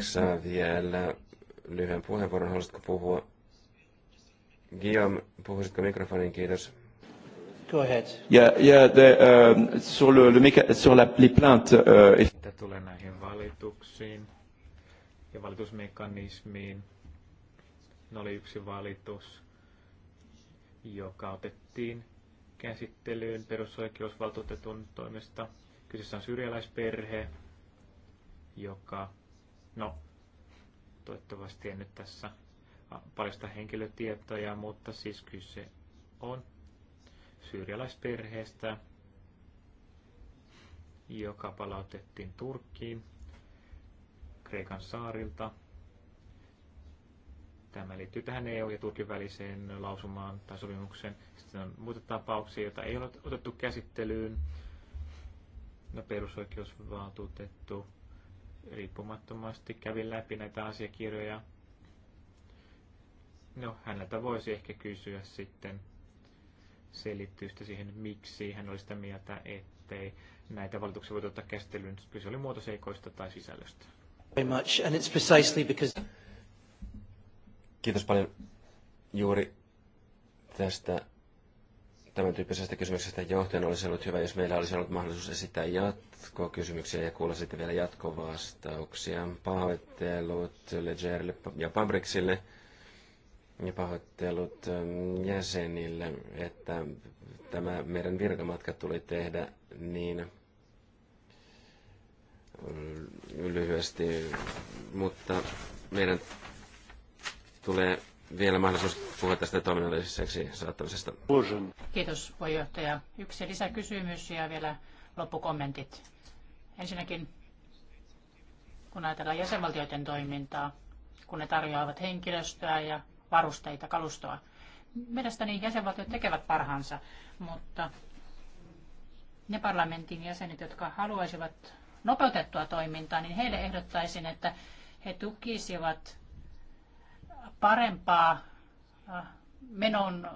saa vielä lyhyen puheenvuoron. Haluaisitko puhua? Guillaume, puhuisitko mikrofonin? Kiitos. Go ahead. Yeah, yeah, the, uh, sur le, le sur la, les plantes, uh, et... Mitä tulee näihin valituksiin ja valitusmekanismiin? Ne oli yksi valitus joka otettiin käsittelyyn perusoikeusvaltuutetun toimesta. Kyseessä on syrjäläisperhe, joka, no, toivottavasti en nyt tässä paljasta henkilötietoja, mutta siis kyse on syyrialaisperheestä, joka palautettiin Turkkiin Kreikan saarilta – Tämä liittyy tähän EU- ja Turkin väliseen lausumaan tai sopimukseen. Sitten on muita tapauksia, joita ei ole otettu käsittelyyn. No, perusoikeusvaltuutettu riippumattomasti kävi läpi näitä asiakirjoja. No, häneltä voisi ehkä kysyä sitten selitystä siihen, miksi hän oli sitä mieltä, ettei näitä valituksia voi ottaa käsittelyyn. Kyse oli muotoseikoista tai sisällöstä. Very much, and it's precisely because... Kiitos paljon juuri tästä tämän tyyppisestä kysymyksestä johtuen olisi ollut hyvä, jos meillä olisi ollut mahdollisuus esittää jatkokysymyksiä ja kuulla sitten vielä jatkovastauksia. Pahoittelut Legerille ja Pabriksille ja pahoittelut ähm, jäsenille, että tämä meidän virkamatka tuli tehdä niin äh, lyhyesti, mutta meidän tulee vielä mahdollisuus puhua tästä toiminnalliseksi saattamisesta. Kiitos puheenjohtaja. Yksi lisäkysymys ja vielä loppukommentit. Ensinnäkin, kun ajatellaan jäsenvaltioiden toimintaa, kun ne tarjoavat henkilöstöä ja varusteita, kalustoa. Mielestäni jäsenvaltiot tekevät parhaansa, mutta ne parlamentin jäsenet, jotka haluaisivat nopeutettua toimintaa, niin heille ehdottaisin, että he tukisivat parempaa äh, menon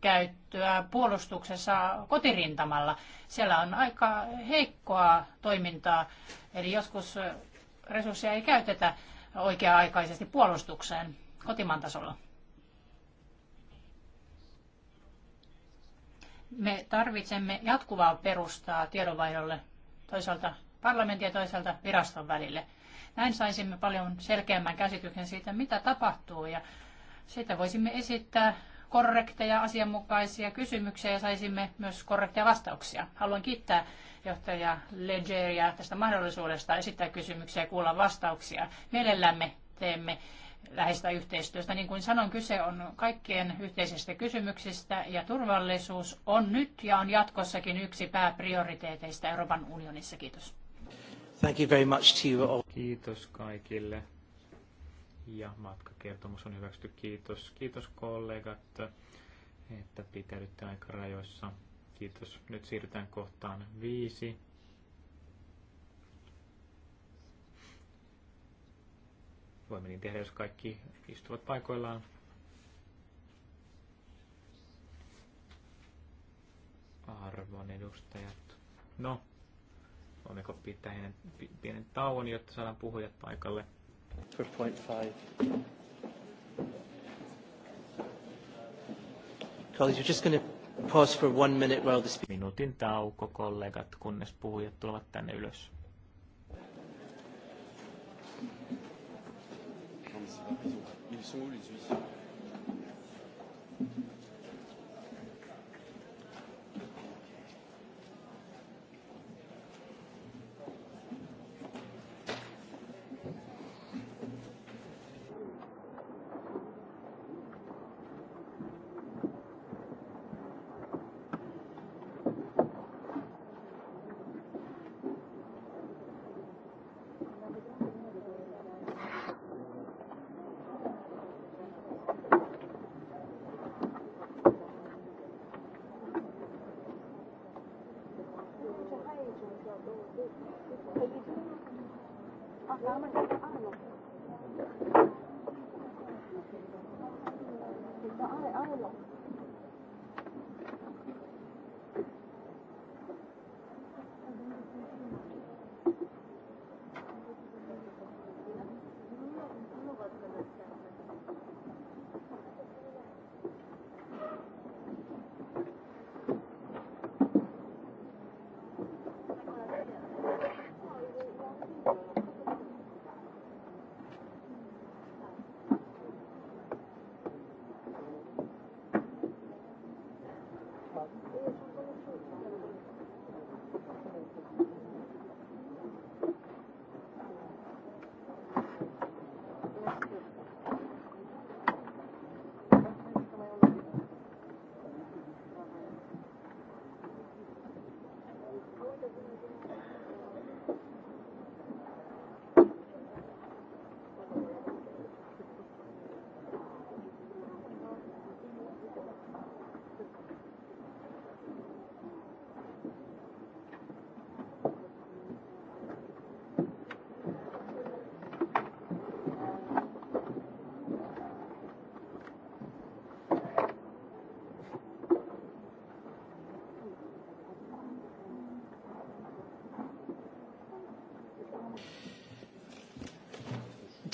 käyttöä puolustuksessa kotirintamalla. Siellä on aika heikkoa toimintaa, eli joskus resursseja ei käytetä oikea-aikaisesti puolustukseen kotimaan tasolla. Me tarvitsemme jatkuvaa perustaa tiedonvaihdolle toisaalta parlamentin ja toisaalta viraston välille – näin saisimme paljon selkeämmän käsityksen siitä, mitä tapahtuu ja siitä voisimme esittää korrekteja, asianmukaisia kysymyksiä ja saisimme myös korrekteja vastauksia. Haluan kiittää johtaja Legeria tästä mahdollisuudesta esittää kysymyksiä ja kuulla vastauksia. Mielellämme teemme läheistä yhteistyöstä. Niin kuin sanon, kyse on kaikkien yhteisistä kysymyksistä ja turvallisuus on nyt ja on jatkossakin yksi pääprioriteeteista Euroopan unionissa. Kiitos. Thank you very much to you all. Kiitos kaikille. Ja matkakertomus on hyväksytty. Kiitos. Kiitos kollegat, että pitäydytte rajoissa. Kiitos. Nyt siirrytään kohtaan viisi. Voimme niin tehdä, jos kaikki istuvat paikoillaan. Arvon edustajat. No, Voimmeko pitää pienen, pienen tauon, jotta saadaan puhujat paikalle? For point five. Colleagues, we're just going to pause for one minute while the speaker... Minuutin tauko, kollegat, kunnes puhujat tulevat tänne ylös. Ils sont où les huissiers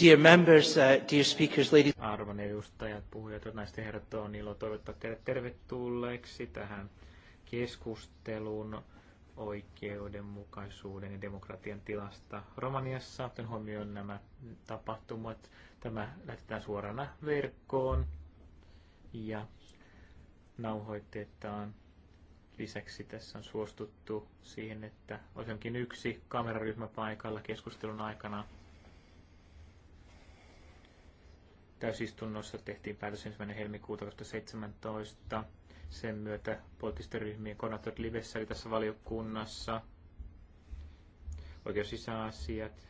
Dear members, uh, dear speakers, ladies. Arvon edustajat, puhujat, naisten herrat, on ilo toivottaa teidät tervetulleeksi tähän keskusteluun oikeudenmukaisuuden ja demokratian tilasta Romaniassa, Otan huomioon nämä tapahtumat. Tämä lähetetään suorana verkkoon ja nauhoitetaan. Lisäksi tässä on suostuttu siihen, että olisi yksi kameraryhmä paikalla keskustelun aikana täysistunnossa tehtiin päätös 1. helmikuuta 2017. Sen myötä poliittisten ryhmien koordinaattorit livessä eli tässä valiokunnassa oikeus sisäasiat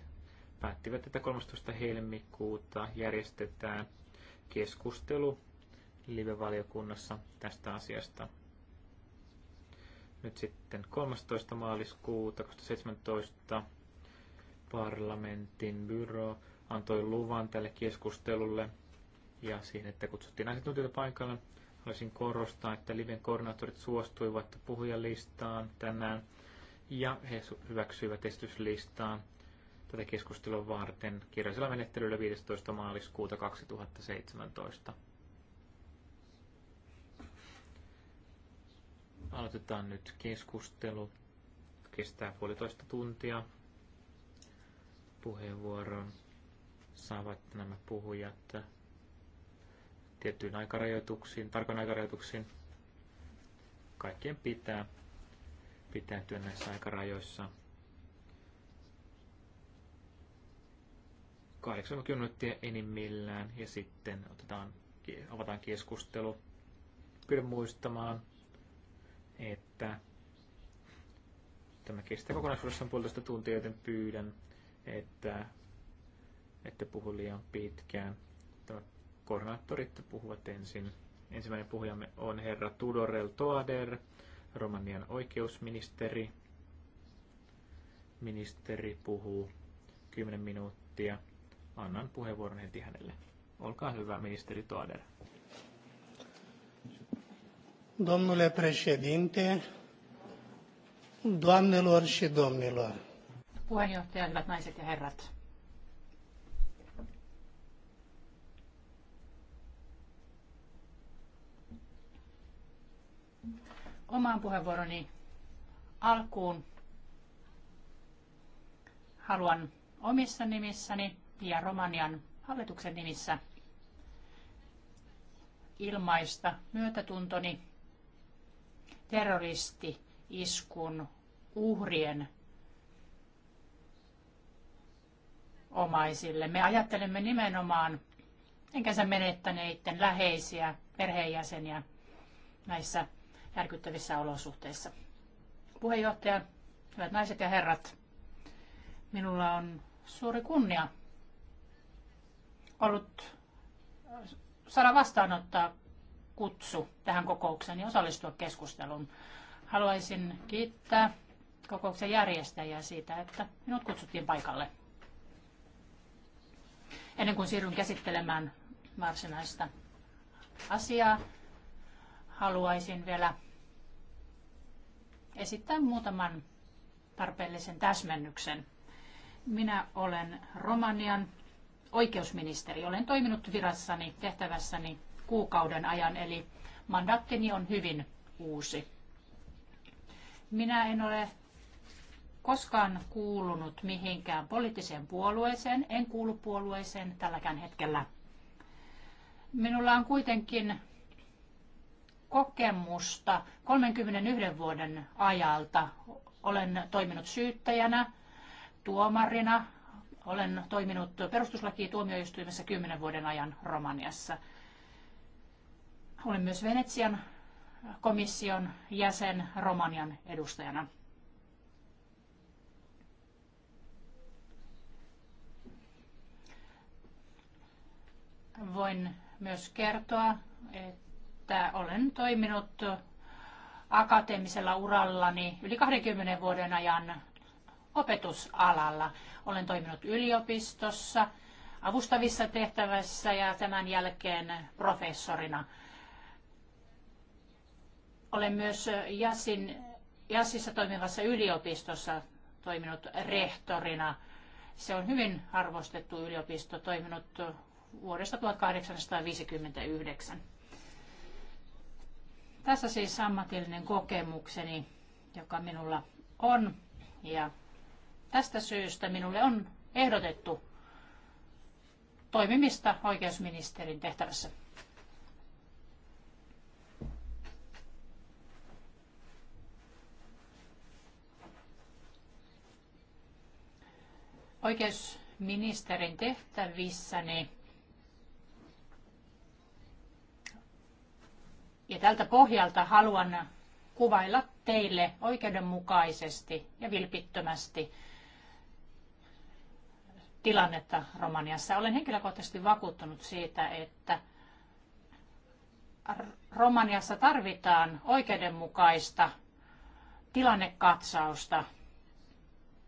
päättivät, että 13. helmikuuta järjestetään keskustelu live-valiokunnassa tästä asiasta. Nyt sitten 13. maaliskuuta 2017 parlamentin byro antoi luvan tälle keskustelulle ja siihen, että kutsuttiin asiantuntijoita paikalle. Haluaisin korostaa, että liven koordinaattorit suostuivat puhujalistaan tänään ja he hyväksyivät esityslistaa tätä keskustelua varten kirjallisella menettelyllä 15. maaliskuuta 2017. Aloitetaan nyt keskustelu. Kestää puolitoista tuntia. Puheenvuoron saavat nämä puhujat tiettyihin aikarajoituksiin, tarkan aikarajoituksiin. Kaikkien pitää pitäytyä näissä aikarajoissa. 80 minuuttia enimmillään ja sitten otetaan, avataan keskustelu. Pyydän muistamaan, että tämä kestää kokonaisuudessaan puolitoista tuntia, joten pyydän, että ette puhu liian pitkään. Tämä Koordinaattorit puhuvat ensin. Ensimmäinen puhujamme on herra Tudorel Toader, Romanian oikeusministeri. Ministeri puhuu 10 minuuttia. Annan puheenvuoron heti hänelle. Olkaa hyvä, ministeri Toader. Domnule președinte, doamnelor și domnilor. Puheenjohtaja, hyvät naiset ja herrat. omaan puheenvuoroni alkuun haluan omissa nimissäni ja Romanian hallituksen nimissä ilmaista myötätuntoni terroristi-iskun uhrien omaisille. Me ajattelemme nimenomaan enkä sen menettäneiden läheisiä perheenjäseniä näissä järkyttävissä olosuhteissa. Puheenjohtaja, hyvät naiset ja herrat, minulla on suuri kunnia ollut saada vastaanottaa kutsu tähän kokoukseen ja osallistua keskusteluun. Haluaisin kiittää kokouksen järjestäjiä siitä, että minut kutsuttiin paikalle. Ennen kuin siirryn käsittelemään varsinaista asiaa, haluaisin vielä esittää muutaman tarpeellisen täsmennyksen. Minä olen Romanian oikeusministeri. Olen toiminut virassani, tehtävässäni kuukauden ajan, eli mandaattini on hyvin uusi. Minä en ole koskaan kuulunut mihinkään poliittiseen puolueeseen, en kuulu puolueeseen tälläkään hetkellä. Minulla on kuitenkin kokemusta 31 vuoden ajalta. Olen toiminut syyttäjänä, tuomarina, olen toiminut perustuslaki-tuomioistuimessa 10 vuoden ajan Romaniassa. Olen myös Venetsian komission jäsen Romanian edustajana. Voin myös kertoa, että että olen toiminut akateemisella urallani yli 20 vuoden ajan opetusalalla. Olen toiminut yliopistossa, avustavissa tehtävissä ja tämän jälkeen professorina. Olen myös Jassin, Jassissa toimivassa yliopistossa toiminut rehtorina. Se on hyvin arvostettu yliopisto, toiminut vuodesta 1859. Tässä siis ammatillinen kokemukseni, joka minulla on. Ja tästä syystä minulle on ehdotettu toimimista oikeusministerin tehtävässä. Oikeusministerin tehtävissäni Ja tältä pohjalta haluan kuvailla teille oikeudenmukaisesti ja vilpittömästi tilannetta Romaniassa. Olen henkilökohtaisesti vakuuttunut siitä, että Romaniassa tarvitaan oikeudenmukaista tilannekatsausta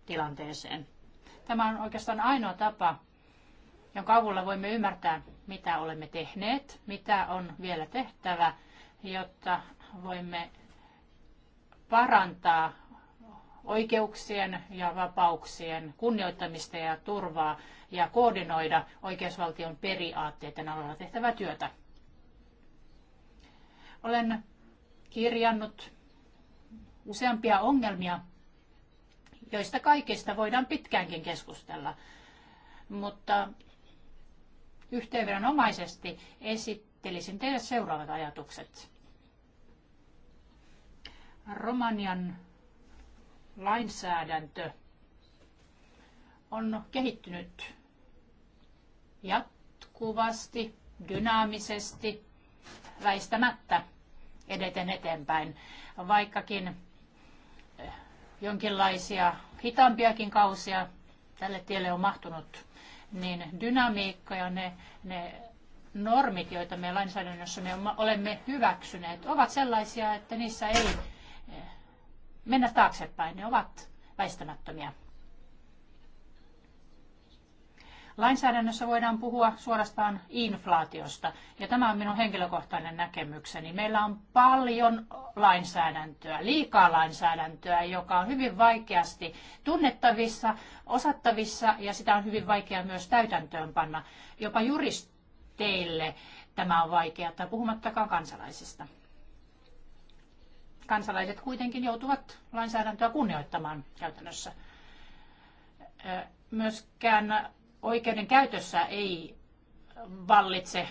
tilanteeseen. Tämä on oikeastaan ainoa tapa, jonka avulla voimme ymmärtää, mitä olemme tehneet, mitä on vielä tehtävä – jotta voimme parantaa oikeuksien ja vapauksien kunnioittamista ja turvaa ja koordinoida oikeusvaltion periaatteiden alalla tehtävää työtä. Olen kirjannut useampia ongelmia, joista kaikista voidaan pitkäänkin keskustella. Mutta yhteenvedonomaisesti esittelisin teille seuraavat ajatukset. Romanian lainsäädäntö on kehittynyt jatkuvasti, dynaamisesti, väistämättä edeten eteenpäin, vaikkakin eh, jonkinlaisia hitaampiakin kausia tälle tielle on mahtunut, niin dynamiikka ja ne, ne normit, joita me lainsäädännössä me olemme hyväksyneet, ovat sellaisia, että niissä ei mennä taaksepäin. Ne ovat väistämättömiä. Lainsäädännössä voidaan puhua suorastaan inflaatiosta, ja tämä on minun henkilökohtainen näkemykseni. Meillä on paljon lainsäädäntöä, liikaa lainsäädäntöä, joka on hyvin vaikeasti tunnettavissa, osattavissa, ja sitä on hyvin vaikea myös täytäntöönpanna. Jopa juristeille tämä on vaikeaa, puhumattakaan kansalaisista kansalaiset kuitenkin joutuvat lainsäädäntöä kunnioittamaan käytännössä. Myöskään oikeuden käytössä ei vallitse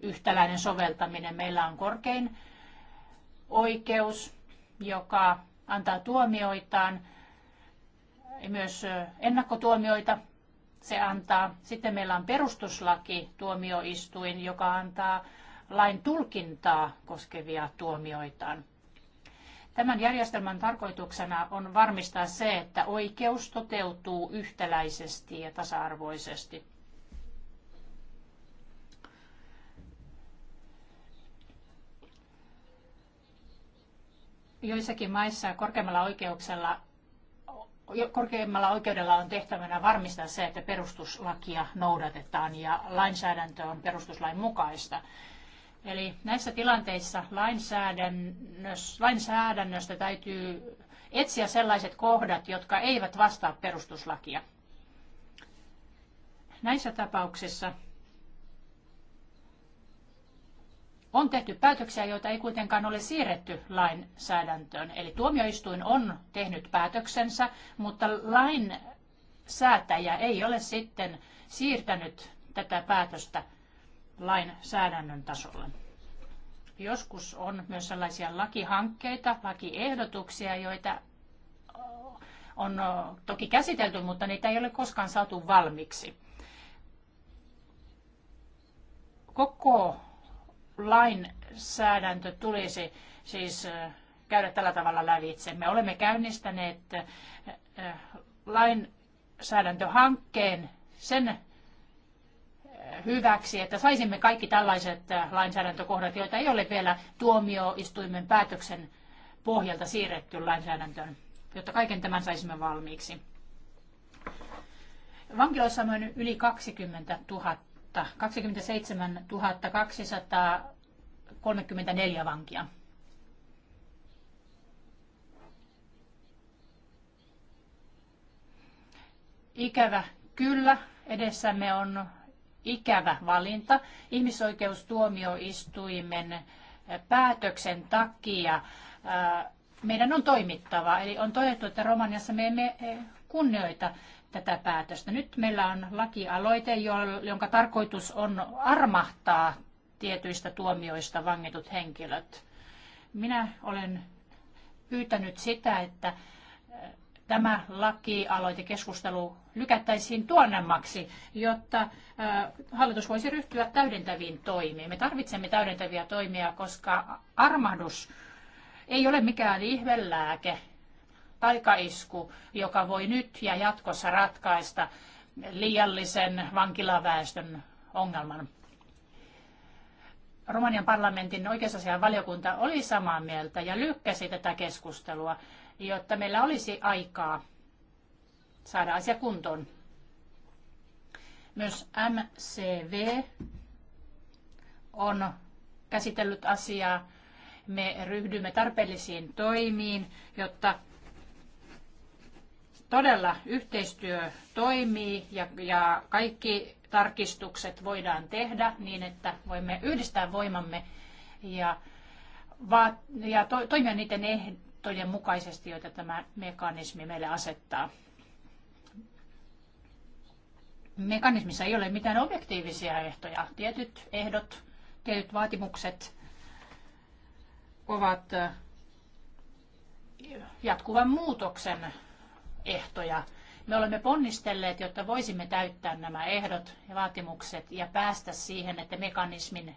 yhtäläinen soveltaminen. Meillä on korkein oikeus, joka antaa tuomioitaan, myös ennakkotuomioita se antaa. Sitten meillä on perustuslaki tuomioistuin, joka antaa lain tulkintaa koskevia tuomioitaan. Tämän järjestelmän tarkoituksena on varmistaa se, että oikeus toteutuu yhtäläisesti ja tasa-arvoisesti. Joissakin maissa oikeuksella korkeimmalla oikeudella on tehtävänä varmistaa se, että perustuslakia noudatetaan ja lainsäädäntö on perustuslain mukaista. Eli näissä tilanteissa lainsäädännössä, lainsäädännöstä täytyy etsiä sellaiset kohdat, jotka eivät vastaa perustuslakia. Näissä tapauksissa on tehty päätöksiä, joita ei kuitenkaan ole siirretty lainsäädäntöön. Eli tuomioistuin on tehnyt päätöksensä, mutta lainsäätäjä ei ole sitten siirtänyt tätä päätöstä lainsäädännön tasolla. Joskus on myös sellaisia lakihankkeita, lakiehdotuksia, joita on toki käsitelty, mutta niitä ei ole koskaan saatu valmiiksi. Koko lainsäädäntö tulisi siis käydä tällä tavalla lävitse. Me olemme käynnistäneet lainsäädäntöhankkeen sen hyväksi, että saisimme kaikki tällaiset äh, lainsäädäntökohdat, joita ei ole vielä tuomioistuimen päätöksen pohjalta siirretty lainsäädäntöön, jotta kaiken tämän saisimme valmiiksi. Vankiloissa on yli 20 000, 27 234 vankia. Ikävä kyllä, edessämme on ikävä valinta ihmisoikeustuomioistuimen eh, päätöksen takia. Eh, meidän on toimittava, eli on todettu, että Romaniassa me emme eh, kunnioita tätä päätöstä. Nyt meillä on lakialoite, jonka tarkoitus on armahtaa tietyistä tuomioista vangitut henkilöt. Minä olen pyytänyt sitä, että tämä lakialoitekeskustelu lykättäisiin tuonnemmaksi, jotta hallitus voisi ryhtyä täydentäviin toimiin. Me tarvitsemme täydentäviä toimia, koska armahdus ei ole mikään ihmelääke, taikaisku, joka voi nyt ja jatkossa ratkaista liiallisen vankilaväestön ongelman. Romanian parlamentin oikeusasian valiokunta oli samaa mieltä ja lykkäsi tätä keskustelua jotta meillä olisi aikaa saada asia kuntoon. Myös MCV on käsitellyt asiaa. Me ryhdymme tarpeellisiin toimiin, jotta todella yhteistyö toimii ja, ja kaikki tarkistukset voidaan tehdä niin, että voimme yhdistää voimamme ja, ja to, toimia niiden eh- ehtojen mukaisesti, joita tämä mekanismi meille asettaa. Mekanismissa ei ole mitään objektiivisia ehtoja. Tietyt ehdot, tietyt vaatimukset ovat jatkuvan muutoksen ehtoja. Me olemme ponnistelleet, jotta voisimme täyttää nämä ehdot ja vaatimukset ja päästä siihen, että mekanismin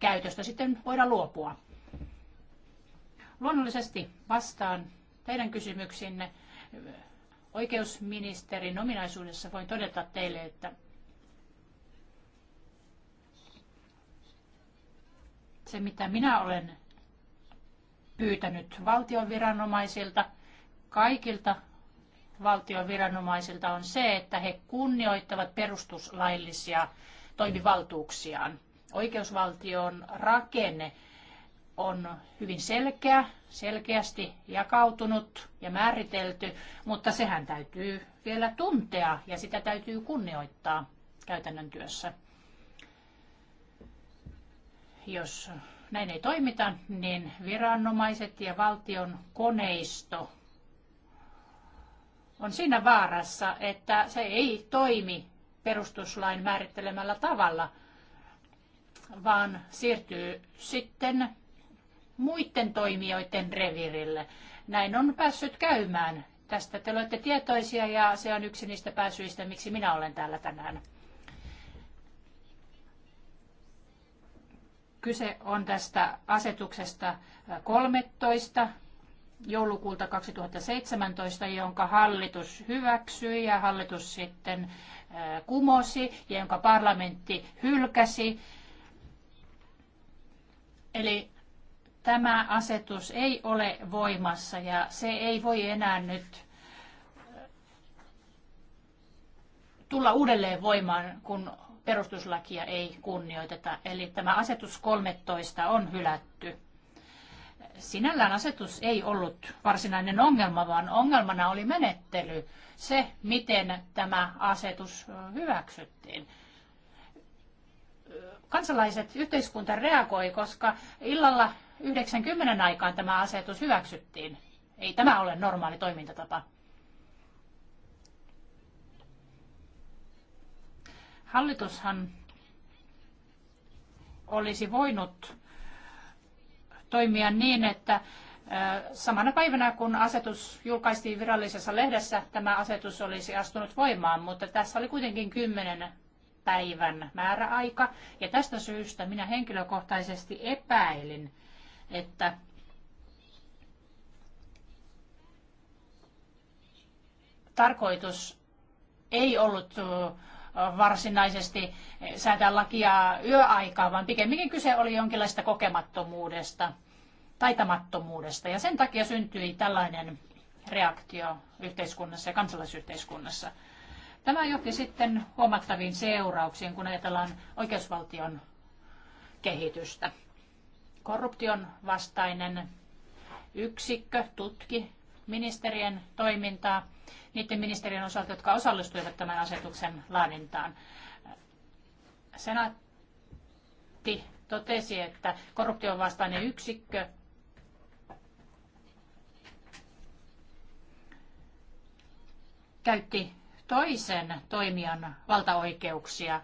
käytöstä sitten voidaan luopua. Luonnollisesti vastaan teidän kysymyksinne. Oikeusministerin ominaisuudessa voin todeta teille, että se mitä minä olen pyytänyt valtion viranomaisilta, kaikilta valtion viranomaisilta on se, että he kunnioittavat perustuslaillisia toimivaltuuksiaan. Oikeusvaltion rakenne on hyvin selkeä, selkeästi jakautunut ja määritelty, mutta sehän täytyy vielä tuntea ja sitä täytyy kunnioittaa käytännön työssä. Jos näin ei toimita, niin viranomaiset ja valtion koneisto on siinä vaarassa, että se ei toimi perustuslain määrittelemällä tavalla, vaan siirtyy sitten muiden toimijoiden revirille. Näin on päässyt käymään. Tästä te olette tietoisia ja se on yksi niistä pääsyistä, miksi minä olen täällä tänään. Kyse on tästä asetuksesta 13 joulukuulta 2017, jonka hallitus hyväksyi ja hallitus sitten äh, kumosi ja jonka parlamentti hylkäsi. Eli tämä asetus ei ole voimassa ja se ei voi enää nyt äh, tulla uudelleen voimaan, kun perustuslakia ei kunnioiteta. Eli tämä asetus 13 on hylätty. Sinällään asetus ei ollut varsinainen ongelma, vaan ongelmana oli menettely, se miten tämä asetus äh, hyväksyttiin kansalaiset, yhteiskunta reagoi, koska illalla 90 aikaan tämä asetus hyväksyttiin. Ei tämä ole normaali toimintatapa. Hallitushan olisi voinut toimia niin, että samana päivänä kun asetus julkaistiin virallisessa lehdessä, tämä asetus olisi astunut voimaan, mutta tässä oli kuitenkin kymmenen päivän määräaika. Ja tästä syystä minä henkilökohtaisesti epäilin, että tarkoitus ei ollut varsinaisesti säätää lakia yöaikaa, vaan pikemminkin kyse oli jonkinlaista kokemattomuudesta, taitamattomuudesta. Ja sen takia syntyi tällainen reaktio yhteiskunnassa ja kansalaisyhteiskunnassa. Tämä johti sitten huomattaviin seurauksiin, kun ajatellaan oikeusvaltion kehitystä korruption vastainen yksikkö tutki ministerien toimintaa niiden ministerien osalta, jotka osallistuivat tämän asetuksen laadintaan. Senaatti totesi, että korruption vastainen yksikkö käytti toisen toimijan valtaoikeuksia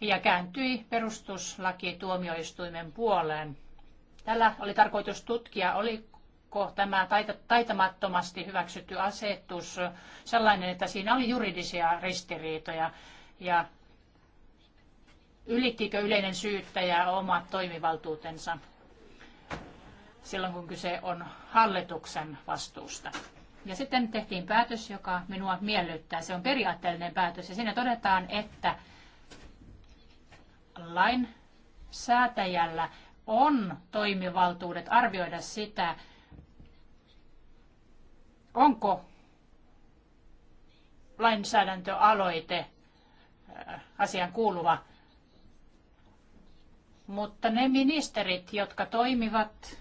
ja kääntyi perustuslaki tuomioistuimen puoleen Tällä oli tarkoitus tutkia, oliko tämä taitamattomasti hyväksytty asetus sellainen, että siinä oli juridisia ristiriitoja ja ylittikö yleinen syyttäjä omat toimivaltuutensa silloin, kun kyse on hallituksen vastuusta. Ja sitten tehtiin päätös, joka minua miellyttää. Se on periaatteellinen päätös ja siinä todetaan, että lain säätäjällä on toimivaltuudet arvioida sitä, onko lainsäädäntöaloite äh, asian kuuluva. Mutta ne ministerit, jotka toimivat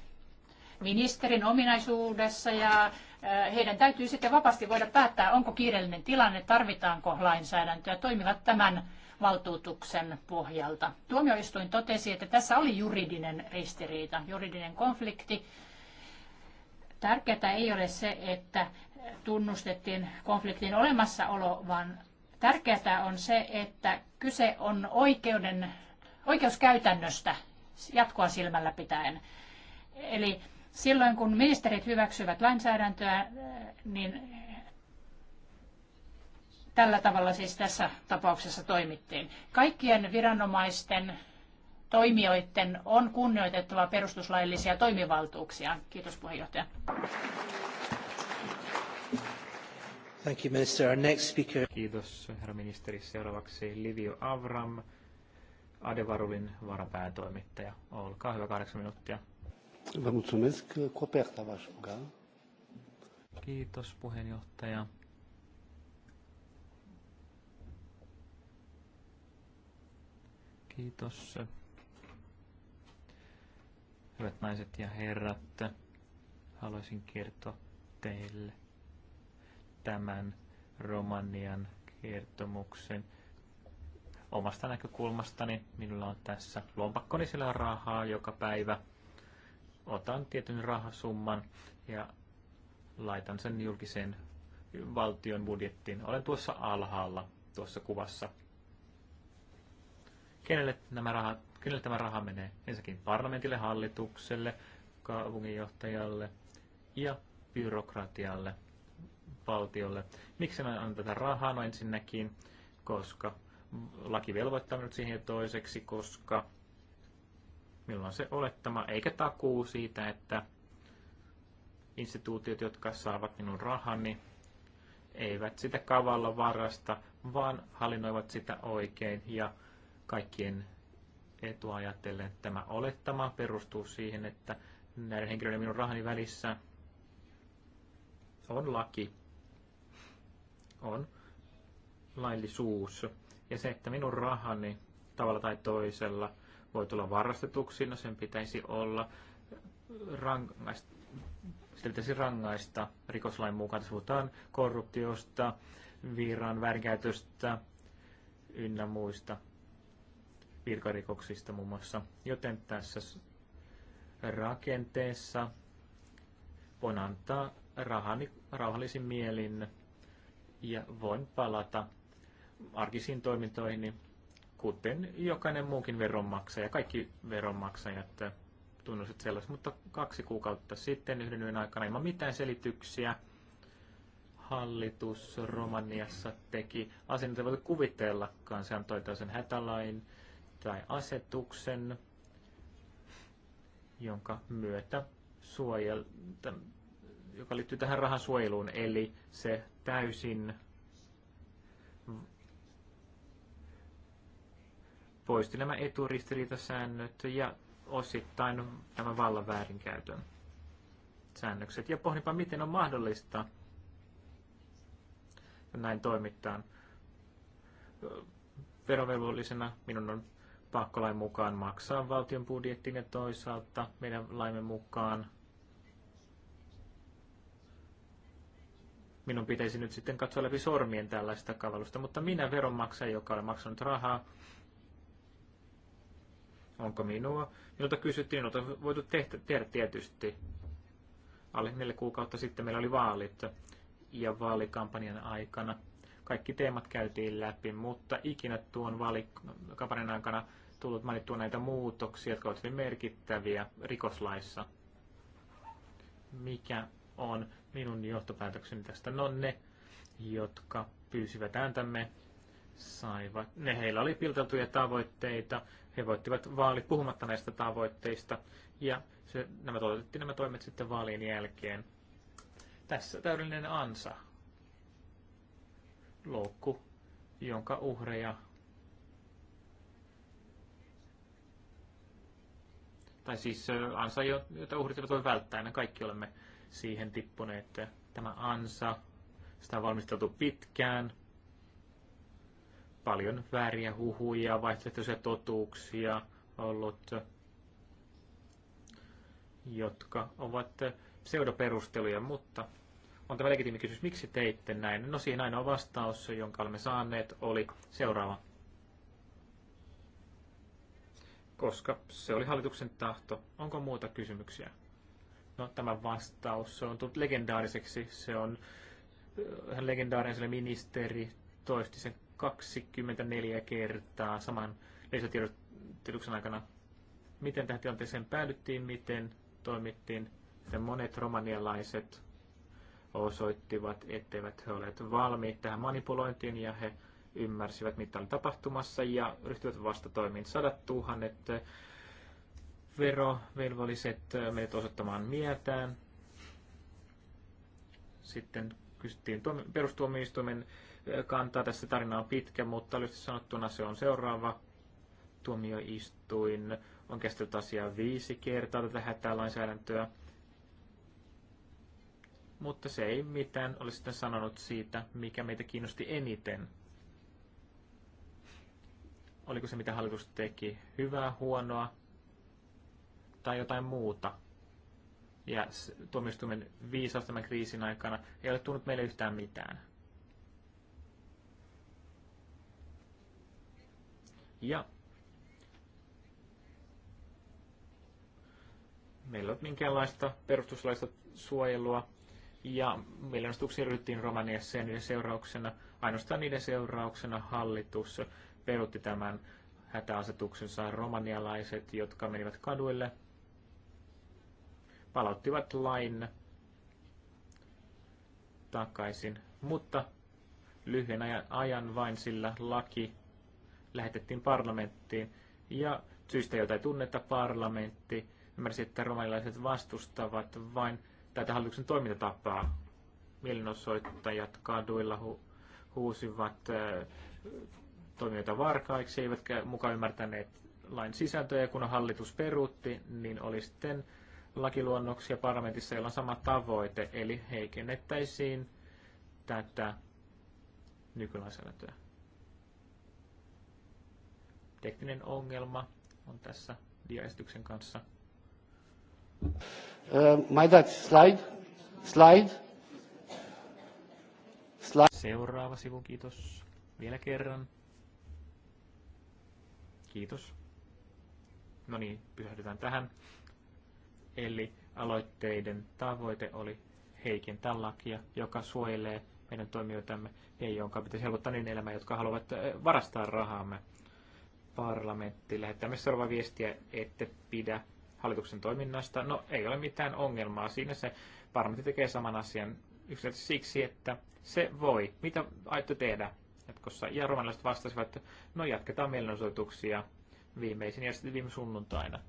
ministerin ominaisuudessa ja äh, heidän täytyy sitten vapaasti voida päättää, onko kiireellinen tilanne, tarvitaanko lainsäädäntöä, toimivat tämän valtuutuksen pohjalta. Tuomioistuin totesi, että tässä oli juridinen ristiriita, juridinen konflikti. Tärkeää ei ole se, että tunnustettiin konfliktin olemassaolo, vaan tärkeää on se, että kyse on oikeuden, oikeuskäytännöstä jatkoa silmällä pitäen. Eli silloin kun ministerit hyväksyvät lainsäädäntöä, niin Tällä tavalla siis tässä tapauksessa toimittiin. Kaikkien viranomaisten toimijoiden on kunnioitettava perustuslaillisia toimivaltuuksia. Kiitos puheenjohtaja. Thank you, Minister. Our next speaker. Kiitos, herra ministeri. Seuraavaksi Livio Avram, Adevarulin varapäätoimittaja. Olkaa hyvä, kahdeksan minuuttia. Vă mulțumesc. Coperta Kiitos, puheenjohtaja. Kiitos. Hyvät naiset ja herrat, haluaisin kertoa teille tämän Romanian kertomuksen omasta näkökulmastani. Minulla on tässä lompakkoni sillä rahaa joka päivä. Otan tietyn rahasumman ja laitan sen julkiseen valtion budjettiin. Olen tuossa alhaalla tuossa kuvassa. Kenelle, nämä rahat, kenelle tämä raha menee? Ensinnäkin parlamentille, hallitukselle, kaupunginjohtajalle ja byrokratialle, valtiolle. Miksi mä annan tätä rahaa? No ensinnäkin, koska laki velvoittaa minut siihen toiseksi, koska minulla on se olettama eikä takuu siitä, että instituutiot, jotka saavat minun rahani, eivät sitä kavalla varasta, vaan hallinnoivat sitä oikein ja kaikkien etua ajatellen. Tämä olettama perustuu siihen, että näiden henkilöiden minun rahani välissä on laki, on laillisuus. Ja se, että minun rahani tavalla tai toisella voi tulla varastetuksi, no sen pitäisi olla rangaista, sitä pitäisi rangaista rikoslain mukaan. Tässä puhutaan korruptiosta, viran väärinkäytöstä ynnä muista virkarikoksista muun muassa. Joten tässä rakenteessa voin antaa rahani rauhallisin mielin ja voin palata arkisiin toimintoihin, kuten jokainen muukin veronmaksaja, kaikki veronmaksajat tunnuset sellaiset, mutta kaksi kuukautta sitten yhden yön aikana ilman mitään selityksiä hallitus Romaniassa teki asennetta, voi kuvitellakaan. Se antoi toisen hätälain, tai asetuksen, jonka myötä suojel, joka liittyy tähän suojeluun, eli se täysin poisti nämä eturistiriitasäännöt ja osittain nämä vallan väärinkäytön säännökset. Ja pohdinpa, miten on mahdollista näin toimittaa. Verovelvollisena minun on pakkolain mukaan maksaa valtion budjettiin ja toisaalta meidän laimme mukaan minun pitäisi nyt sitten katsoa läpi sormien tällaista kavallusta, mutta minä veronmaksaja, joka olen maksanut rahaa, onko minua? Minulta kysyttiin, minulta voitu tehtä, tehdä tietysti. Alle neljä kuukautta sitten meillä oli vaalit ja vaalikampanjan aikana kaikki teemat käytiin läpi, mutta ikinä tuon vaalikampanjan aikana tullut mainittua näitä muutoksia, jotka ovat hyvin merkittäviä rikoslaissa. Mikä on minun johtopäätökseni tästä? No ne, jotka pyysivät ääntämme, saivat. Ne heillä oli pilteltuja tavoitteita, he voittivat vaalit puhumatta näistä tavoitteista, ja se, nämä toteutettiin nämä toimet sitten vaalien jälkeen. Tässä täydellinen ansa. Loukku, jonka uhreja tai siis ansa, jota uhrit eivät voi välttää. Me kaikki olemme siihen tippuneet. Tämä ansa, sitä on valmisteltu pitkään, paljon vääriä huhuja, vaihtoehtoisia totuuksia ollut, jotka ovat pseudoperusteluja, mutta on tämä legitiimi kysymys, miksi teitte näin? No siinä ainoa vastaus, jonka olemme saaneet, oli seuraava. koska se oli hallituksen tahto. Onko muuta kysymyksiä? No, tämä vastaus se on tullut legendaariseksi. Se on hän äh, legendaarinen ministeri toisti sen 24 kertaa saman lehdistötiedotteluksen aikana. Miten tähän tilanteeseen päädyttiin, miten toimittiin, että monet romanialaiset osoittivat, etteivät he olleet valmiit tähän manipulointiin ja he ymmärsivät, mitä oli tapahtumassa ja ryhtyivät vastatoimiin. Sadat tuhannet verovelvolliset menivät osoittamaan mieltään. Sitten kysyttiin perustuomioistuimen kantaa. Tässä tarina on pitkä, mutta lyhyesti sanottuna se on seuraava. Tuomioistuin on käsitellyt asiaa viisi kertaa tätä lainsäädäntöä. Mutta se ei mitään olisi sitten sanonut siitä, mikä meitä kiinnosti eniten – Oliko se, mitä hallitus teki, hyvää, huonoa tai jotain muuta? Ja tuomioistuimen viisaus tämän kriisin aikana ei ole tullut meille yhtään mitään. Ja meillä on minkäänlaista perustuslaista suojelua. Ja mielenostuksia ryhdyttiin Romaniassa ja niiden seurauksena, ainoastaan niiden seurauksena hallitus peruutti tämän hätäasetuksensa romanialaiset, jotka menivät kaduille, palauttivat lain takaisin, mutta lyhyen ajan, ajan vain sillä laki lähetettiin parlamenttiin ja syystä, jota ei tunneta parlamentti, ymmärsi, että romanilaiset vastustavat vain tätä hallituksen toimintatapaa. Mielenosoittajat kaduilla hu- huusivat äh, toimijoita varkaiksi, eivätkä mukaan ymmärtäneet lain sisältöä, ja kun hallitus peruutti, niin oli sitten lakiluonnoksia parlamentissa, jolla on sama tavoite, eli heikennettäisiin tätä nykylainsäädäntöä. Tekninen ongelma on tässä diaesityksen kanssa. Uh, my dad, slide. Slide. Slide. Seuraava sivu, kiitos. Vielä kerran. Kiitos. No niin, pysähdytään tähän. Eli aloitteiden tavoite oli heikentää lakia, joka suojelee meidän toimijoitamme ja jonka pitäisi helpottaa niin elämää, jotka haluavat varastaa rahaamme. Parlamentti lähettää myös seuraavaa viestiä, ette pidä hallituksen toiminnasta. No ei ole mitään ongelmaa siinä. Se parlamentti tekee saman asian yksinkertaisesti siksi, että se voi. Mitä aiotte tehdä? jatkossa. Ja romanilaiset vastasivat, että no jatketaan mielenosoituksia viimeisin ja viime sunnuntaina.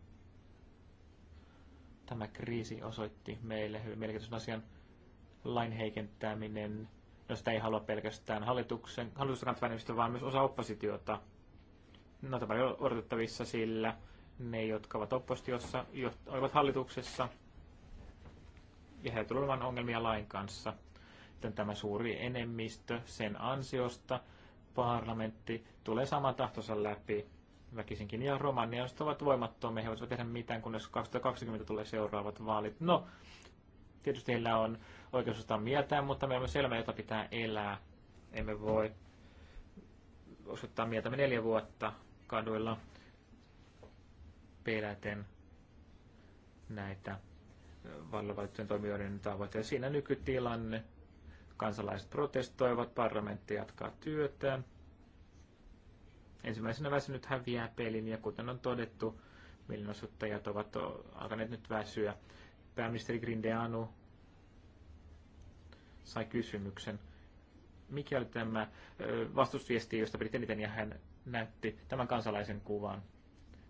Tämä kriisi osoitti meille hyvin mielenkiintoisen asian lain heikentäminen. No sitä ei halua pelkästään hallituksen, hallitusta kantaväenemmistö, vaan myös osa oppositiota. No tämä oli odotettavissa, sillä ne, jotka ovat oppositiossa, ovat hallituksessa, ja he tulevat ongelmia lain kanssa sitten tämä suuri enemmistö sen ansiosta parlamentti tulee saman tahtonsa läpi väkisinkin. Ja romanialaiset ovat voimattomia, he voisivat tehdä mitään, kunnes 2020 tulee seuraavat vaalit. No, tietysti heillä on oikeus ottaa mieltään, mutta meillä on myös elämä, jota pitää elää. Emme voi osoittaa me neljä vuotta kaduilla peläten näitä vallavalittujen toimijoiden tavoitteita. Siinä nykytilanne Kansalaiset protestoivat, parlamentti jatkaa työtään. Ensimmäisenä väsynyt häviää pelin ja kuten on todettu, mielenosoittajat ovat alkaneet nyt väsyä. Pääministeri Grindeanu sai kysymyksen, mikä oli tämä vastusviesti, josta pidit eniten, ja hän näytti tämän kansalaisen kuvan.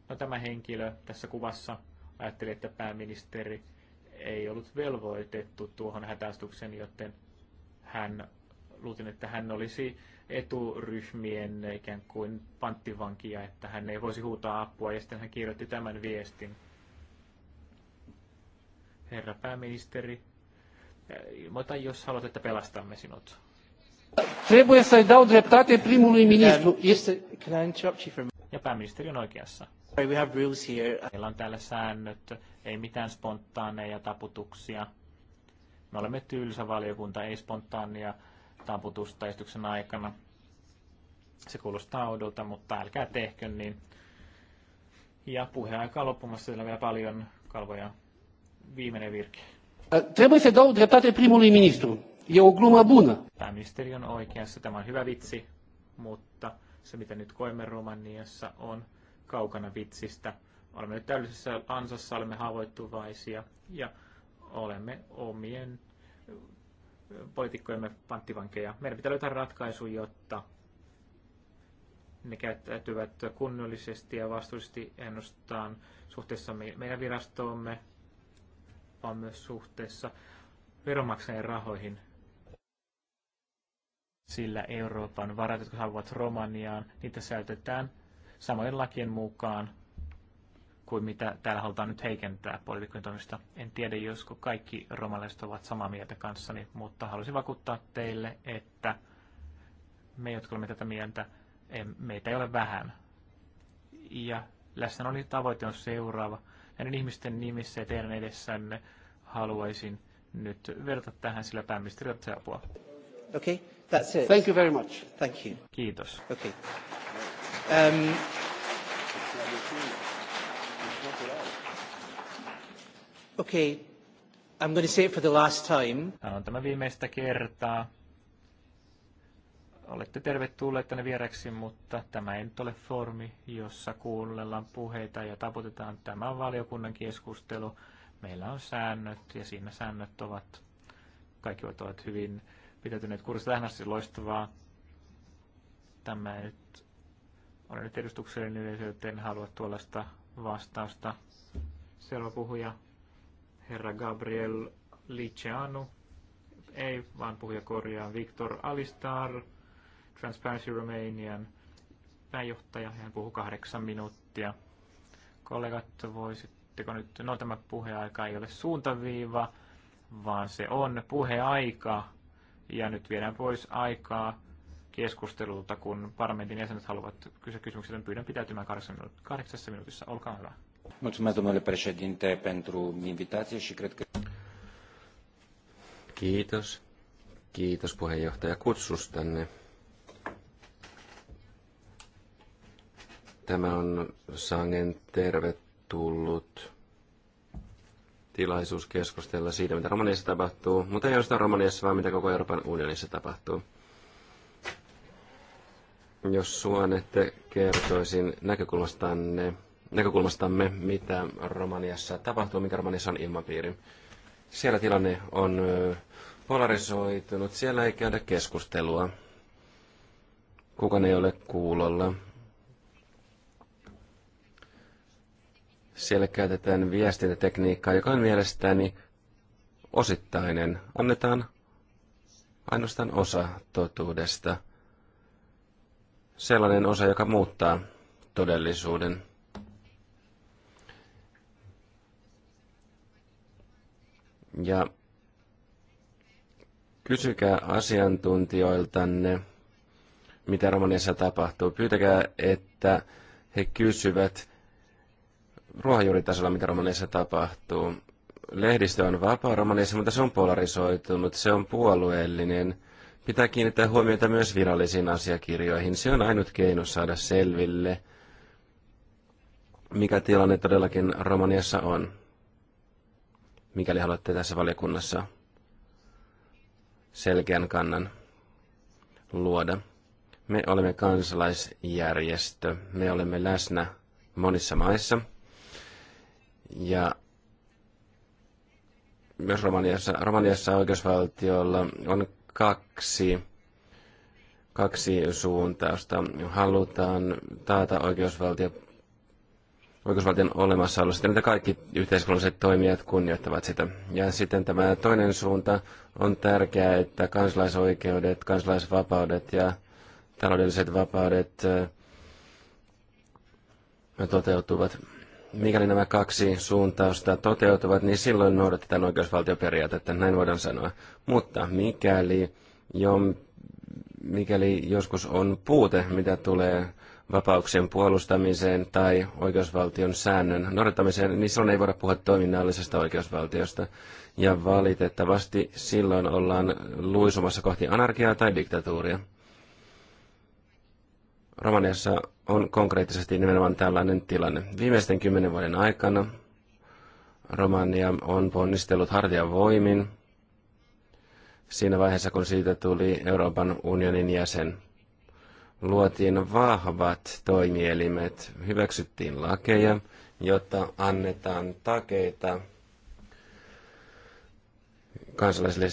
No tämä henkilö tässä kuvassa ajatteli, että pääministeri ei ollut velvoitettu tuohon hätäistukseen, joten hän, luultiin, että hän olisi eturyhmien ikään kuin panttivankia, että hän ei voisi huutaa apua, ja sitten hän kirjoitti tämän viestin. Herra pääministeri, eh, ilmoita, jos haluat, että pelastamme sinut. Trebuie să dau dreptate primului ministru. Este... Can I Ja pääministeri on oikeassa. We have rules here. Meillä on täällä säännöt, ei mitään spontaaneja taputuksia. Me olemme tylsä valiokunta, ei spontaania taputusta esityksen aikana. Se kuulostaa oudolta, mutta älkää tehkö niin. Ja puheaika loppumassa sillä vielä paljon kalvoja. Viimeinen virke. Äh, trebuie să dau dreptate primului ministru. E o glumă bună. Pääministeri on oikeassa, tämä on hyvä vitsi, mutta se mitä nyt koemme Romaniassa on kaukana vitsistä. Olemme nyt täydellisessä ansassa, olemme haavoittuvaisia ja olemme omien poliitikkojemme panttivankeja. Meidän pitää löytää ratkaisu, jotta ne käyttäytyvät kunnollisesti ja vastuullisesti ennustaan suhteessa meidän virastoomme, vaan myös suhteessa veronmaksajien rahoihin. Sillä Euroopan varat, jotka haluavat Romaniaan, niitä säytetään samojen lakien mukaan kuin mitä täällä halutaan nyt heikentää poliitikkojen toimista. En tiedä, josko kaikki romalaiset ovat samaa mieltä kanssani, mutta haluaisin vakuuttaa teille, että me, jotka olemme tätä mieltä, meitä ei ole vähän. Ja läsnä oli tavoite on seuraava. Näiden ihmisten nimissä ja teidän edessänne haluaisin nyt verrata tähän, sillä pääministeri otti apua. Okay, that's it. Thank you very much. Thank you. Kiitos. Okay. Um, Okay, I'm going to say it for the last time. Sanon tämä viimeistä kertaa. Olette tervetulleet tänne vieraksi, mutta tämä ei nyt ole formi, jossa kuunnellaan puheita ja taputetaan. Tämä valiokunnan keskustelu. Meillä on säännöt ja siinä säännöt ovat, kaikki ovat hyvin pitäytyneet Kurssit tähän asti loistavaa. Tämä nyt on nyt edustuksellinen yleisö, joten en halua tuollaista vastausta. Selvä puhuja herra Gabriel Liceanu, ei, vaan puhuja korjaa Viktor Alistar, Transparency Romanian pääjohtaja, hän puhuu kahdeksan minuuttia. Kollegat, voisitteko nyt, no tämä puheaika ei ole suuntaviiva, vaan se on puheaika, ja nyt viedään pois aikaa keskustelulta, kun parlamentin jäsenet haluavat kysyä kysymyksiä, pyydän pitäytymään kahdeksassa minuutissa. Olkaa hyvä. Mulțumesc, domnule președinte, pentru invitație și cred că... Kiitos. Kiitos puheenjohtaja kutsustanne. Tämä on sangen tervetullut tilaisuus keskustella siitä, mitä Romaniassa tapahtuu, mutta ei ainoastaan Romaniassa, vaan mitä koko Euroopan unionissa tapahtuu. Jos suonette, kertoisin näkökulmastanne näkökulmastamme, mitä Romaniassa tapahtuu, mikä Romaniassa on ilmapiiri. Siellä tilanne on polarisoitunut, siellä ei käydä keskustelua. Kukaan ei ole kuulolla. Siellä käytetään viestintätekniikkaa, joka on mielestäni osittainen. Annetaan ainoastaan osa totuudesta. Sellainen osa, joka muuttaa todellisuuden. Ja kysykää asiantuntijoiltanne, mitä Romaniassa tapahtuu. Pyytäkää, että he kysyvät ruohonjuuritasolla, mitä Romaniassa tapahtuu. Lehdistö on vapaa Romaniassa, mutta se on polarisoitunut, se on puolueellinen. Pitää kiinnittää huomiota myös virallisiin asiakirjoihin. Se on ainut keino saada selville, mikä tilanne todellakin Romaniassa on mikäli haluatte tässä valiokunnassa selkeän kannan luoda. Me olemme kansalaisjärjestö, me olemme läsnä monissa maissa ja myös Romaniassa, Romaniassa oikeusvaltiolla on kaksi, kaksi suuntausta. Halutaan taata oikeusvaltio oikeusvaltion olemassaolo siten, että kaikki yhteiskunnalliset toimijat kunnioittavat sitä. Ja sitten tämä toinen suunta on tärkeää, että kansalaisoikeudet, kansalaisvapaudet ja taloudelliset vapaudet äh, toteutuvat. Mikäli nämä kaksi suuntausta toteutuvat, niin silloin noudatetaan oikeusvaltioperiaatetta, näin voidaan sanoa. Mutta mikäli, jo, mikäli joskus on puute, mitä tulee vapauksien puolustamiseen tai oikeusvaltion säännön noudattamiseen, niin silloin ei voida puhua toiminnallisesta oikeusvaltiosta. Ja valitettavasti silloin ollaan luisumassa kohti anarkiaa tai diktatuuria. Romaniassa on konkreettisesti nimenomaan tällainen tilanne. Viimeisten kymmenen vuoden aikana Romania on ponnistellut hartian voimin siinä vaiheessa, kun siitä tuli Euroopan unionin jäsen – luotiin vahvat toimielimet, hyväksyttiin lakeja, jotta annetaan takeita kansalaisille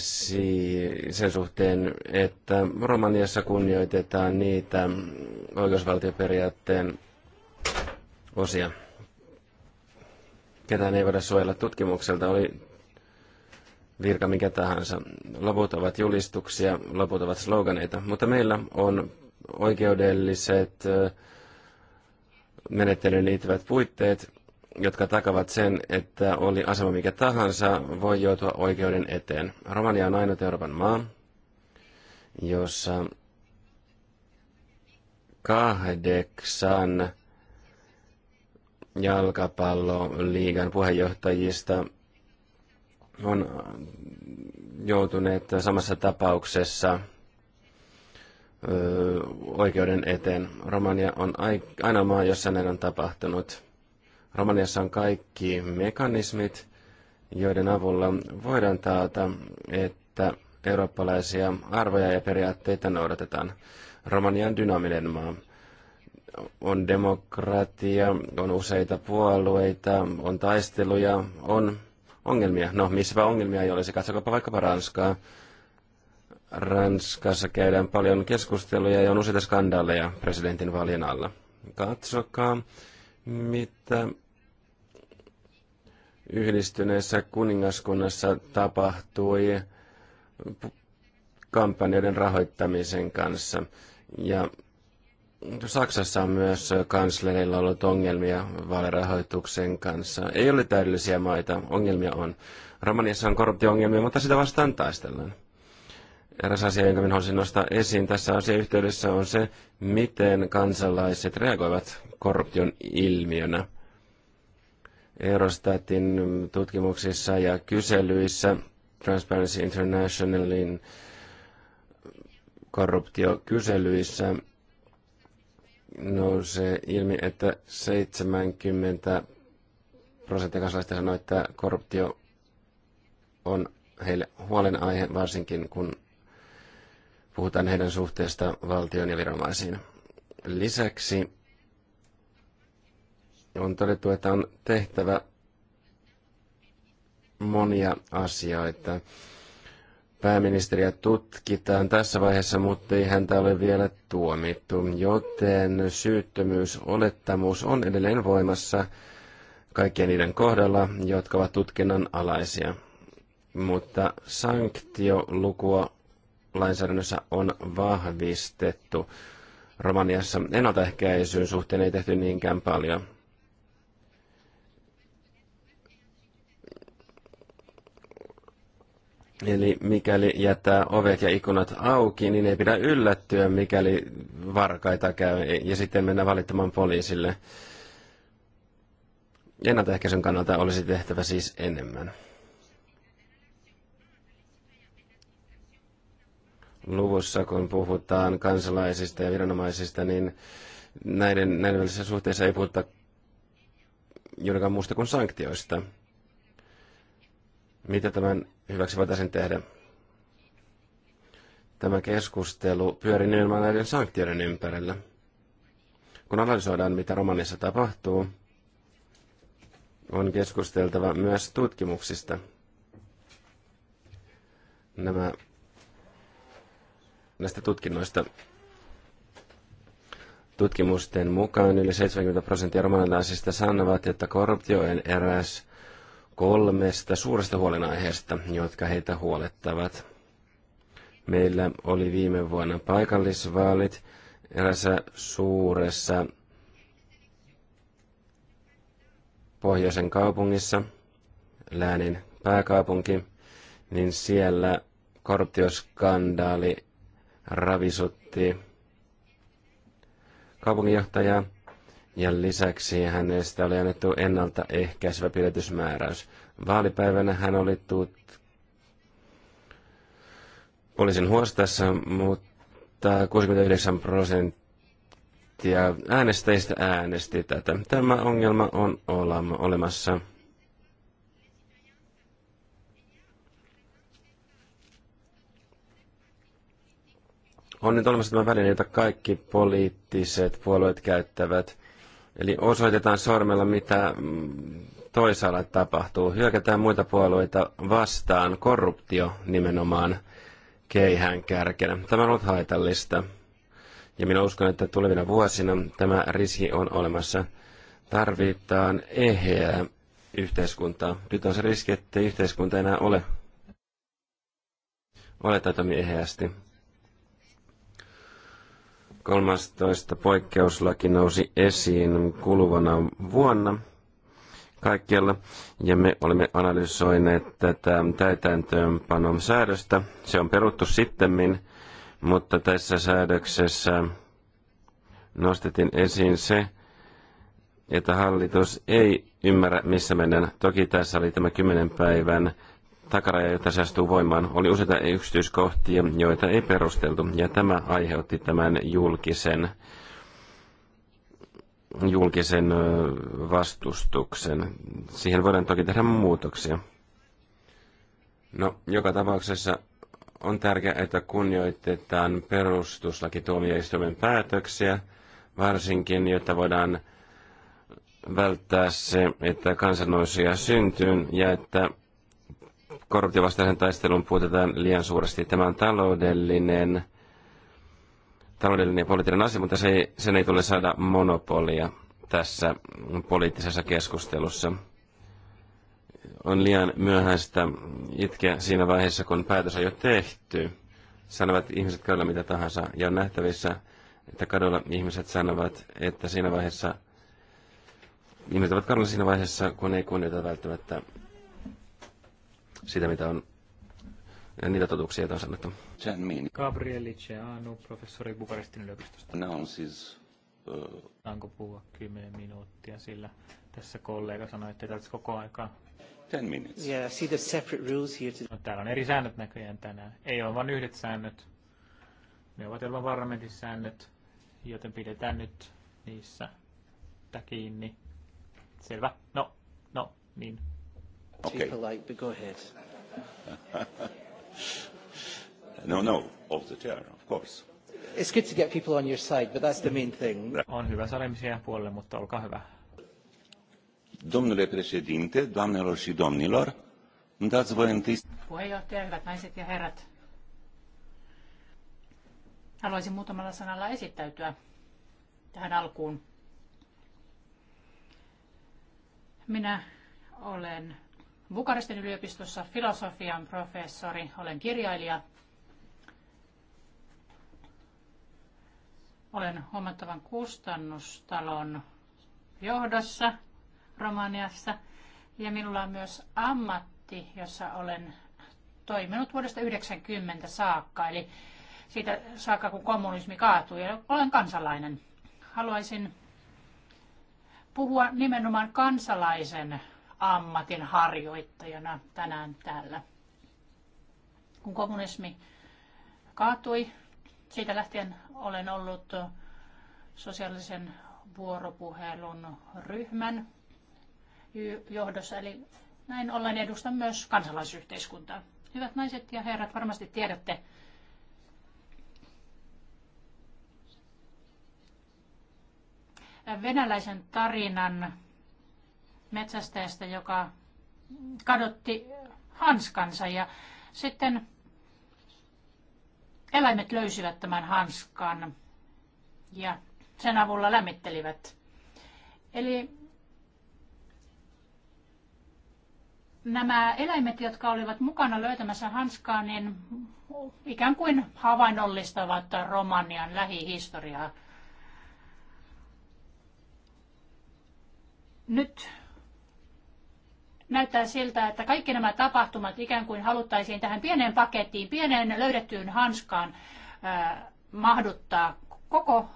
sen suhteen, että Romaniassa kunnioitetaan niitä oikeusvaltioperiaatteen osia. Ketään ei voida suojella tutkimukselta, oli virka mikä tahansa. Loput ovat julistuksia, loput ovat sloganeita, mutta meillä on oikeudelliset menettelyyn liittyvät puitteet, jotka takavat sen, että oli asema mikä tahansa, voi joutua oikeuden eteen. Romania on ainoa Euroopan maa, jossa kahdeksan jalkapalloliigan puheenjohtajista on joutuneet samassa tapauksessa oikeuden eteen. Romania on aina maa, jossa näin on tapahtunut. Romaniassa on kaikki mekanismit, joiden avulla voidaan taata, että eurooppalaisia arvoja ja periaatteita noudatetaan. Romania on dynaaminen maa. On demokratia, on useita puolueita, on taisteluja, on ongelmia. No, missäpä ongelmia ei olisi, katsokapa vaikkapa Ranskaa Ranskassa käydään paljon keskusteluja ja on useita skandaaleja presidentin vaalien alla. Katsokaa, mitä yhdistyneessä kuningaskunnassa tapahtui kampanjoiden rahoittamisen kanssa. Ja Saksassa on myös kanslerilla ollut ongelmia vaalirahoituksen kanssa. Ei ole täydellisiä maita, ongelmia on. Romaniassa on korruptio-ongelmia, mutta sitä vastaan taistellaan. Eräs asia, jonka minä haluaisin nostaa esiin tässä asiayhteydessä, on se, miten kansalaiset reagoivat korruption ilmiönä. Eurostatin tutkimuksissa ja kyselyissä Transparency Internationalin korruptiokyselyissä nousee ilmi, että 70 prosenttia kansalaisista sanoo, että korruptio on heille huolenaihe, varsinkin kun puhutaan heidän suhteesta valtion ja viranomaisiin. Lisäksi on todettu, että on tehtävä monia asioita. Pääministeriä tutkitaan tässä vaiheessa, mutta ei häntä ole vielä tuomittu, joten syyttömyysolettamus on edelleen voimassa kaikkien niiden kohdalla, jotka ovat tutkinnan alaisia. Mutta sanktiolukua lainsäädännössä on vahvistettu. Romaniassa ennaltaehkäisyyn suhteen ei tehty niinkään paljon. Eli mikäli jättää ovet ja ikkunat auki, niin ei pidä yllättyä, mikäli varkaita käy ja sitten mennä valittamaan poliisille. Ennaltaehkäisyn kannalta olisi tehtävä siis enemmän. luvussa, kun puhutaan kansalaisista ja viranomaisista, niin näiden, näiden välisissä suhteissa ei puhuta juurikaan muusta kuin sanktioista. Mitä tämän hyväksi voitaisiin tehdä? Tämä keskustelu pyörii nimenomaan näiden sanktioiden ympärillä. Kun analysoidaan, mitä romanissa tapahtuu, on keskusteltava myös tutkimuksista. Nämä näistä tutkinnoista. Tutkimusten mukaan yli 70 prosenttia romanilaisista sanovat, että korruptio on eräs kolmesta suuresta huolenaiheesta, jotka heitä huolettavat. Meillä oli viime vuonna paikallisvaalit erässä suuressa pohjoisen kaupungissa, läänin pääkaupunki, niin siellä korruptioskandaali ravisutti kaupunginjohtajaa ja lisäksi hänestä oli annettu ennaltaehkäisevä pidätysmääräys. Vaalipäivänä hän oli tut... poliisin huostassa, mutta 69 prosenttia äänestäjistä äänesti tätä. Tämä ongelma on olemassa. on nyt olemassa tämä väline, jota kaikki poliittiset puolueet käyttävät. Eli osoitetaan sormella, mitä mm, toisaalla tapahtuu. Hyökätään muita puolueita vastaan. Korruptio nimenomaan keihään kärkenä. Tämä on ollut haitallista. Ja minä uskon, että tulevina vuosina tämä riski on olemassa. Tarvitaan eheää yhteiskuntaa. Nyt on se riski, että yhteiskunta enää ole. Ole eheästi. 13 poikkeuslaki nousi esiin kuluvana vuonna kaikkialla, ja me olemme analysoineet tätä täytäntöönpanon säädöstä. Se on peruttu sittemmin, mutta tässä säädöksessä nostettiin esiin se, että hallitus ei ymmärrä, missä mennään. Toki tässä oli tämä 10 päivän takaraja, jota se astuu voimaan, oli useita yksityiskohtia, joita ei perusteltu, ja tämä aiheutti tämän julkisen julkisen vastustuksen. Siihen voidaan toki tehdä muutoksia. No, joka tapauksessa on tärkeää, että kunnioitetaan perustuslakituomioistuimen päätöksiä, varsinkin, jotta voidaan välttää se, että kansanoisia syntyy ja että korruptiovastaisen taisteluun puutetaan liian suuresti. Tämä on taloudellinen, taloudellinen ja poliittinen asia, mutta se ei, sen ei tule saada monopolia tässä poliittisessa keskustelussa. On liian myöhäistä itkeä siinä vaiheessa, kun päätös on jo tehty. Sanovat ihmiset kadulla mitä tahansa, ja on nähtävissä, että kadulla ihmiset sanovat, että siinä vaiheessa, ihmiset ovat kadulla siinä vaiheessa, kun ei kunnioita välttämättä sitä, mitä on niitä totuuksia, joita on sanottu. Gabrieli Ceanu, professori Bukarestin yliopistosta. No, siis, uh... Saanko puhua kymmenen minuuttia, sillä tässä kollega sanoi, että tässä koko aikaa. Ten minutes. Yeah, see the separate rules here. No, täällä on eri säännöt näköjään tänään. Ei ole vain yhdet säännöt. Ne ovat Elvan parlamentin säännöt, joten pidetään nyt niissä kiinni. Selvä. No, no, niin. Okay. Be polite, but go ahead. no, no, of the chair, of course. It's good to get people on your side, but that's the main thing. On hyvä saada ihmisiä puolelle, mutta olkaa hyvä. Domnule președinte, doamnelor și domnilor, îmi dați voi întâi... Puheenjohtaja, hyvät naiset ja herrat. Haluaisin muutamalla sanalla esittäytyä tähän alkuun. Minä olen Bukarestin yliopistossa filosofian professori, olen kirjailija. Olen huomattavan kustannustalon johdossa Romaniassa ja minulla on myös ammatti, jossa olen toiminut vuodesta 1990 saakka, eli siitä saakka kun kommunismi kaatui ja olen kansalainen. Haluaisin puhua nimenomaan kansalaisen ammatin harjoittajana tänään täällä. Kun kommunismi kaatui, siitä lähtien olen ollut sosiaalisen vuoropuhelun ryhmän johdossa, eli näin ollen edustan myös kansalaisyhteiskuntaa. Hyvät naiset ja herrat, varmasti tiedätte, venäläisen tarinan metsästäjästä, joka kadotti hanskansa ja sitten eläimet löysivät tämän hanskan ja sen avulla lämmittelivät. Eli nämä eläimet, jotka olivat mukana löytämässä hanskaa, niin ikään kuin havainnollistavat Romanian lähihistoriaa. Nyt näyttää siltä, että kaikki nämä tapahtumat ikään kuin haluttaisiin tähän pieneen pakettiin, pieneen löydettyyn hanskaan mahduttaa koko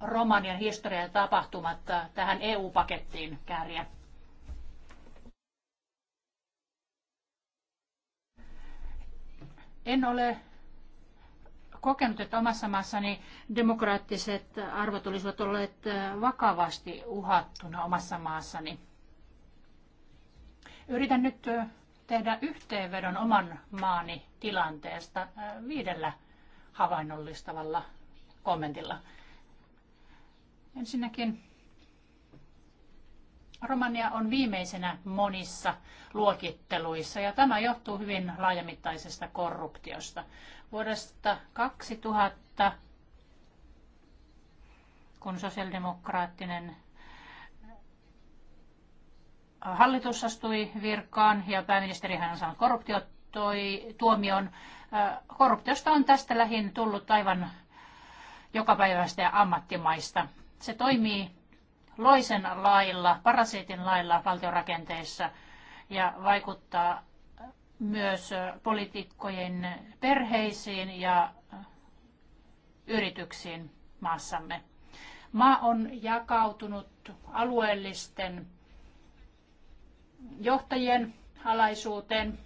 Romanian historia ja tapahtumat tähän EU-pakettiin kääriä. En ole kokenut, että omassa maassani demokraattiset arvot olisivat olleet vakavasti uhattuna omassa maassani. Yritän nyt tehdä yhteenvedon oman maani tilanteesta viidellä havainnollistavalla kommentilla. Ensinnäkin Romania on viimeisenä monissa luokitteluissa ja tämä johtuu hyvin laajamittaisesta korruptiosta. Vuodesta 2000, kun sosiaalidemokraattinen hallitus astui virkaan ja pääministerihän on saanut korruptiotuomion. Korruptiosta on tästä lähin tullut aivan jokapäiväistä ja ammattimaista. Se toimii loisen lailla, parasiitin lailla valtiorakenteissa ja vaikuttaa myös poliitikkojen perheisiin ja yrityksiin maassamme. Maa on jakautunut alueellisten johtajien alaisuuteen.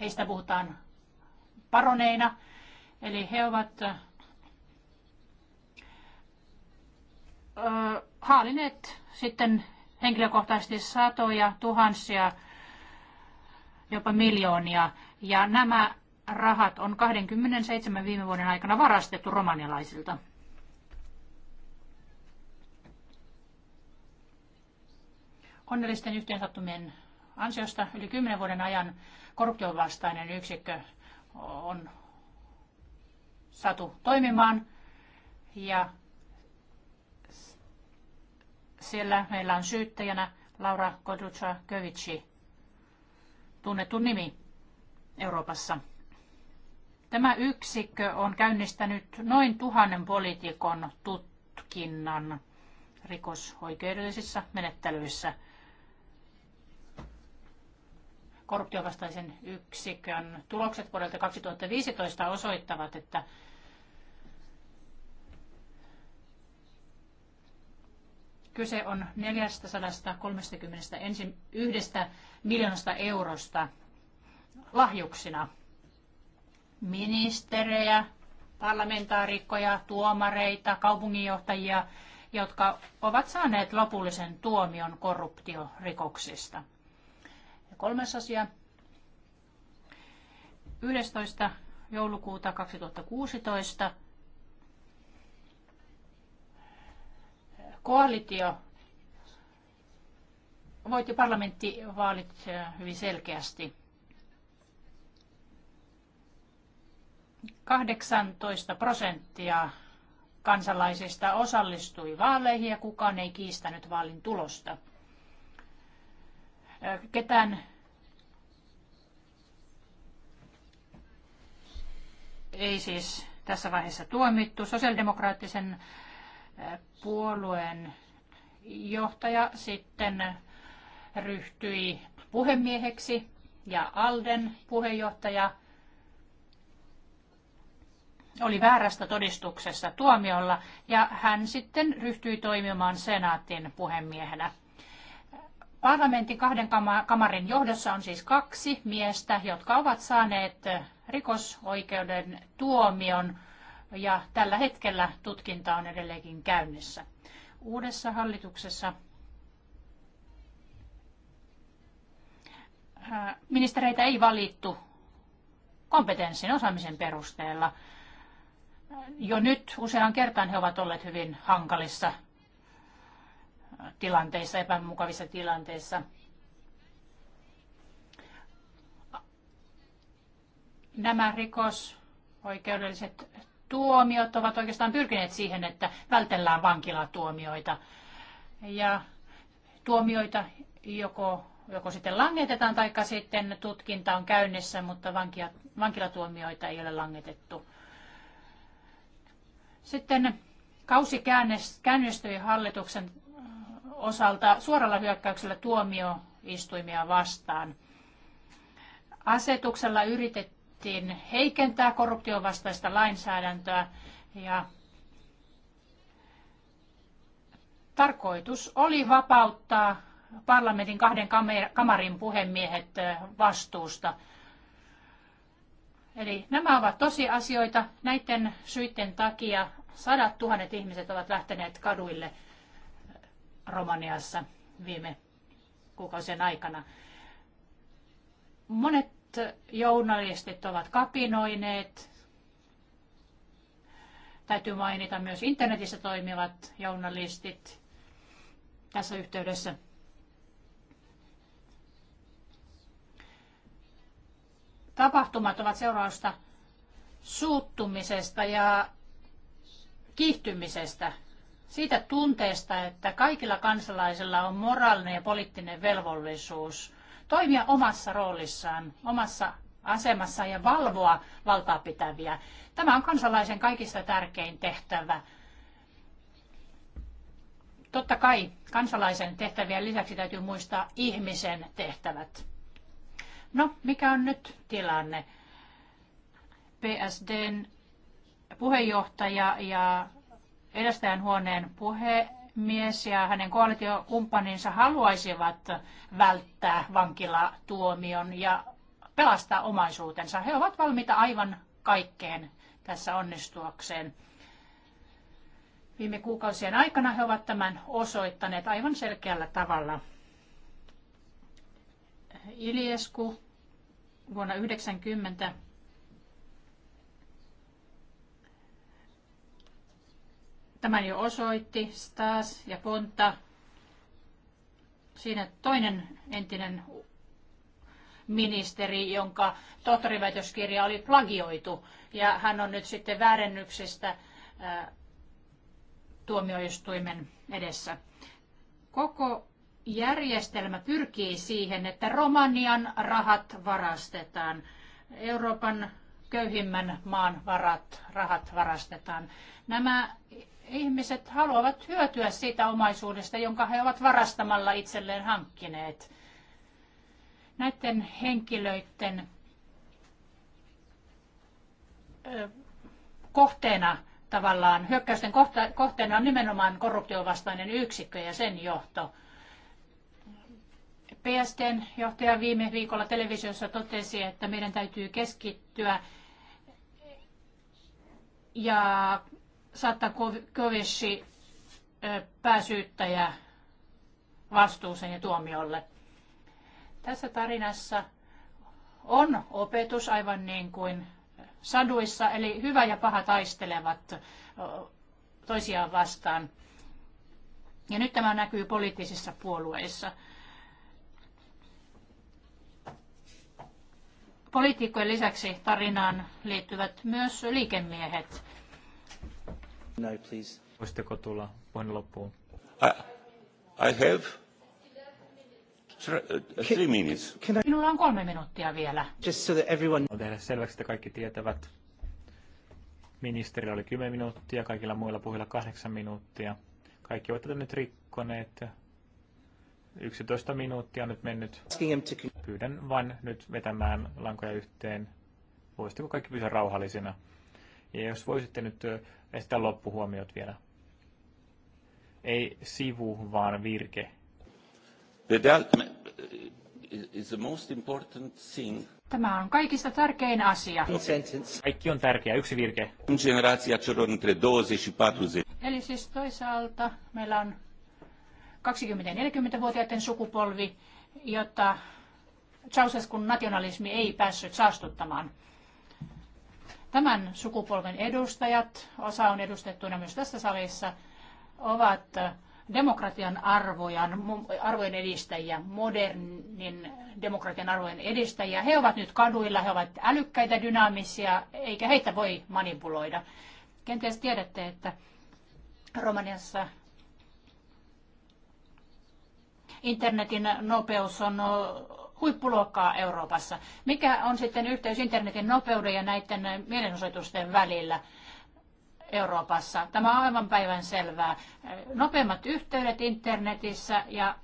Heistä puhutaan paroneina, eli he ovat haalineet sitten henkilökohtaisesti satoja, tuhansia, jopa miljoonia. Ja nämä rahat on 27 viime vuoden aikana varastettu romanialaisilta. onnellisten yhteensattumien ansiosta yli kymmenen vuoden ajan korruption vastainen yksikkö on saatu toimimaan. Ja siellä meillä on syyttäjänä Laura Kodruca Kövitsi, tunnettu nimi Euroopassa. Tämä yksikkö on käynnistänyt noin tuhannen poliitikon tutkinnan rikosoikeudellisissa menettelyissä – korruptiovastaisen yksikön tulokset vuodelta 2015 osoittavat, että kyse on 431 miljoonasta eurosta lahjuksina ministerejä, parlamentaarikkoja, tuomareita, kaupunginjohtajia, jotka ovat saaneet lopullisen tuomion korruptiorikoksista. Kolmas asia. 11. joulukuuta 2016 koalitio voitti parlamenttivaalit äh, hyvin selkeästi. 18 prosenttia kansalaisista osallistui vaaleihin ja kukaan ei kiistänyt vaalin tulosta. Äh, ketään ei siis tässä vaiheessa tuomittu. Sosiaalidemokraattisen puolueen johtaja sitten ryhtyi puhemieheksi ja Alden puheenjohtaja oli väärästä todistuksessa tuomiolla ja hän sitten ryhtyi toimimaan senaatin puhemiehenä. Parlamentin kahden kamarin johdossa on siis kaksi miestä, jotka ovat saaneet rikosoikeuden tuomion ja tällä hetkellä tutkinta on edelleenkin käynnissä. Uudessa hallituksessa ministereitä ei valittu kompetenssin osaamisen perusteella. Jo nyt useaan kertaan he ovat olleet hyvin hankalissa tilanteissa, epämukavissa tilanteissa. Nämä rikosoikeudelliset tuomiot ovat oikeastaan pyrkineet siihen, että vältellään vankilatuomioita. Ja tuomioita joko, joko sitten langetetaan tai sitten tutkinta on käynnissä, mutta vankia, vankilatuomioita ei ole langetettu. Sitten kausi käännöstyi hallituksen osalta suoralla hyökkäyksellä tuomioistuimia vastaan. Asetuksella yritettiin heikentää korruption vastaista lainsäädäntöä ja tarkoitus oli vapauttaa parlamentin kahden kamarin puhemiehet vastuusta. Eli nämä ovat tosiasioita. Näiden syiden takia sadat tuhannet ihmiset ovat lähteneet kaduille – Romaniassa viime kuukausien aikana. Monet journalistit ovat kapinoineet. Täytyy mainita myös internetissä toimivat journalistit tässä yhteydessä. Tapahtumat ovat seurausta suuttumisesta ja kiihtymisestä siitä tunteesta, että kaikilla kansalaisilla on moraalinen ja poliittinen velvollisuus toimia omassa roolissaan, omassa asemassa ja valvoa valtaapitäviä. Tämä on kansalaisen kaikista tärkein tehtävä. Totta kai kansalaisen tehtävien lisäksi täytyy muistaa ihmisen tehtävät. No, mikä on nyt tilanne? PSDn puheenjohtaja ja Edestään huoneen puhemies ja hänen koalitiokumppaninsa haluaisivat välttää vankilatuomion ja pelastaa omaisuutensa. He ovat valmiita aivan kaikkeen tässä onnistuakseen. Viime kuukausien aikana he ovat tämän osoittaneet aivan selkeällä tavalla. Iliesku vuonna 1990 Tämän jo osoitti Stas ja Ponta. Siinä toinen entinen ministeri, jonka tohtoriväitöskirja oli plagioitu. Ja hän on nyt sitten väärennyksestä tuomioistuimen edessä. Koko järjestelmä pyrkii siihen, että Romanian rahat varastetaan. Euroopan köyhimmän maan varat, rahat varastetaan. Nämä ihmiset haluavat hyötyä siitä omaisuudesta, jonka he ovat varastamalla itselleen hankkineet. Näiden henkilöiden kohteena tavallaan, hyökkäysten kohteena on nimenomaan korruptiovastainen yksikkö ja sen johto. PSTn johtaja viime viikolla televisiossa totesi, että meidän täytyy keskittyä ja Sattakovici pääsyyttäjä vastuuseen ja tuomiolle. Tässä tarinassa on opetus aivan niin kuin saduissa, eli hyvä ja paha taistelevat toisiaan vastaan. Ja nyt tämä näkyy poliittisissa puolueissa. Poliitikkojen lisäksi tarinaan liittyvät myös liikemiehet. No, please. Voisitteko tulla puheen loppuun? I, I have uh, three minutes. Can, can I... Minulla on kolme minuuttia vielä. Just so that everyone... On tehdä selväksi, että kaikki tietävät. Ministerillä oli 10 minuuttia, kaikilla muilla puhilla 8 minuuttia. Kaikki ovat tätä nyt rikkoneet. 11 minuuttia on nyt mennyt. Pyydän vain nyt vetämään lankoja yhteen. Voisitteko kaikki pysyä rauhallisina? Ja jos voisitte nyt estää loppuhuomiot vielä. Ei sivu, vaan virke. Tämä on kaikista tärkein asia. Kaikki on tärkeä, yksi virke. Eli siis toisaalta meillä on 20-40-vuotiaiden sukupolvi, jota Ceausescun nationalismi ei päässyt saastuttamaan. Tämän sukupolven edustajat, osa on edustettuina myös tässä salissa, ovat demokratian arvojen, arvojen edistäjiä, modernin demokratian arvojen edistäjiä. He ovat nyt kaduilla, he ovat älykkäitä, dynaamisia, eikä heitä voi manipuloida. Kenties tiedätte, että Romaniassa internetin nopeus on huippuluokkaa Euroopassa. Mikä on sitten yhteys internetin nopeuden ja näiden mielenosoitusten välillä? Euroopassa. Tämä on aivan päivän selvää. Nopeammat yhteydet internetissä ja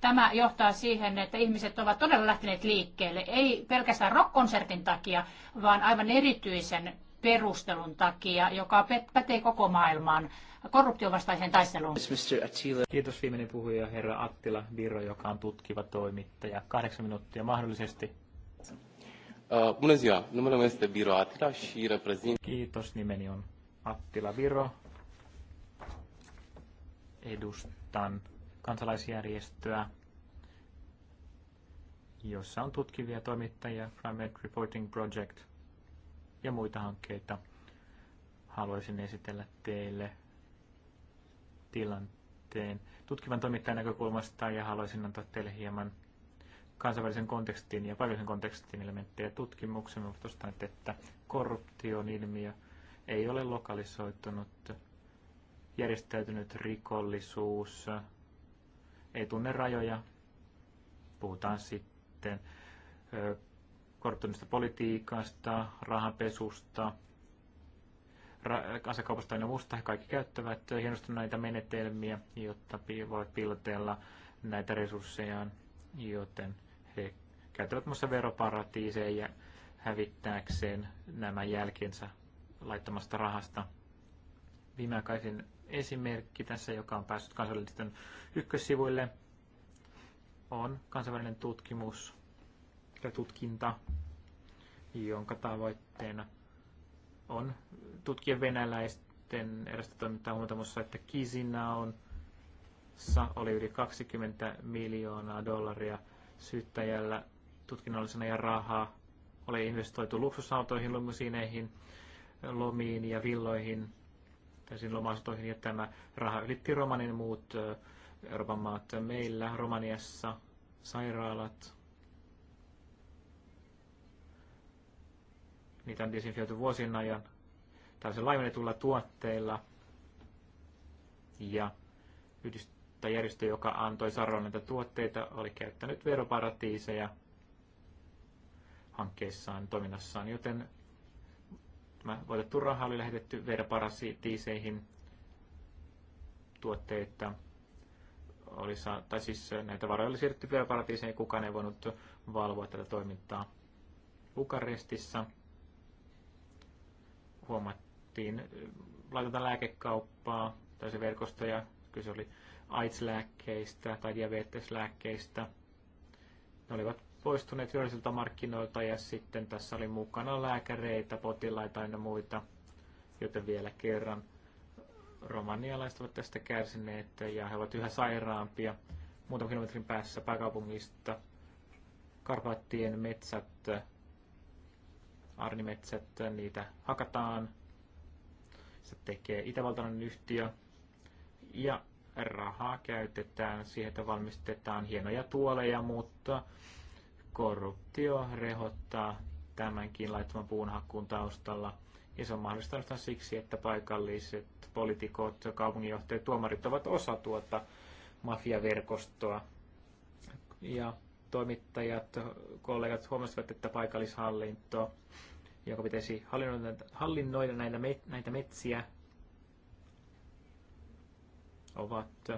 tämä johtaa siihen, että ihmiset ovat todella lähteneet liikkeelle, ei pelkästään rockkonsertin takia, vaan aivan erityisen perustelun takia, joka pätee koko maailmaan korruptiovastaiseen taisteluun. Kiitos viimeinen puhuja herra Attila Viro, joka on tutkiva toimittaja. Kahdeksan minuuttia mahdollisesti. Uh, Attila Kiitos, nimeni on Attila Viro. Edustan kansalaisjärjestöä, jossa on tutkivia toimittajia Climate Reporting Project – ja muita hankkeita haluaisin esitellä teille tilanteen tutkivan toimittajan näkökulmasta ja haluaisin antaa teille hieman kansainvälisen kontekstin ja paikallisen kontekstin elementtejä tutkimukseen. Tuosta, että korruption ilmiö ei ole lokalisoitunut, järjestäytynyt rikollisuus ei tunne rajoja. Puhutaan sitten korruptoinnista politiikasta, rahanpesusta, ra- asekaupasta ja muusta. He kaikki käyttävät näitä menetelmiä, jotta voivat piilotella näitä resursseja, joten he käyttävät muassa veroparatiiseja hävittääkseen nämä jälkensä laittamasta rahasta. Viimeaikaisin esimerkki tässä, joka on päässyt kansallisten ykkössivuille, on kansainvälinen tutkimus ja tutkinta, jonka tavoitteena on tutkia venäläisten erästä toimintaa huomioon että Kisina on oli yli 20 miljoonaa dollaria syyttäjällä tutkinnallisena ja rahaa oli investoitu luksusautoihin, lumusiineihin, lomiin ja villoihin, täysin lomautoihin, ja tämä raha ylitti Romanin muut Euroopan maat. Meillä Romaniassa sairaalat Niitä on desinfioitu vuosien ajan tällaisilla laimennetulla tuotteilla. Ja yhdistäjärjestö, joka antoi Sarolle näitä tuotteita, oli käyttänyt veroparatiiseja hankkeissaan, toiminnassaan, joten tämä voitettu raha oli lähetetty veroparatiiseihin tuotteita. Oli saa, tai siis näitä varoja oli siirretty veroparatiiseihin, kukaan ei voinut valvoa tätä toimintaa Bukarestissa huomattiin laitonta lääkekauppaa tai se verkostoja. Kyse oli AIDS-lääkkeistä tai diabeteslääkkeistä. Ne olivat poistuneet hyödyllisiltä markkinoilta ja sitten tässä oli mukana lääkäreitä, potilaita ja muita, joten vielä kerran romanialaiset ovat tästä kärsineet ja he ovat yhä sairaampia. Muutaman kilometrin päässä pääkaupungista Karpaattien metsät arnimetsät, niitä hakataan. Se tekee itävaltainen yhtiö. Ja rahaa käytetään siihen, että valmistetaan hienoja tuoleja, mutta korruptio rehottaa tämänkin laittoman puunhakkuun taustalla. Ja se on mahdollista siksi, että paikalliset poliitikot, kaupunginjohtajat, tuomarit ovat osa tuota mafiaverkostoa. Ja toimittajat, kollegat huomasivat, että paikallishallinto, joka pitäisi hallinnoida, hallinnoida näitä, met, näitä metsiä, ovat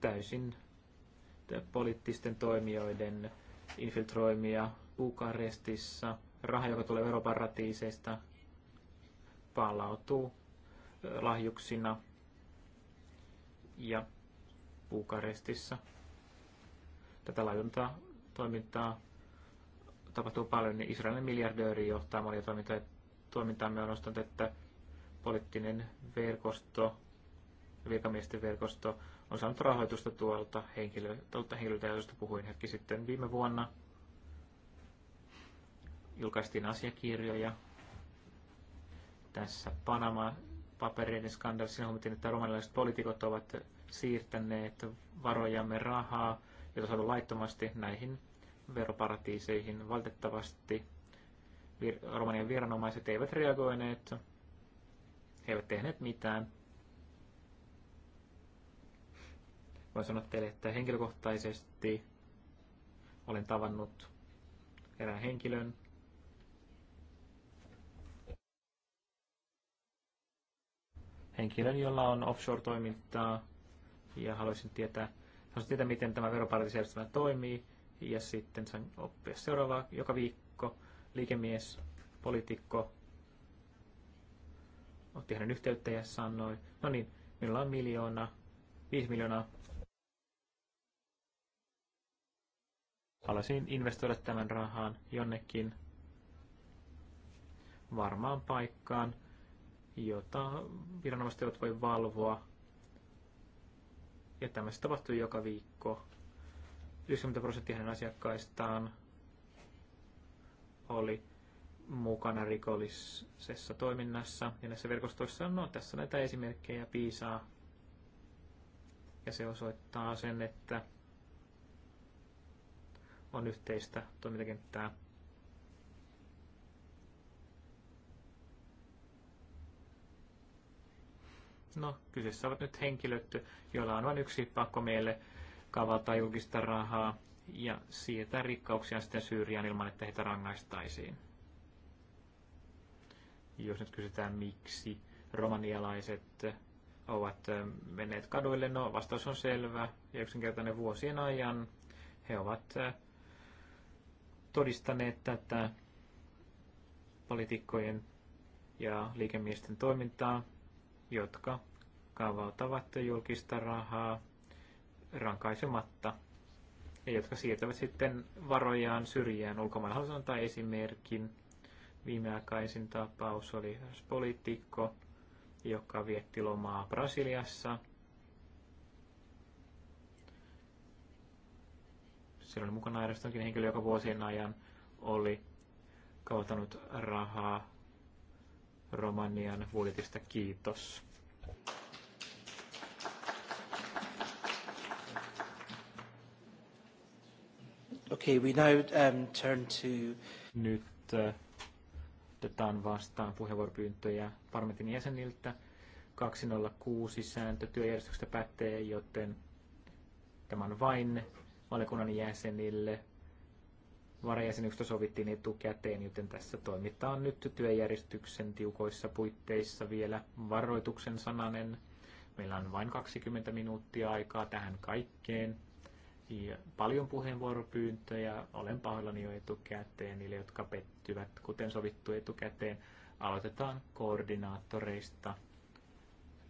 täysin poliittisten toimijoiden infiltroimia Bukarestissa. Raha, joka tulee veroparatiiseista, palautuu lahjuksina ja Bukarestissa tätä laitonta toimintaa tapahtuu paljon, niin Israelin miljardööri johtaa monia toimintoja. Toimintaamme on nostanut, että poliittinen verkosto, virkamiesten verkosto, on saanut rahoitusta tuolta henkilöltä, henkilöltä josta puhuin hetki sitten viime vuonna. Julkaistiin asiakirjoja. Tässä Panama-papereiden skandaalissa huomattiin, että romanilaiset poliitikot ovat siirtäneet varojamme rahaa jota saadaan laittomasti näihin veroparatiiseihin. Valitettavasti vir- Romanian viranomaiset eivät reagoineet, he eivät tehneet mitään. Voin sanoa teille, että henkilökohtaisesti olen tavannut erään henkilön, henkilön, jolla on offshore-toimintaa ja haluaisin tietää, Saan tietää, miten tämä veroparatiisijärjestelmä toimii ja sitten sain oppia seuraavaa joka viikko. Liikemies, poliitikko otti hänen yhteyttä ja sanoi, no niin, minulla on miljoona, viisi miljoonaa. Haluaisin investoida tämän rahan jonnekin varmaan paikkaan, jota viranomaiset voi valvoa ja tämä se tapahtui joka viikko. 90 prosenttia hänen asiakkaistaan oli mukana rikollisessa toiminnassa ja näissä verkostoissa on no, tässä näitä esimerkkejä piisaa. Ja se osoittaa sen, että on yhteistä toimintakenttää No, kyseessä ovat nyt henkilöt, joilla on vain yksi pakko meille kavata julkista rahaa ja sietää rikkauksia sitten Syyriaan ilman, että heitä rangaistaisiin. Jos nyt kysytään, miksi romanialaiset ovat menneet kaduille, no vastaus on selvä ja yksinkertainen vuosien ajan. He ovat todistaneet tätä poliitikkojen ja liikemiesten toimintaa jotka kaavautavat julkista rahaa rankaisematta ja jotka siirtävät sitten varojaan syrjään ulkomailla. Haluaisin antaa esimerkin. Viimeaikaisin tapaus oli poliitikko, joka vietti lomaa Brasiliassa. Siellä oli mukana järjestönkin henkilö, joka vuosien ajan oli kaatanut rahaa Romanian budjetista. Kiitos. Okay, we now um, turn to... Nyt uh, vastaan puheenvuoropyyntöjä parlamentin jäseniltä. 206 sääntö työjärjestyksestä pätee, joten tämä on vain valiokunnan jäsenille varajäsenyksestä sovittiin niin etukäteen, joten tässä toimitaan nyt työjärjestyksen tiukoissa puitteissa vielä varoituksen sananen. Meillä on vain 20 minuuttia aikaa tähän kaikkeen. Ja paljon puheenvuoropyyntöjä. Olen pahoillani jo etukäteen niille, jotka pettyvät, kuten sovittu etukäteen. Aloitetaan koordinaattoreista.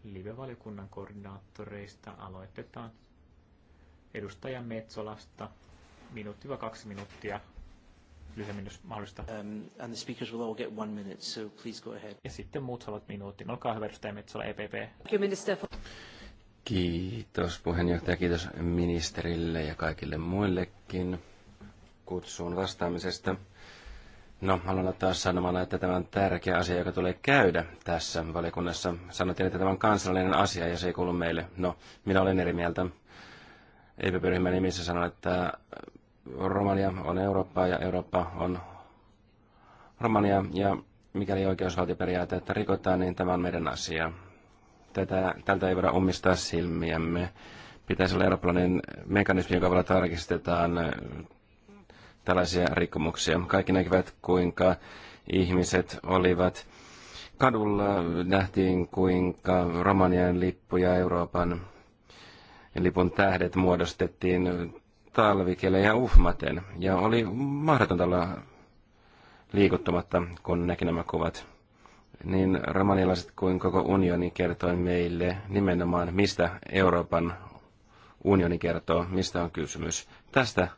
Live-valiokunnan koordinaattoreista aloitetaan. Edustaja Metsolasta minuutti vai kaksi minuuttia lyhyemmin, jos mahdollista. Um, and the speakers will all get one minute, so please go ahead. Ja sitten muut saavat minuutin. Olkaa hyvä, edustaja Metsola, EPP. Kiitos puheenjohtaja, kiitos ministerille ja kaikille muillekin kutsuun vastaamisesta. No, haluan ottaa sanomalla, että tämä on tärkeä asia, joka tulee käydä tässä valiokunnassa. Sanottiin, että tämä on kansallinen asia ja se ei kuulu meille. No, minä olen eri mieltä. EPP-ryhmän nimissä sanon, että Romania on Eurooppaa ja Eurooppa on Romania ja mikäli oikeusvaltioperiaatetta rikotaan, niin tämä on meidän asia. Tätä, tältä ei voida omistaa silmiämme. Pitäisi olla eurooppalainen mekanismi, joka voi tarkistetaan äh, tällaisia rikkomuksia. Kaikki näkivät, kuinka ihmiset olivat kadulla. Nähtiin, kuinka Romanian lippu ja Euroopan lipun tähdet muodostettiin ja uhmaten. Ja oli mahdotonta olla liikuttamatta, kun näki nämä kuvat. Niin romanialaiset kuin koko unioni kertoi meille nimenomaan, mistä Euroopan unioni kertoo, mistä on kysymys. Tästä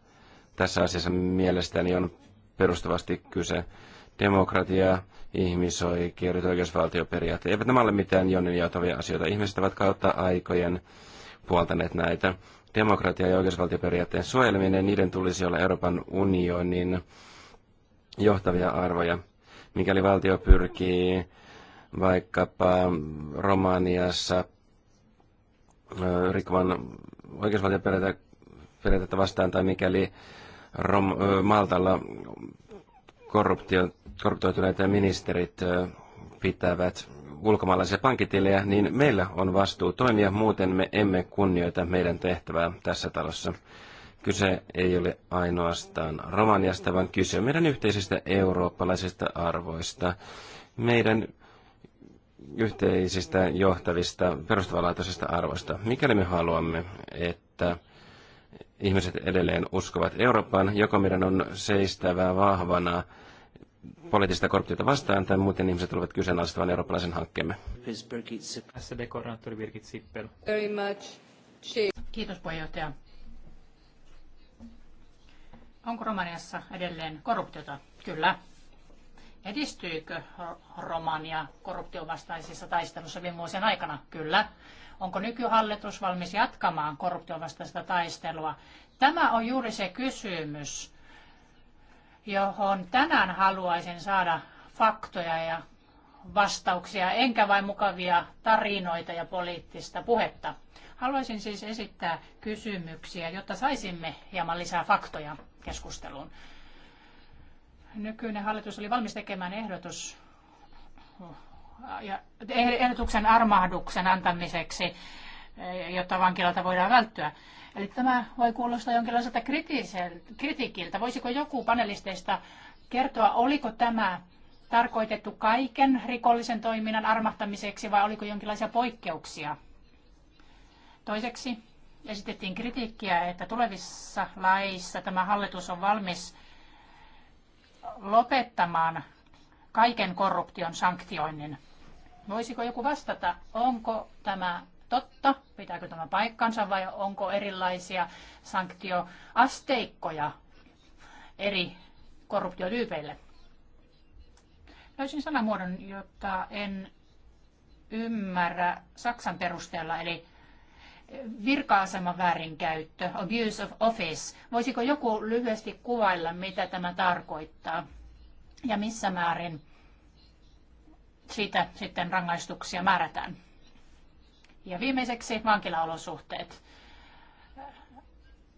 tässä asiassa mielestäni on perustavasti kyse. Demokratia, ihmisoikeudet, oikeusvaltioperiaate. Eivät nämä ole mitään jonninjoutavia asioita. Ihmiset ovat kautta aikojen puoltaneet näitä demokratia- ja oikeusvaltioperiaatteen suojeleminen, niiden tulisi olla Euroopan unionin johtavia arvoja. Mikäli valtio pyrkii vaikkapa Romaniassa rikkovan oikeusvaltioperiaatetta vastaan tai mikäli Rom, Maltalla korruptio, korruptoituneet ministerit pitävät ulkomaalaisia pankitilejä, niin meillä on vastuu toimia, muuten me emme kunnioita meidän tehtävää tässä talossa. Kyse ei ole ainoastaan Romaniasta, vaan kyse on meidän yhteisistä eurooppalaisista arvoista, meidän yhteisistä johtavista perustavanlaatuisista arvoista. Mikäli me haluamme, että ihmiset edelleen uskovat Eurooppaan, joko meidän on seistävää vahvana poliittista korruptiota vastaan, tai muuten ihmiset tulevat kyseenalaistamaan eurooppalaisen hankkeemme. Very much. Kiitos puheenjohtaja. Onko Romaniassa edelleen korruptiota? Kyllä. Edistyykö Romania korruption vastaisissa taistelussa viime vuosien aikana? Kyllä. Onko nykyhallitus valmis jatkamaan korruption vastaista taistelua? Tämä on juuri se kysymys, johon tänään haluaisin saada faktoja ja vastauksia, enkä vain mukavia tarinoita ja poliittista puhetta. Haluaisin siis esittää kysymyksiä, jotta saisimme hieman lisää faktoja keskusteluun. Nykyinen hallitus oli valmis tekemään ehdotus ja ehdotuksen armahduksen antamiseksi, jotta vankilalta voidaan välttyä. Eli tämä voi kuulostaa jonkinlaiselta kritiikiltä. Voisiko joku panelisteista kertoa, oliko tämä tarkoitettu kaiken rikollisen toiminnan armahtamiseksi vai oliko jonkinlaisia poikkeuksia? Toiseksi esitettiin kritiikkiä, että tulevissa laissa tämä hallitus on valmis lopettamaan kaiken korruption sanktioinnin. Voisiko joku vastata, onko tämä totta? Pitääkö tämä paikkansa vai onko erilaisia sanktioasteikkoja eri korruptiotyypeille? Löysin sanamuodon, jota en ymmärrä Saksan perusteella, eli virka-aseman väärinkäyttö, abuse of office. Voisiko joku lyhyesti kuvailla, mitä tämä tarkoittaa ja missä määrin siitä sitten rangaistuksia määrätään? Ja viimeiseksi vankilaolosuhteet.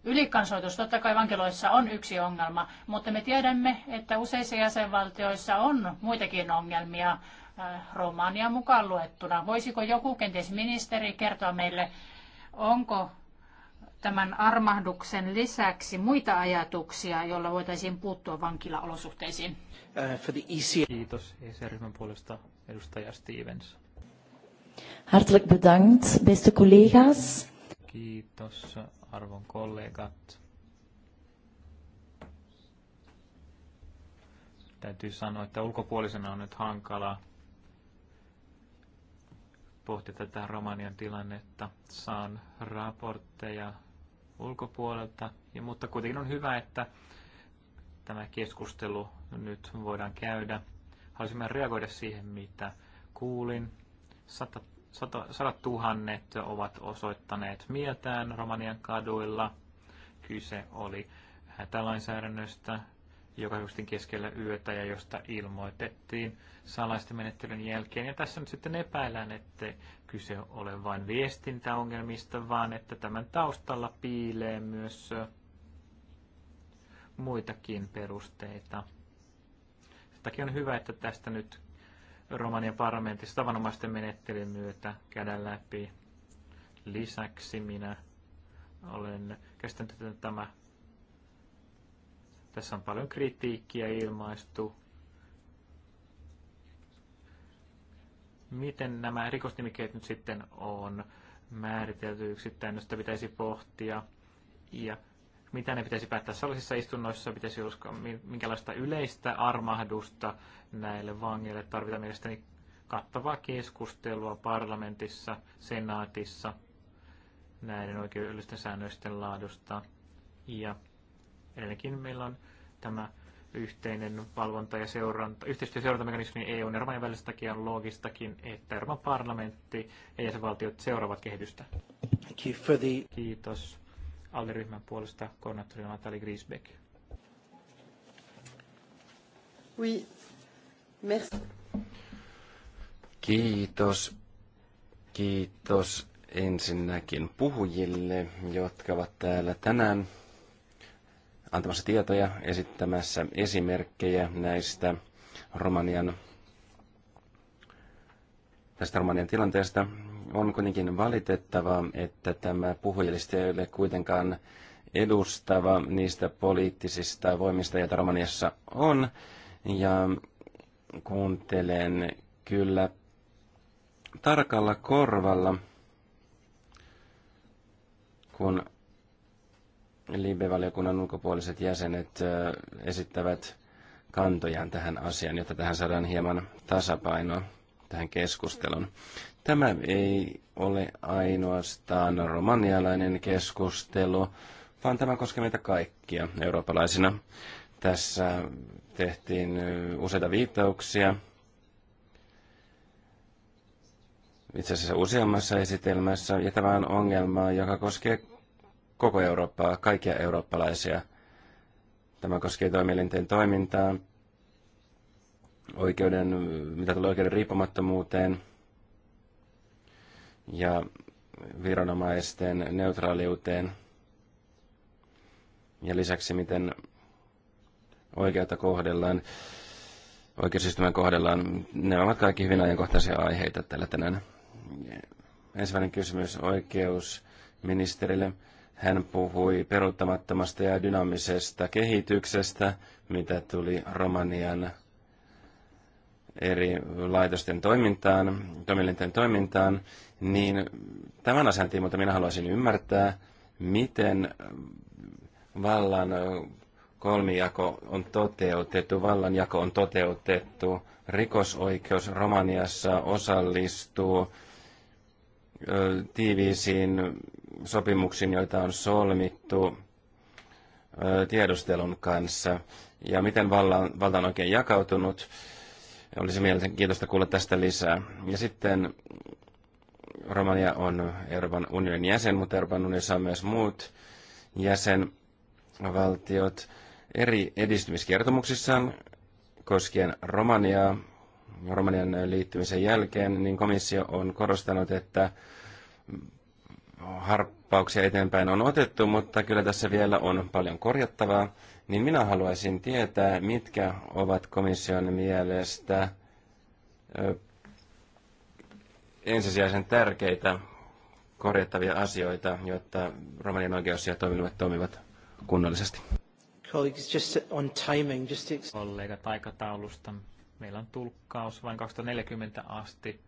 Ylikansoitus totta kai vankiloissa on yksi ongelma, mutta me tiedämme, että useissa jäsenvaltioissa on muitakin ongelmia äh, Romania mukaan luettuna. Voisiko joku kenties ministeri kertoa meille, onko tämän armahduksen lisäksi muita ajatuksia, joilla voitaisiin puuttua vankilaolosuhteisiin? Uh, for e Kiitos e ryhmän puolesta edustaja Stevens. Hartelijk bedankt, beste collega's. Kiitos, arvon kollegat. Täytyy sanoa, että ulkopuolisena on nyt hankala pohtia tätä Romanian tilannetta. Saan raportteja ulkopuolelta, ja, mutta kuitenkin on hyvä, että tämä keskustelu nyt voidaan käydä. Haluaisin reagoida siihen, mitä kuulin Sata, sata, sadat tuhannet ovat osoittaneet mieltään Romanian kaduilla. Kyse oli hätälainsäädännöstä, joka justin keskellä yötä ja josta ilmoitettiin salaisten menettelyn jälkeen. Ja tässä nyt sitten epäillään, että kyse ole vain viestintäongelmista, vaan että tämän taustalla piilee myös muitakin perusteita. Sen takia on hyvä, että tästä nyt Romanian parlamentissa tavanomaisten menettelyjen myötä käydä läpi. Lisäksi minä olen käsittänyt, että tämä, tässä on paljon kritiikkiä ilmaistu. Miten nämä rikosnimikkeet nyt sitten on määritelty yksittäin, josta pitäisi pohtia. Ja mitä ne pitäisi päättää sellaisissa istunnoissa, pitäisi uskoa, minkälaista yleistä armahdusta näille vangeille tarvitaan mielestäni kattavaa keskustelua parlamentissa, senaatissa, näiden oikeudellisten säännösten laadusta. Ja edelleenkin meillä on tämä yhteinen valvonta ja seuranta, yhteistyö- e ja seurantamekanismi EU ja Euroopan välisestä takia on loogistakin, että Euroopan parlamentti ja jäsenvaltiot seuraavat kehitystä. Kiitos ALDE-ryhmän puolesta koordinaattori Natalie Griesbeck. Oui. Merci. Kiitos. Kiitos ensinnäkin puhujille, jotka ovat täällä tänään antamassa tietoja, esittämässä esimerkkejä näistä Romanian, tästä Romanian tilanteesta on kuitenkin valitettavaa, että tämä puhujalista ei ole kuitenkaan edustava niistä poliittisista voimista, joita Romaniassa on. Ja kuuntelen kyllä tarkalla korvalla, kun Libe-valiokunnan ulkopuoliset jäsenet esittävät kantojaan tähän asiaan, jotta tähän saadaan hieman tasapainoa tähän keskusteluun. Tämä ei ole ainoastaan romanialainen keskustelu, vaan tämä koskee meitä kaikkia eurooppalaisina. Tässä tehtiin useita viittauksia. Itse asiassa useammassa esitelmässä, ja tämä on ongelma, joka koskee koko Eurooppaa, kaikkia eurooppalaisia. Tämä koskee toimielinten toimintaa, oikeuden, mitä tulee oikeuden riippumattomuuteen, ja viranomaisten neutraaliuteen ja lisäksi miten oikeutta kohdellaan, oikeusistuimen kohdellaan. Ne ovat kaikki hyvin ajankohtaisia aiheita tällä tänään. Ensimmäinen kysymys oikeusministerille. Hän puhui peruuttamattomasta ja dynaamisesta kehityksestä, mitä tuli Romanian eri laitosten toimintaan, toimielinten toimintaan, niin tämän asian tiimoilta minä haluaisin ymmärtää, miten vallan kolmijako on toteutettu, vallanjako on toteutettu, rikosoikeus Romaniassa osallistuu tiiviisiin sopimuksiin, joita on solmittu tiedustelun kanssa, ja miten vallan, valta on oikein jakautunut. Olisi mielenkiintoista kuulla tästä lisää. Ja sitten Romania on Euroopan unionin jäsen, mutta Euroopan unionissa on myös muut jäsenvaltiot. Eri edistymiskertomuksissaan koskien Romaniaa, Romanian liittymisen jälkeen, niin komissio on korostanut, että harppauksia eteenpäin on otettu, mutta kyllä tässä vielä on paljon korjattavaa, niin minä haluaisin tietää, mitkä ovat komission mielestä ensisijaisen tärkeitä korjattavia asioita, jotta romanien oikeuksia toimivat toimivat kunnollisesti. Colleagues, just on timing, just to... Kollegat aikataulusta. Meillä on tulkkaus vain 2040 asti.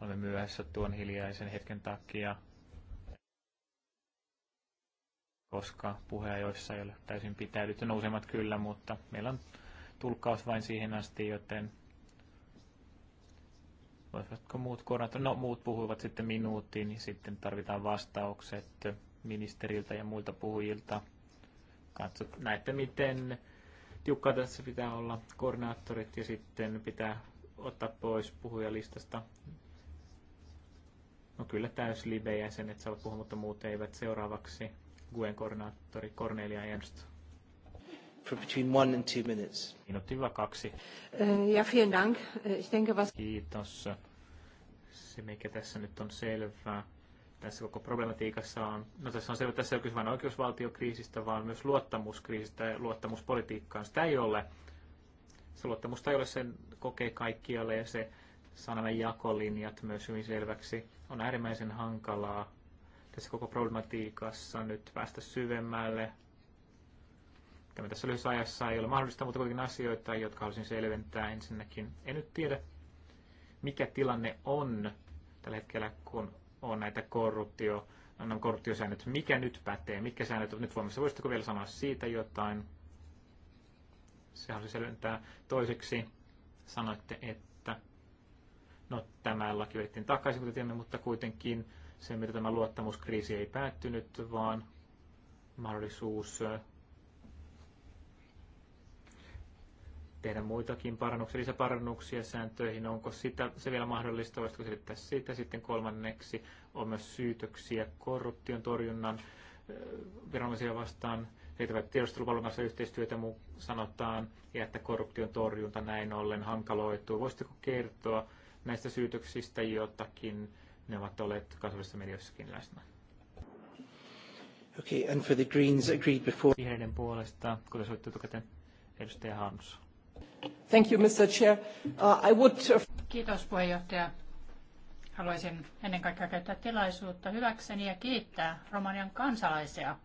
Olemme myöhässä tuon hiljaisen hetken takia, koska puheajoissa ei ole täysin pitäydytty. nousemat useimmat kyllä, mutta meillä on tulkkaus vain siihen asti, joten Voisivatko muut koordinaattorit? No, muut puhuivat sitten minuuttiin, niin sitten tarvitaan vastaukset ministeriltä ja muilta puhujilta. Katso, näette, miten tiukkaa tässä pitää olla koordinaattorit ja sitten pitää ottaa pois puhujalistasta. No kyllä täys live-jäsenet saavat puhua, mutta muut eivät. Seuraavaksi Guen koordinaattori Cornelia Ernst for between one and two minutes. Minuuttilla kaksi. Eh, ja vielen dank. Eh, ich denke, was... Kiitos. Se, mikä tässä nyt on selvää tässä koko problematiikassa on, no tässä on selvä, tässä ei ole kyse vain oikeusvaltiokriisistä, vaan myös luottamuskriisistä ja luottamuspolitiikkaan. Sitä ei ole. Se luottamusta ei ole, sen kokee kaikkialle ja se saa jakolinjat myös hyvin selväksi. On äärimmäisen hankalaa tässä koko problematiikassa nyt päästä syvemmälle että tässä lyhyessä ajassa ei ole mahdollista, mutta kuitenkin asioita, jotka haluaisin selventää. Ensinnäkin en nyt tiedä, mikä tilanne on tällä hetkellä, kun on näitä korruptio, on korruptiosäännöt. Mikä nyt pätee? Mitkä säännöt ovat nyt voimassa? Voisitteko vielä sanoa siitä jotain? Se haluaisin selventää. Toiseksi sanoitte, että no, tämä laki vedettiin takaisin, kuten tiedämme, mutta kuitenkin se, mitä tämä luottamuskriisi ei päättynyt, vaan mahdollisuus tehdä muitakin parannuksia, lisäparannuksia sääntöihin. Onko sitä, se vielä mahdollista, voisitko selittää sitä? Sitten kolmanneksi on myös syytöksiä korruption torjunnan viranomaisia vastaan riittävät tiedustelupalvelun kanssa yhteistyötä sanotaan, ja että korruption torjunta näin ollen hankaloituu. Voisitteko kertoa näistä syytöksistä jotakin? Ne ovat olleet kansallisessa mediassakin läsnä. Okay, and for the Greens agreed before. Vihreiden puolesta, kuten soittu etukäteen, edustaja Hans. Thank you, Mr. Chair. Uh, I would... Uh, Kiitos puheenjohtaja. Haluaisin ennen kaikkea käyttää tilaisuutta hyväkseni ja kiittää Romanian kansalaisia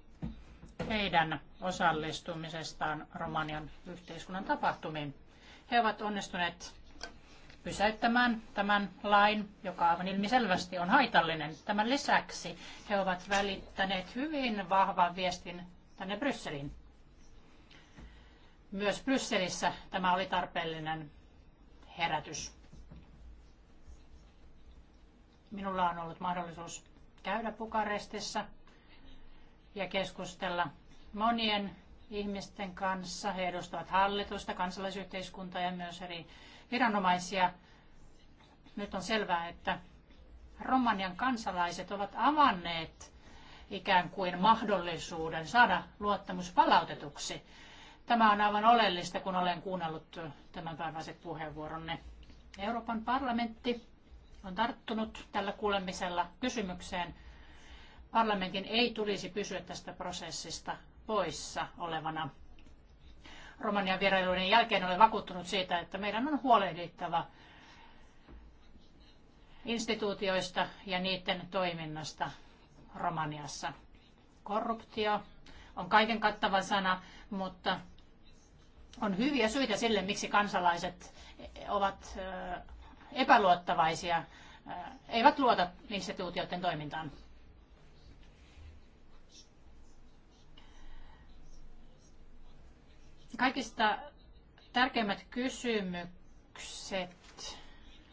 heidän osallistumisestaan Romanian yhteiskunnan tapahtumiin. He ovat onnistuneet pysäyttämään tämän lain, joka aivan ilmiselvästi on haitallinen. Tämän lisäksi he ovat välittäneet hyvin vahvan viestin tänne Brysseliin. Myös Brysselissä tämä oli tarpeellinen herätys. Minulla on ollut mahdollisuus käydä Bukarestissa ja keskustella monien ihmisten kanssa. He edustavat hallitusta, kansalaisyhteiskuntaa ja myös eri viranomaisia. Nyt on selvää, että Romanian kansalaiset ovat avanneet ikään kuin mahdollisuuden saada luottamus palautetuksi. Tämä on aivan oleellista, kun olen kuunnellut tämän päiväiset puheenvuoronne. Euroopan parlamentti on tarttunut tällä kuulemisella kysymykseen. Parlamentin ei tulisi pysyä tästä prosessista poissa olevana. Romanian vierailuiden jälkeen olen vakuuttunut siitä, että meidän on huolehdittava instituutioista ja niiden toiminnasta Romaniassa. Korruptio on kaiken kattava sana, mutta on hyviä syitä sille, miksi kansalaiset ovat epäluottavaisia, eivät luota instituutioiden toimintaan. Kaikista tärkeimmät kysymykset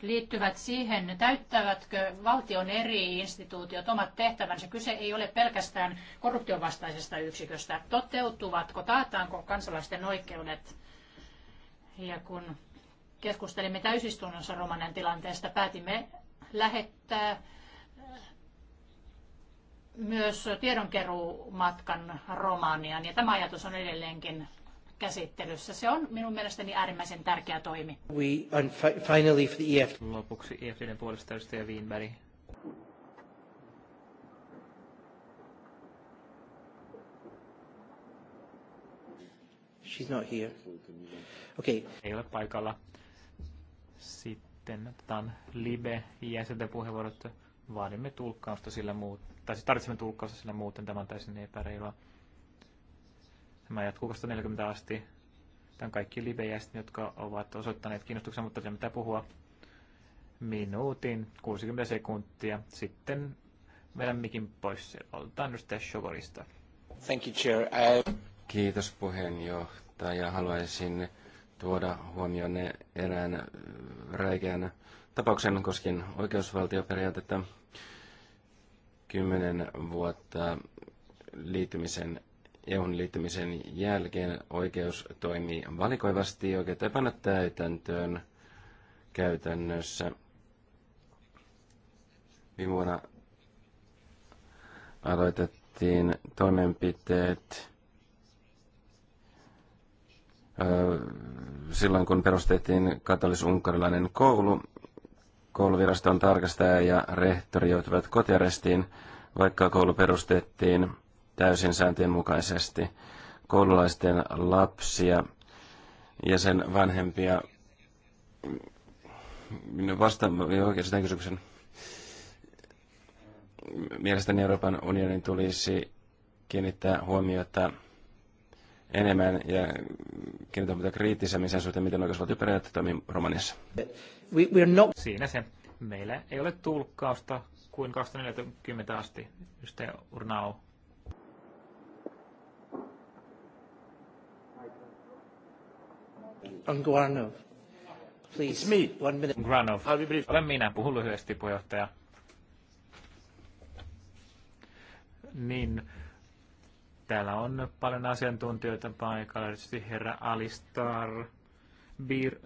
liittyvät siihen, täyttävätkö valtion eri instituutiot omat tehtävänsä. Kyse ei ole pelkästään korruption vastaisesta yksiköstä. Toteutuvatko, taataanko kansalaisten oikeudet? Ja kun keskustelimme täysistunnossa Romanian tilanteesta, päätimme lähettää äh, myös tiedonkeruumatkan Romaniaan. Ja tämä ajatus on edelleenkin käsittelyssä. Se on minun mielestäni äärimmäisen tärkeä toimi. We, and finally for the EF. Lopuksi EFDn puolesta edustaja Wienberg. She's not here. Okay. Ei ole paikalla. Sitten otetaan Libe jäsenten puheenvuorot. Vaadimme tulkkausta sillä muuten, tai siis tarvitsemme tulkkausta sillä muuten, tämä on täysin epäreilua. Tämä jatkuu 40 asti. on kaikki livejä, jotka ovat osoittaneet kiinnostuksen, mutta pitää mitä puhua minuutin 60 sekuntia. Sitten vedän mikin pois sieltä edustaja Shogorista. Thank you, Chair. I... Uh, Kiitos puheenjohtaja. Haluaisin tuoda huomioon erään äh, räikeän tapauksen koskien oikeusvaltioperiaatetta. Kymmenen vuotta liittymisen EUn liittymisen jälkeen oikeus toimii valikoivasti, oikeutta ei panna täytäntöön käytännössä. Viime vuonna aloitettiin toimenpiteet silloin, kun perustettiin katolis-unkarilainen koulu. Kouluviraston tarkastaja ja rehtori joutuivat kotiarestiin, vaikka koulu perustettiin – täysin sääntöjen mukaisesti. Koululaisten lapsia ja sen vanhempia. Minun vastaan oikeastaan kysymyksen. Mielestäni Euroopan unionin tulisi kiinnittää huomiota enemmän ja kiinnittää huomiota kriittisemmin sen suhteen, miten oikeusvaltioperiaate toimii Romaniassa. We, we're not... Siinä se. Meillä ei ole tulkkausta kuin 2040 asti, ystävä Urnau. Unguanov. Please. It's me. One minute. Unguanov. I'll be brief. Olen minä. Puhun lyhyesti, puheenjohtaja. Niin, täällä on paljon asiantuntijoita paikalla. erityisesti herra Alistar, Bir,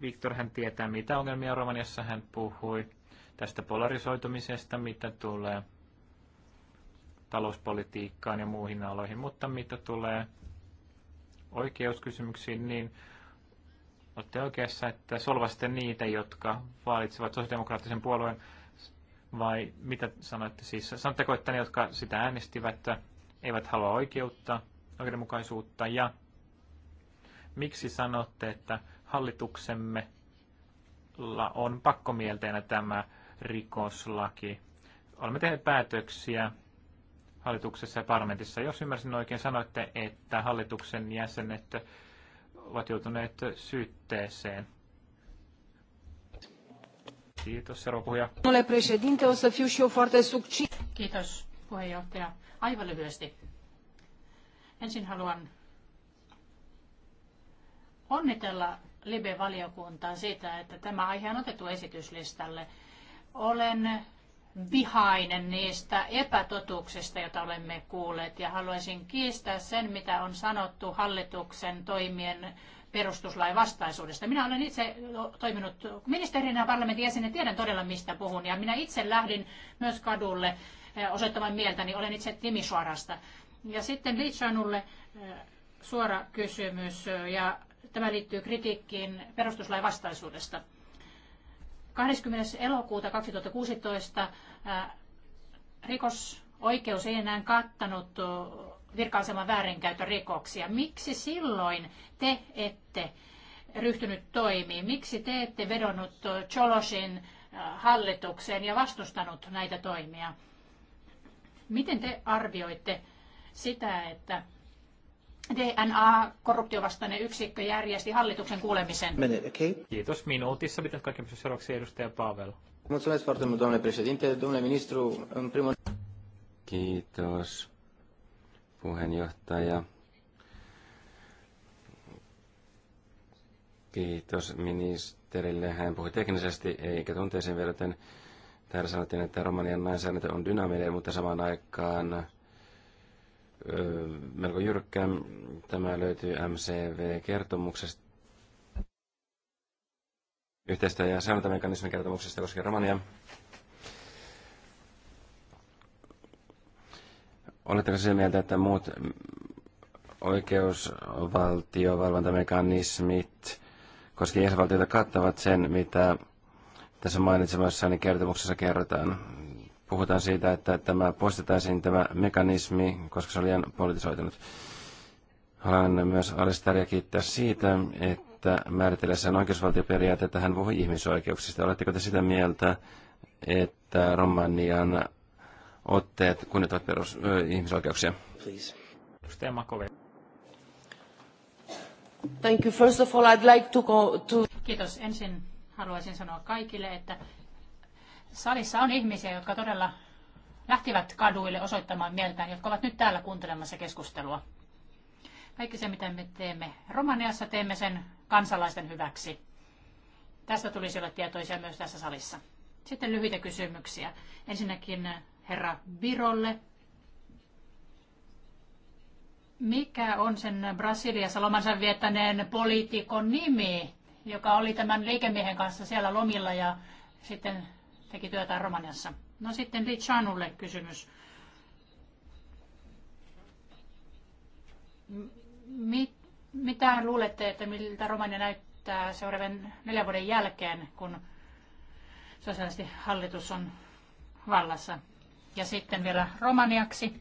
Viktor, hän tietää mitä ongelmia Romaniassa hän puhui. Tästä polarisoitumisesta, mitä tulee talouspolitiikkaan ja muihin aloihin, mutta mitä tulee oikeuskysymyksiin, niin olette oikeassa, että solvaste niitä, jotka valitsevat sosiaalidemokraattisen puolueen, vai mitä sanoitte siis? Sanotteko, että ne, jotka sitä äänestivät, eivät halua oikeutta, oikeudenmukaisuutta, ja miksi sanotte, että hallituksemme on pakkomielteenä tämä rikoslaki? Olemme tehneet päätöksiä, hallituksessa ja parlamentissa. Jos ymmärsin oikein, sanoitte, että hallituksen jäsenet ovat joutuneet syytteeseen. Kiitos, seuraava puhuja. Kiitos, puheenjohtaja. Aivan lyhyesti. Ensin haluan onnitella Libe-valiokuntaa siitä, että tämä aihe on otettu esityslistalle. Olen vihainen niistä epätotuuksista, joita olemme kuulleet. Ja haluaisin kiistää sen, mitä on sanottu hallituksen toimien perustuslain vastaisuudesta. Minä olen itse toiminut ministerinä ja parlamentin jäsenen, tiedän todella mistä puhun. Ja minä itse lähdin myös kadulle eh, osoittamaan mieltäni, olen itse Timisoarasta. Ja sitten Litsanulle eh, suora kysymys, eh, ja tämä liittyy kritiikkiin perustuslain vastaisuudesta. 20. elokuuta 2016 äh, rikosoikeus ei enää kattanut äh, virka-aseman rikoksia. Miksi silloin te ette ryhtynyt toimiin? Miksi te ette vedonnut äh, Cholosin hallitukseen ja vastustanut näitä toimia? Miten te arvioitte sitä, että DNA-korruptiovastainen yksikkö järjesti hallituksen kuulemisen. Minute, okay. Kiitos. Minuutissa pitää kaikki seuraavaksi edustaja Pavel. Kiitos, puheenjohtaja. Kiitos ministerille. Hän puhui teknisesti eikä tunteeseen vedoten. Täällä sanottiin, että Romanian lainsäädäntö on dynaaminen, mutta samaan aikaan melko jyrkkä. Tämä löytyy MCV-kertomuksesta. Yhteistyö- ja säännöntämekanismin kertomuksesta koskien Romania. Oletteko sitä mieltä, että muut oikeusvaltiovalvontamekanismit koskien jäsenvaltioita kattavat sen, mitä tässä mainitsemassani kertomuksessa kerrotaan? puhutaan siitä, että tämä poistettaisiin tämä mekanismi, koska se oli liian politisoitunut. Haluan myös Alistaria kiittää siitä, että määritellessään että hän puhui ihmisoikeuksista. Oletteko te sitä mieltä, että Romanian otteet kunnioittavat perus- ö, ihmisoikeuksia? Please. Thank you. First of all, I'd like to go to... Kiitos. Ensin haluaisin sanoa kaikille, että Salissa on ihmisiä, jotka todella lähtivät kaduille osoittamaan mieltään, jotka ovat nyt täällä kuuntelemassa keskustelua. Kaikki se, mitä me teemme Romaniassa, teemme sen kansalaisten hyväksi. Tästä tulisi olla tietoisia myös tässä salissa. Sitten lyhyitä kysymyksiä. Ensinnäkin herra Virolle. Mikä on sen Brasiliassa lomansa viettäneen poliitikon nimi, joka oli tämän liikemiehen kanssa siellä lomilla ja sitten teki työtä Romaniassa. No sitten Lichanulle kysymys. Mit, mitä luulette, että miltä Romania näyttää seuraavan neljän vuoden jälkeen, kun sosiaalisesti hallitus on vallassa? Ja sitten vielä romaniaksi.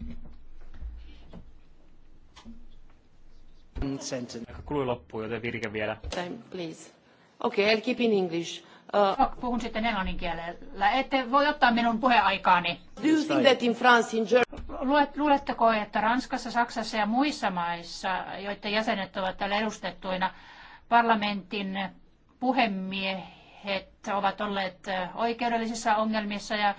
Kului loppuun, joten virke vielä. Time, please. Okay, I'll keep in English puhun sitten englannin kielellä. Ette voi ottaa minun puheaikaani. Do you think that in France, in Germany... Luuletteko, että Ranskassa, Saksassa ja muissa maissa, joiden jäsenet ovat täällä edustettuina, parlamentin puhemiehet ovat olleet oikeudellisissa ongelmissa ja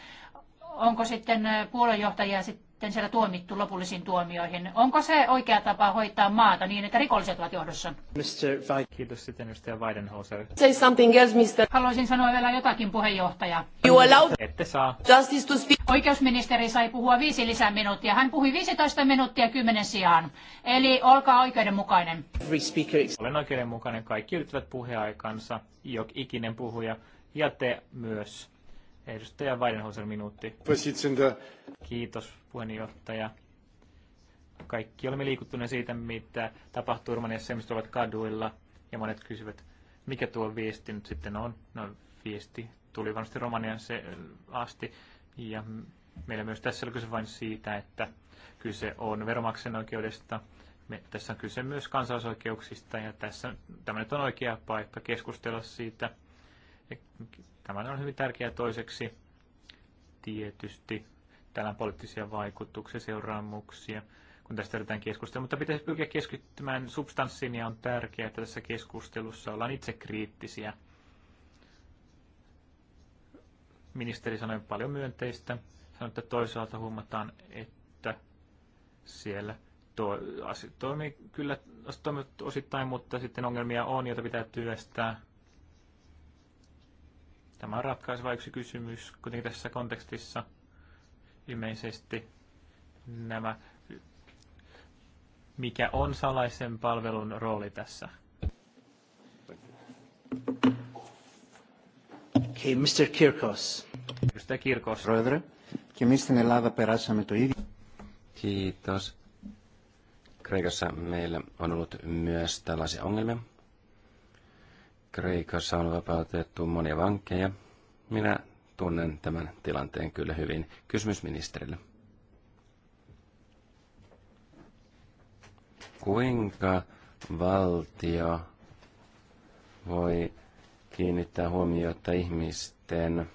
onko sitten puoluejohtajia sitten sitten siellä tuomittu lopullisiin tuomioihin. Onko se oikea tapa hoitaa maata niin, että rikolliset ovat johdossa? Mr. Vai- Kiitos sitten edustaja Weidenhauser. Say something else, Mr. Haluaisin sanoa vielä jotakin, puheenjohtaja. You allowed... Ette saa. Justice to speak. Oikeusministeri sai puhua viisi lisää minuuttia. Hän puhui 15 minuuttia kymmenen sijaan. Eli olkaa oikeudenmukainen. Olen oikeudenmukainen. Kaikki yrittävät puheaikansa. Jok ikinen puhuja. Ja te myös. Edustaja Weidenhauser, minuutti. Kiitos, puheenjohtaja. Kaikki olemme liikuttuneet siitä, mitä tapahtuu Romaniassa ja mistä ovat kaduilla. Ja monet kysyvät, mikä tuo viesti nyt sitten on. No, viesti tuli varmasti Romanian se äh, asti. Ja meillä myös tässä oli kyse vain siitä, että kyse on veromaksen oikeudesta. Me, tässä on kyse myös kansalaisoikeuksista ja tässä tämä nyt on oikea paikka keskustella siitä Tämä on hyvin tärkeää toiseksi tietysti. Täällä on poliittisia vaikutuksia, seuraamuksia, kun tästä yritetään keskustella. Mutta pitäisi pyrkiä keskittymään substanssiin ja on tärkeää, että tässä keskustelussa ollaan itse kriittisiä. Ministeri sanoi paljon myönteistä. Sanoi, että toisaalta huomataan, että siellä to, asi, toimii kyllä toimii osittain, mutta sitten ongelmia on, joita pitää työstää. Tämä on ratkaiseva yksi kysymys kuitenkin tässä kontekstissa. Ilmeisesti nämä, mikä on salaisen palvelun rooli tässä? Okay, Mr. Kirkos. Edustaja Kirkos. Πρόεδρε, και εμείς στην Ελλάδα περάσαμε το ίδιο. Kiitos. Kreikassa meillä on ollut myös tällaisia ongelmia. Kreikassa on vapautettu monia vankeja. Minä tunnen tämän tilanteen kyllä hyvin. Kysymys ministerille. Kuinka valtio voi kiinnittää huomiota ihmisten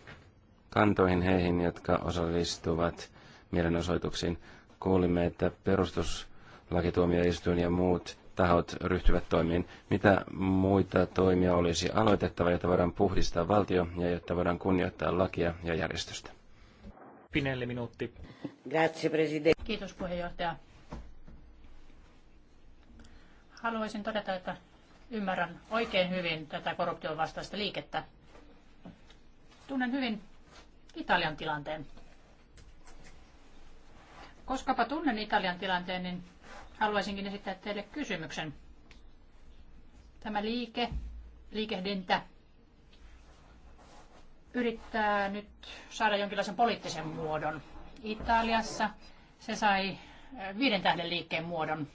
kantoihin heihin, jotka osallistuvat mielenosoituksiin? Kuulimme, että perustuslakituomioistuin ja muut tahot ryhtyvät toimiin. Mitä muita toimia olisi aloitettava, jotta voidaan puhdistaa valtio ja jotta voidaan kunnioittaa lakia ja järjestystä? Pinelli minuutti. Grazie, presidente. Kiitos puheenjohtaja. Haluaisin todeta, että ymmärrän oikein hyvin tätä korruption vastaista liikettä. Tunnen hyvin Italian tilanteen. Koskapa tunnen Italian tilanteen, niin Haluaisinkin esittää teille kysymyksen. Tämä liike, liikehdintä, yrittää nyt saada jonkinlaisen poliittisen muodon. Italiassa se sai eh, viiden tähden liikkeen muodon.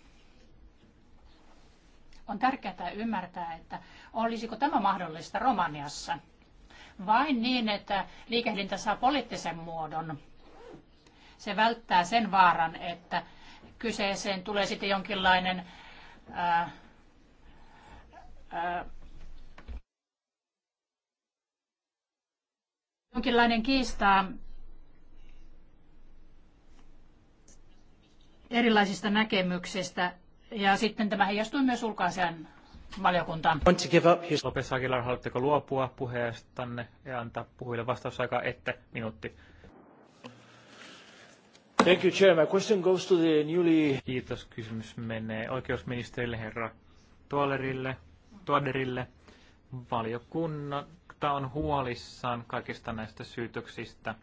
On tärkeää ymmärtää, että olisiko tämä mahdollista Romaniassa. Vain niin, että liikehdintä saa poliittisen muodon. Se välttää sen vaaran, että kyseeseen tulee sitten jonkinlainen ää, ää, jonkinlainen kiista erilaisista näkemyksistä. Ja sitten tämä heijastui myös ulkoasian valiokuntaan. Lopes Aguilar, haluatteko luopua puheestanne ja antaa puhujille vastausaikaa, että minuutti? Thank you, Chair. My question goes to the newly... Kiitos. Kysymys menee oikeusministerille herra Tuolerille, Tuoderille. Valiokunta on huolissaan kaikista näistä syytöksistä,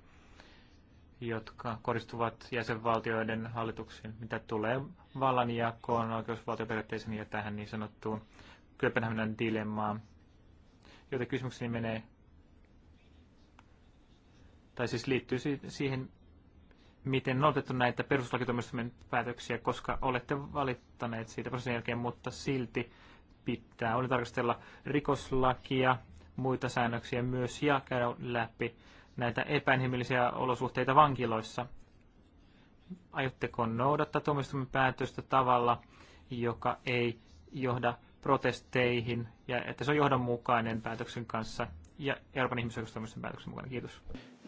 jotka koristuvat jäsenvaltioiden hallituksiin, mitä tulee vallanjakoon, oikeusvaltioperiaatteeseen ja tähän niin sanottuun Kööpenhaminan dilemmaan. Joten kysymykseni menee, tai siis liittyy siihen, miten on otettu näitä perustuslakituomioistuimen päätöksiä, koska olette valittaneet siitä prosessin jälkeen, mutta silti pitää oli tarkastella rikoslakia, muita säännöksiä myös ja käydä läpi näitä epäinhimillisiä olosuhteita vankiloissa. Aiotteko noudattaa tuomioistuimen päätöstä tavalla, joka ei johda protesteihin ja että se on johdonmukainen päätöksen kanssa ja Euroopan ihmisoikeustuomioistuimen päätöksen mukana? Kiitos.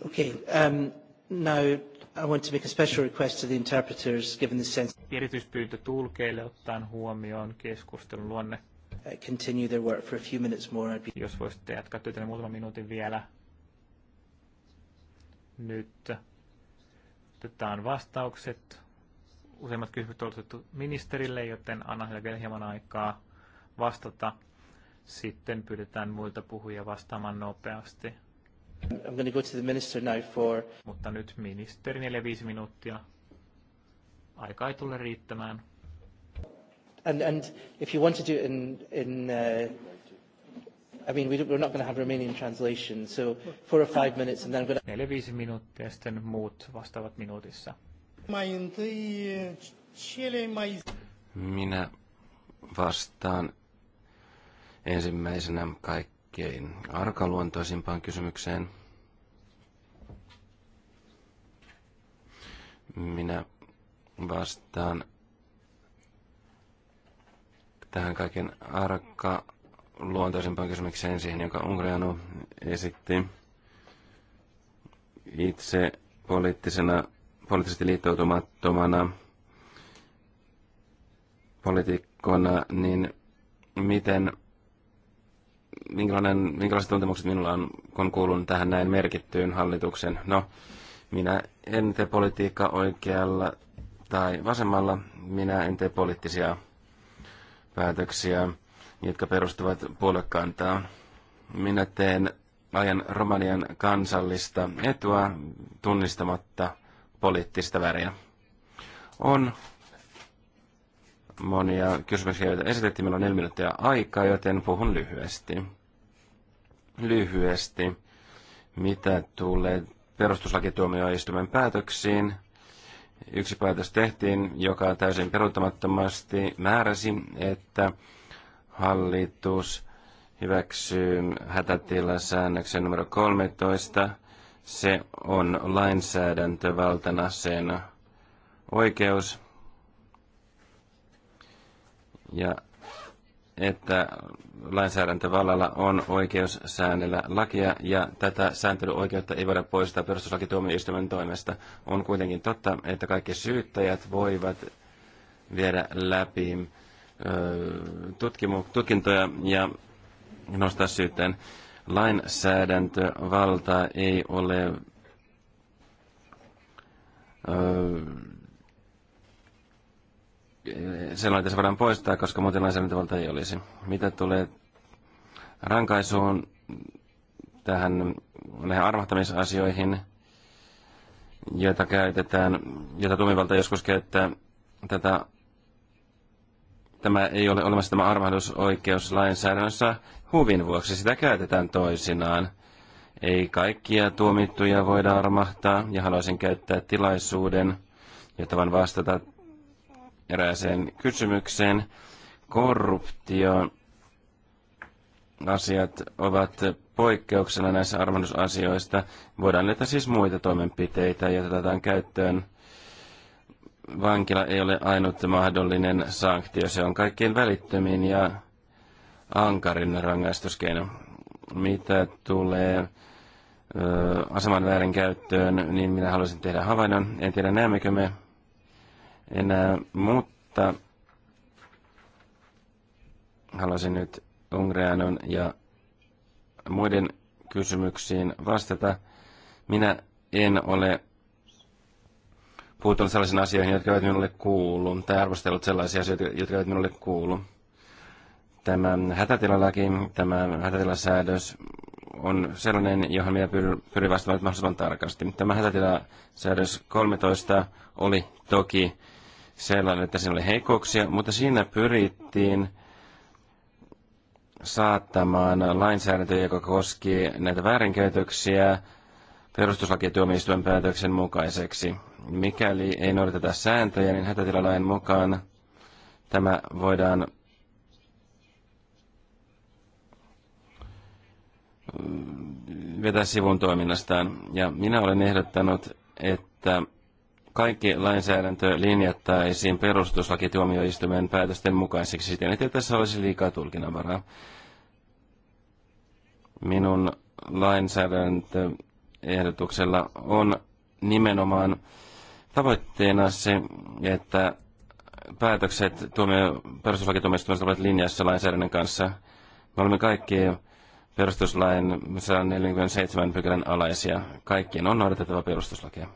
Okay, um, now I want to make a special request to the interpreters, given the sense... Erityispyyntö tulkeille ottaen huomioon keskustelun luonne. Uh, continue their work for a few minutes more. I'd be... Jos voisitte jatkaa työtä niin muutama minuutin vielä. Nyt uh, otetaan vastaukset. Useimmat kysymykset on otettu ministerille, joten anna heille vielä hieman aikaa vastata. Sitten pyydetään muilta puhujia vastaamaan nopeasti. I'm going to go to the minister now for... Mutta nyt ministeri neljä viisi minuuttia. Aika ei tule riittämään. And, and if you want to do it in, in uh, I mean, we we're not going to have Romanian translation, so four or five minutes and then I'm going to... Neljä viisi minuuttia sitten muut vastaavat minuutissa. Minä vastaan ensimmäisenä kaikki kaikkein arkaluontoisimpaan kysymykseen. Minä vastaan tähän kaiken arkaluontoisimpaan kysymykseen siihen, jonka Ungreanu esitti itse poliittisena, poliittisesti liittoutumattomana poliitikkona, niin miten minkälainen, minkälaiset tuntemukset minulla on, kun kuulun tähän näin merkittyyn hallituksen? No, minä en tee politiikka oikealla tai vasemmalla. Minä en tee poliittisia päätöksiä, jotka perustuvat puoluekantaan. Minä teen ajan Romanian kansallista etua tunnistamatta poliittista väriä. On monia kysymyksiä, joita esitettiin. Meillä on neljä minuuttia aikaa, joten puhun lyhyesti. Lyhyesti, mitä tulee perustuslakituomioistuimen päätöksiin. Yksi päätös tehtiin, joka täysin peruuttamattomasti määräsi, että hallitus hyväksyy hätätilasäännöksen numero 13. Se on lainsäädäntövaltana sen oikeus ja että lainsäädäntövallalla on oikeus säännellä lakia, ja tätä sääntelyoikeutta ei voida poistaa perustuslakituomioistuimen toimesta. On kuitenkin totta, että kaikki syyttäjät voivat viedä läpi tutkimu- tutkintoja ja nostaa syytteen. Lainsäädäntövalta ei ole sellainen se voidaan poistaa, koska muuten lainsäädäntövalta ei olisi. Mitä tulee rankaisuun tähän näihin armahtamisasioihin, joita käytetään, joita tumivalta joskus käyttää tätä tämä ei ole olemassa tämä armahdusoikeus lainsäädännössä huvin vuoksi. Sitä käytetään toisinaan. Ei kaikkia tuomittuja voida armahtaa ja haluaisin käyttää tilaisuuden, jotta voin vastata erääseen kysymykseen. Korruptio asiat ovat poikkeuksena näissä armonnusasioista. Voidaan näitä siis muita toimenpiteitä, joita otetaan käyttöön. Vankila ei ole ainut mahdollinen sanktio. Se on kaikkein välittömin ja ankarin rangaistuskeino. Mitä tulee ö, aseman väärinkäyttöön, niin minä haluaisin tehdä havainnon. En tiedä, näemmekö me enää, mutta haluaisin nyt Ungreanon ja muiden kysymyksiin vastata. Minä en ole puuttunut sellaisiin asioihin, jotka eivät minulle kuulu, tai arvostellut sellaisia asioita, jotka eivät minulle kuulu. Tämä hätätilalaki, tämä hätätilasäädös on sellainen, johon minä pyrin vastaamaan mahdollisimman tarkasti. Tämä hätätilasäädös 13 oli toki sellainen, että siinä oli heikkouksia, mutta siinä pyrittiin saattamaan lainsäädäntö, joka koski näitä väärinkäytöksiä perustuslakituomioistuimen päätöksen mukaiseksi. Mikäli ei noudateta sääntöjä, niin hätätilalain mukaan tämä voidaan mm, vetää sivun toiminnastaan. Ja minä olen ehdottanut, että kaikki lainsäädäntö linjattaisiin perustuslakituomioistuimen päätösten mukaiseksi siten, että tässä olisi liikaa tulkinnanvaraa. Minun lainsäädäntöehdotuksella on nimenomaan tavoitteena se, että päätökset tuomio, perustuslakituomioistuimesta ovat linjassa lainsäädännön kanssa. Me olemme kaikki perustuslain 147 pykälän alaisia. Kaikkien on noudatettava perustuslakia.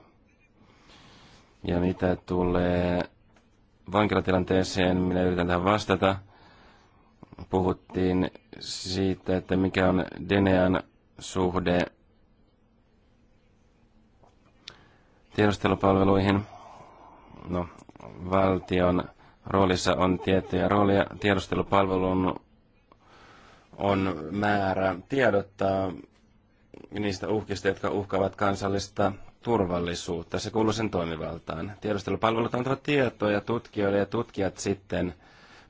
Ja mitä tulee vankilatilanteeseen, minä yritän tähän vastata. Puhuttiin siitä, että mikä on Denean suhde tiedustelupalveluihin. No, valtion roolissa on tiettyjä roolia. Tiedustelupalvelun on määrä tiedottaa niistä uhkista, jotka uhkaavat kansallista turvallisuutta. Se kuuluu sen toimivaltaan. Tiedustelupalvelut antavat tietoja tutkijoille ja tutkijat sitten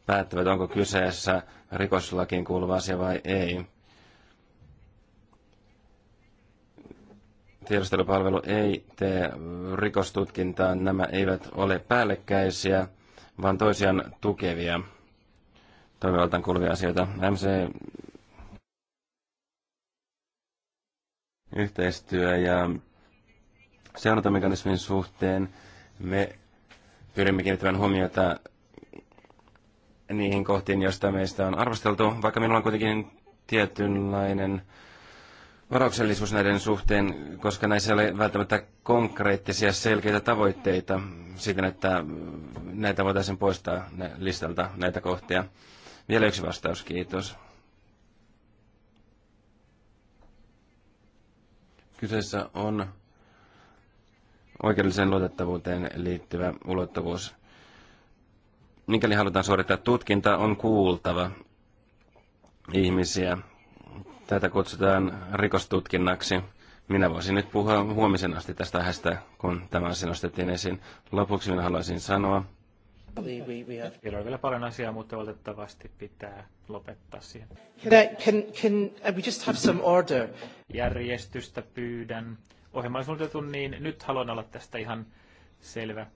päättävät, onko kyseessä rikoslakiin kuuluva asia vai ei. Tiedustelupalvelu ei tee rikostutkintaa. Nämä eivät ole päällekkäisiä, vaan toisiaan tukevia toimivaltaan kuuluvia asioita. MC yhteistyö ja seurantamekanismin suhteen me pyrimme kiinnittämään huomiota niihin kohtiin, joista meistä on arvosteltu, vaikka minulla on kuitenkin tietynlainen varauksellisuus näiden suhteen, koska näissä ei ole välttämättä konkreettisia selkeitä tavoitteita siten, että näitä voitaisiin poistaa listalta näitä kohtia. Vielä yksi vastaus, kiitos. Kyseessä on oikeudelliseen luotettavuuteen liittyvä ulottuvuus. Mikäli halutaan suorittaa tutkinta, on kuultava ihmisiä. Tätä kutsutaan rikostutkinnaksi. Minä voisin nyt puhua huomisen asti tästä hästä, kun tämä asia nostettiin esiin. Lopuksi minä haluaisin sanoa. Meillä on vielä paljon asiaa, mutta valitettavasti pitää lopettaa siihen. Can, can, uh, we just have some order? Järjestystä pyydän ohjelma on suunniteltu, niin nyt haluan olla tästä ihan selvä.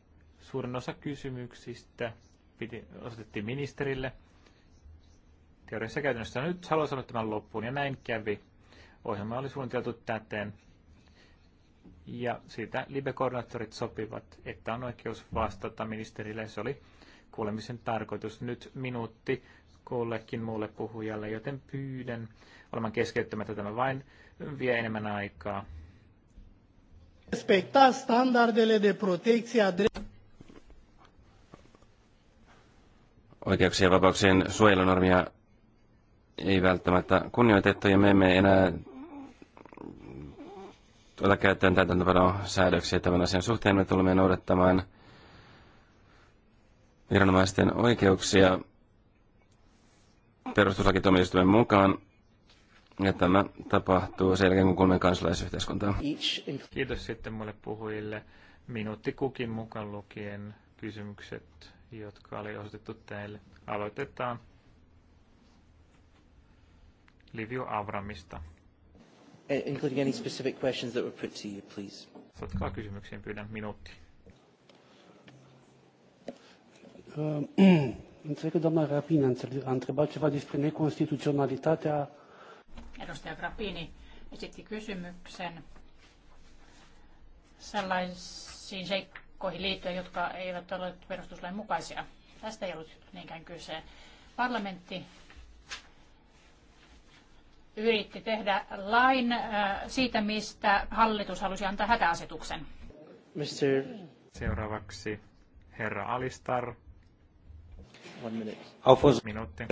Suurin osa kysymyksistä piti, osoitettiin ministerille. Teoriassa käytännössä nyt haluan sanoa tämän loppuun, ja näin kävi. Ohjelma oli suunniteltu täten, ja siitä libekoordinaattorit koordinaattorit sopivat, että on oikeus vastata ministerille. Se oli kuulemisen tarkoitus. Nyt minuutti kullekin muulle puhujalle, joten pyydän olemaan keskeyttämättä tämä vain vie enemmän aikaa respecta standardele de protecție a Oikeuksien ja vapauksien suojelunormia ei välttämättä kunnioitettu ja me emme enää ota käyttöön täytäntöpanon säädöksiä tämän asian suhteen. Me tulemme noudattamaan viranomaisten oikeuksia perustuslakituomioistuimen mukaan ja tämä tapahtuu sen kuin kolmen kansalaisyhteiskuntaa. Kiitos sitten mulle puhujille. Minuutti kukin mukaan lukien kysymykset, jotka oli osoitettu teille. Aloitetaan Livio Avramista. Eh, including any specific questions that were put to you, please. Sotkaa kysymyksiin, pyydän minuutti. Înțeleg că doamna Rapin a întrebat ceva despre neconstituționalitatea Edustaja Grappini esitti kysymyksen sellaisiin seikkoihin liittyen, jotka eivät ole perustuslain mukaisia. Tästä ei ollut niinkään kyse. Parlamentti yritti tehdä lain äh, siitä, mistä hallitus halusi antaa hätäasetuksen. Mr. Seuraavaksi herra Alistar Au minuutti.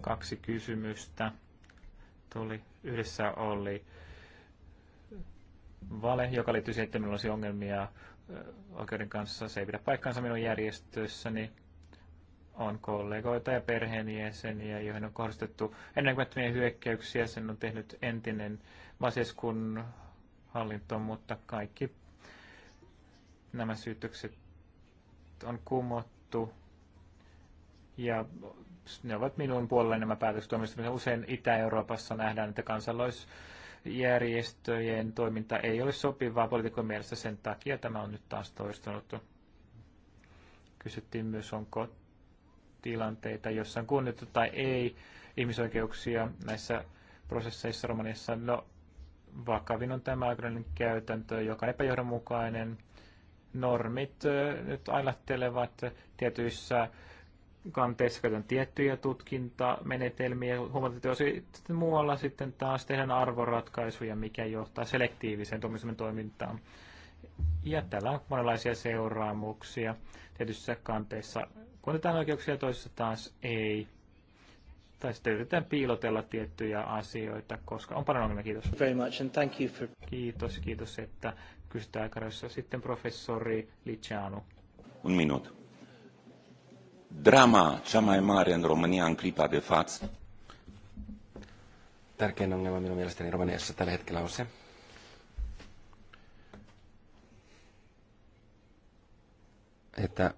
Kaksi kysymystä tuli. Yhdessä oli vale, joka liittyy siihen, että minulla olisi ongelmia oikeuden kanssa. Se ei pidä paikkaansa minun järjestössäni. On kollegoita ja perheenjäseniä, joihin on kohdistettu ennenkuvattomia hyökkäyksiä. Sen on tehnyt entinen vaseskun hallinto, mutta kaikki nämä syytökset on kumottu juttu. Ja ne ovat minun puolelleni nämä päätöstuomioistuimet. Usein Itä-Euroopassa nähdään, että kansalaisjärjestöjen toiminta ei ole sopivaa poliitikon mielestä sen takia. Tämä on nyt taas toistunut. Kysyttiin myös, onko tilanteita, jossain on kunnioitettu tai ei ihmisoikeuksia näissä prosesseissa Romaniassa. No, vakavin on tämä oikeudellinen käytäntö, joka on epäjohdonmukainen normit nyt ajattelevat tietyissä kanteissa käytetään tiettyjä tutkintamenetelmiä, huomataan, että jos sitten muualla sitten taas tehdään arvoratkaisuja, mikä johtaa selektiiviseen tuomioistuimen toimintaan. Ja täällä on monenlaisia seuraamuksia. Tietyissä kanteissa kunnitetaan oikeuksia, toisissa taas ei tai sitten yritetään piilotella tiettyjä asioita, koska on paljon ongelmia. Kiitos. Very much and thank you for... Kiitos, kiitos, että kysytään aikarajoissa. Sitten professori Liceanu. Un minut. Drama cea mai mare în România în clipa de față. Tärkein ongelma minun mielestäni Romaniassa tällä hetkellä on se, että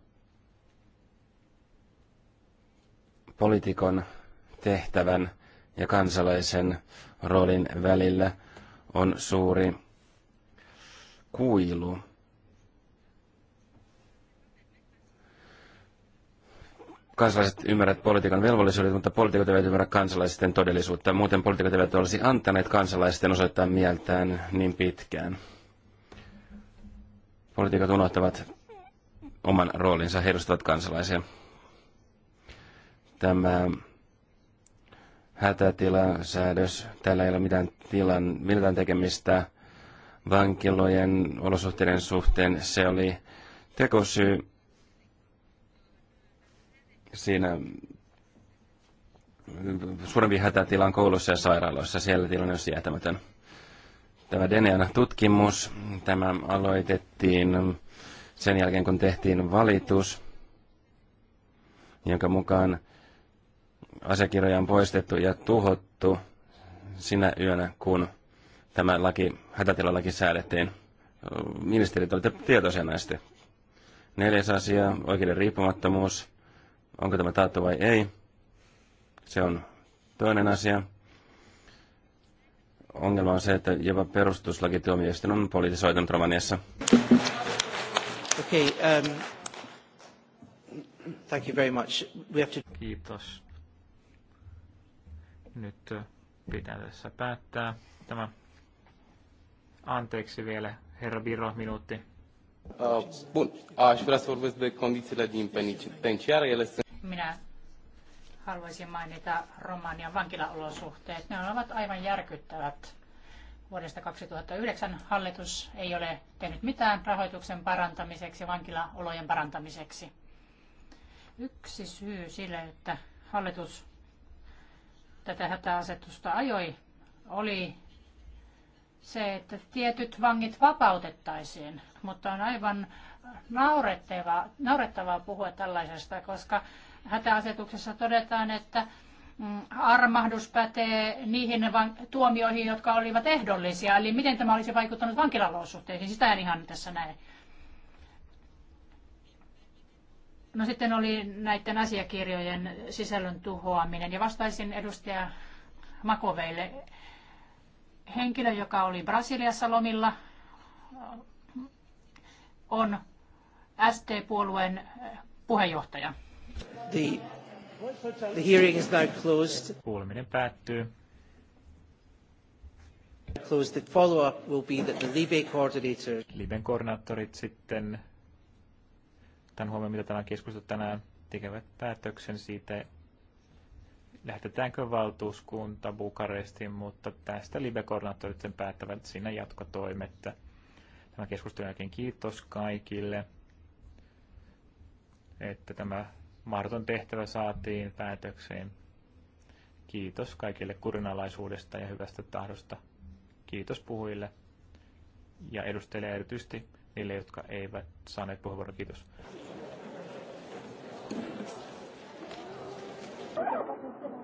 poliitikon tehtävän ja kansalaisen roolin välillä on suuri kuilu. Kansalaiset ymmärrät politiikan velvollisuudet, mutta poliitikot eivät ymmärrä kansalaisten todellisuutta. Muuten poliitikot eivät olisi antaneet kansalaisten osoittaa mieltään niin pitkään. Poliitikot unohtavat oman roolinsa, he edustavat kansalaisia. Tämä hätätilasäädös. Täällä ei ole mitään, tilan, mitään tekemistä vankilojen olosuhteiden suhteen. Se oli tekosyy siinä suurempi hätätila on koulussa ja sairaaloissa. Siellä tilanne on sietämätön. Tämä DNA-tutkimus, tämä aloitettiin sen jälkeen, kun tehtiin valitus, jonka mukaan asiakirjoja on poistettu ja tuhottu sinä yönä, kun tämä laki, hätätilalaki säädettiin. Ministerit olivat tietoisia näistä. Neljäs asia, oikeuden riippumattomuus. Onko tämä taattu vai ei? Se on toinen asia. Ongelma on se, että jopa perustuslakituomioistuin on politisoitunut Romaniassa. Okay, um, thank you very much. We have to... Kiitos. Nyt äh, pitää tässä päättää tämä. Anteeksi vielä, herra Biro, minuutti. Uh, Minä haluaisin mainita Romanian vankilaolosuhteet. Ne ovat aivan järkyttävät. Vuodesta 2009 hallitus ei ole tehnyt mitään rahoituksen parantamiseksi, vankilaolojen parantamiseksi. Yksi syy sille, että hallitus tätä hätäasetusta ajoi, oli se, että tietyt vangit vapautettaisiin, mutta on aivan naurettavaa, naurettavaa puhua tällaisesta, koska hätäasetuksessa todetaan, että mm, armahdus pätee niihin tuomioihin, jotka olivat ehdollisia. Eli miten tämä olisi vaikuttanut vankilaolosuhteisiin, sitä en ihan tässä näe. No sitten oli näiden asiakirjojen sisällön tuhoaminen ja vastaisin edustaja Makoveille. Henkilö, joka oli Brasiliassa lomilla, on ST-puolueen puheenjohtaja. The, the hearing is now closed. Kuuleminen päättyy. Closed. The follow-up will be that the Libe coordinator... Liben koordinaattorit sitten ottaen huomioon, mitä tänään keskusteltu tänään, tekevät päätöksen siitä, lähetetäänkö valtuuskunta Bukarestiin, mutta tästä live-koordinaattorit sen päättävät siinä jatkotoimet. Tämä keskustelu jälkeen kiitos kaikille, että tämä mahdoton tehtävä saatiin päätökseen. Kiitos kaikille kurinalaisuudesta ja hyvästä tahdosta. Kiitos puhujille ja edustajille erityisesti niille, jotka eivät saaneet puheenvuoroa. Kiitos. Thank you.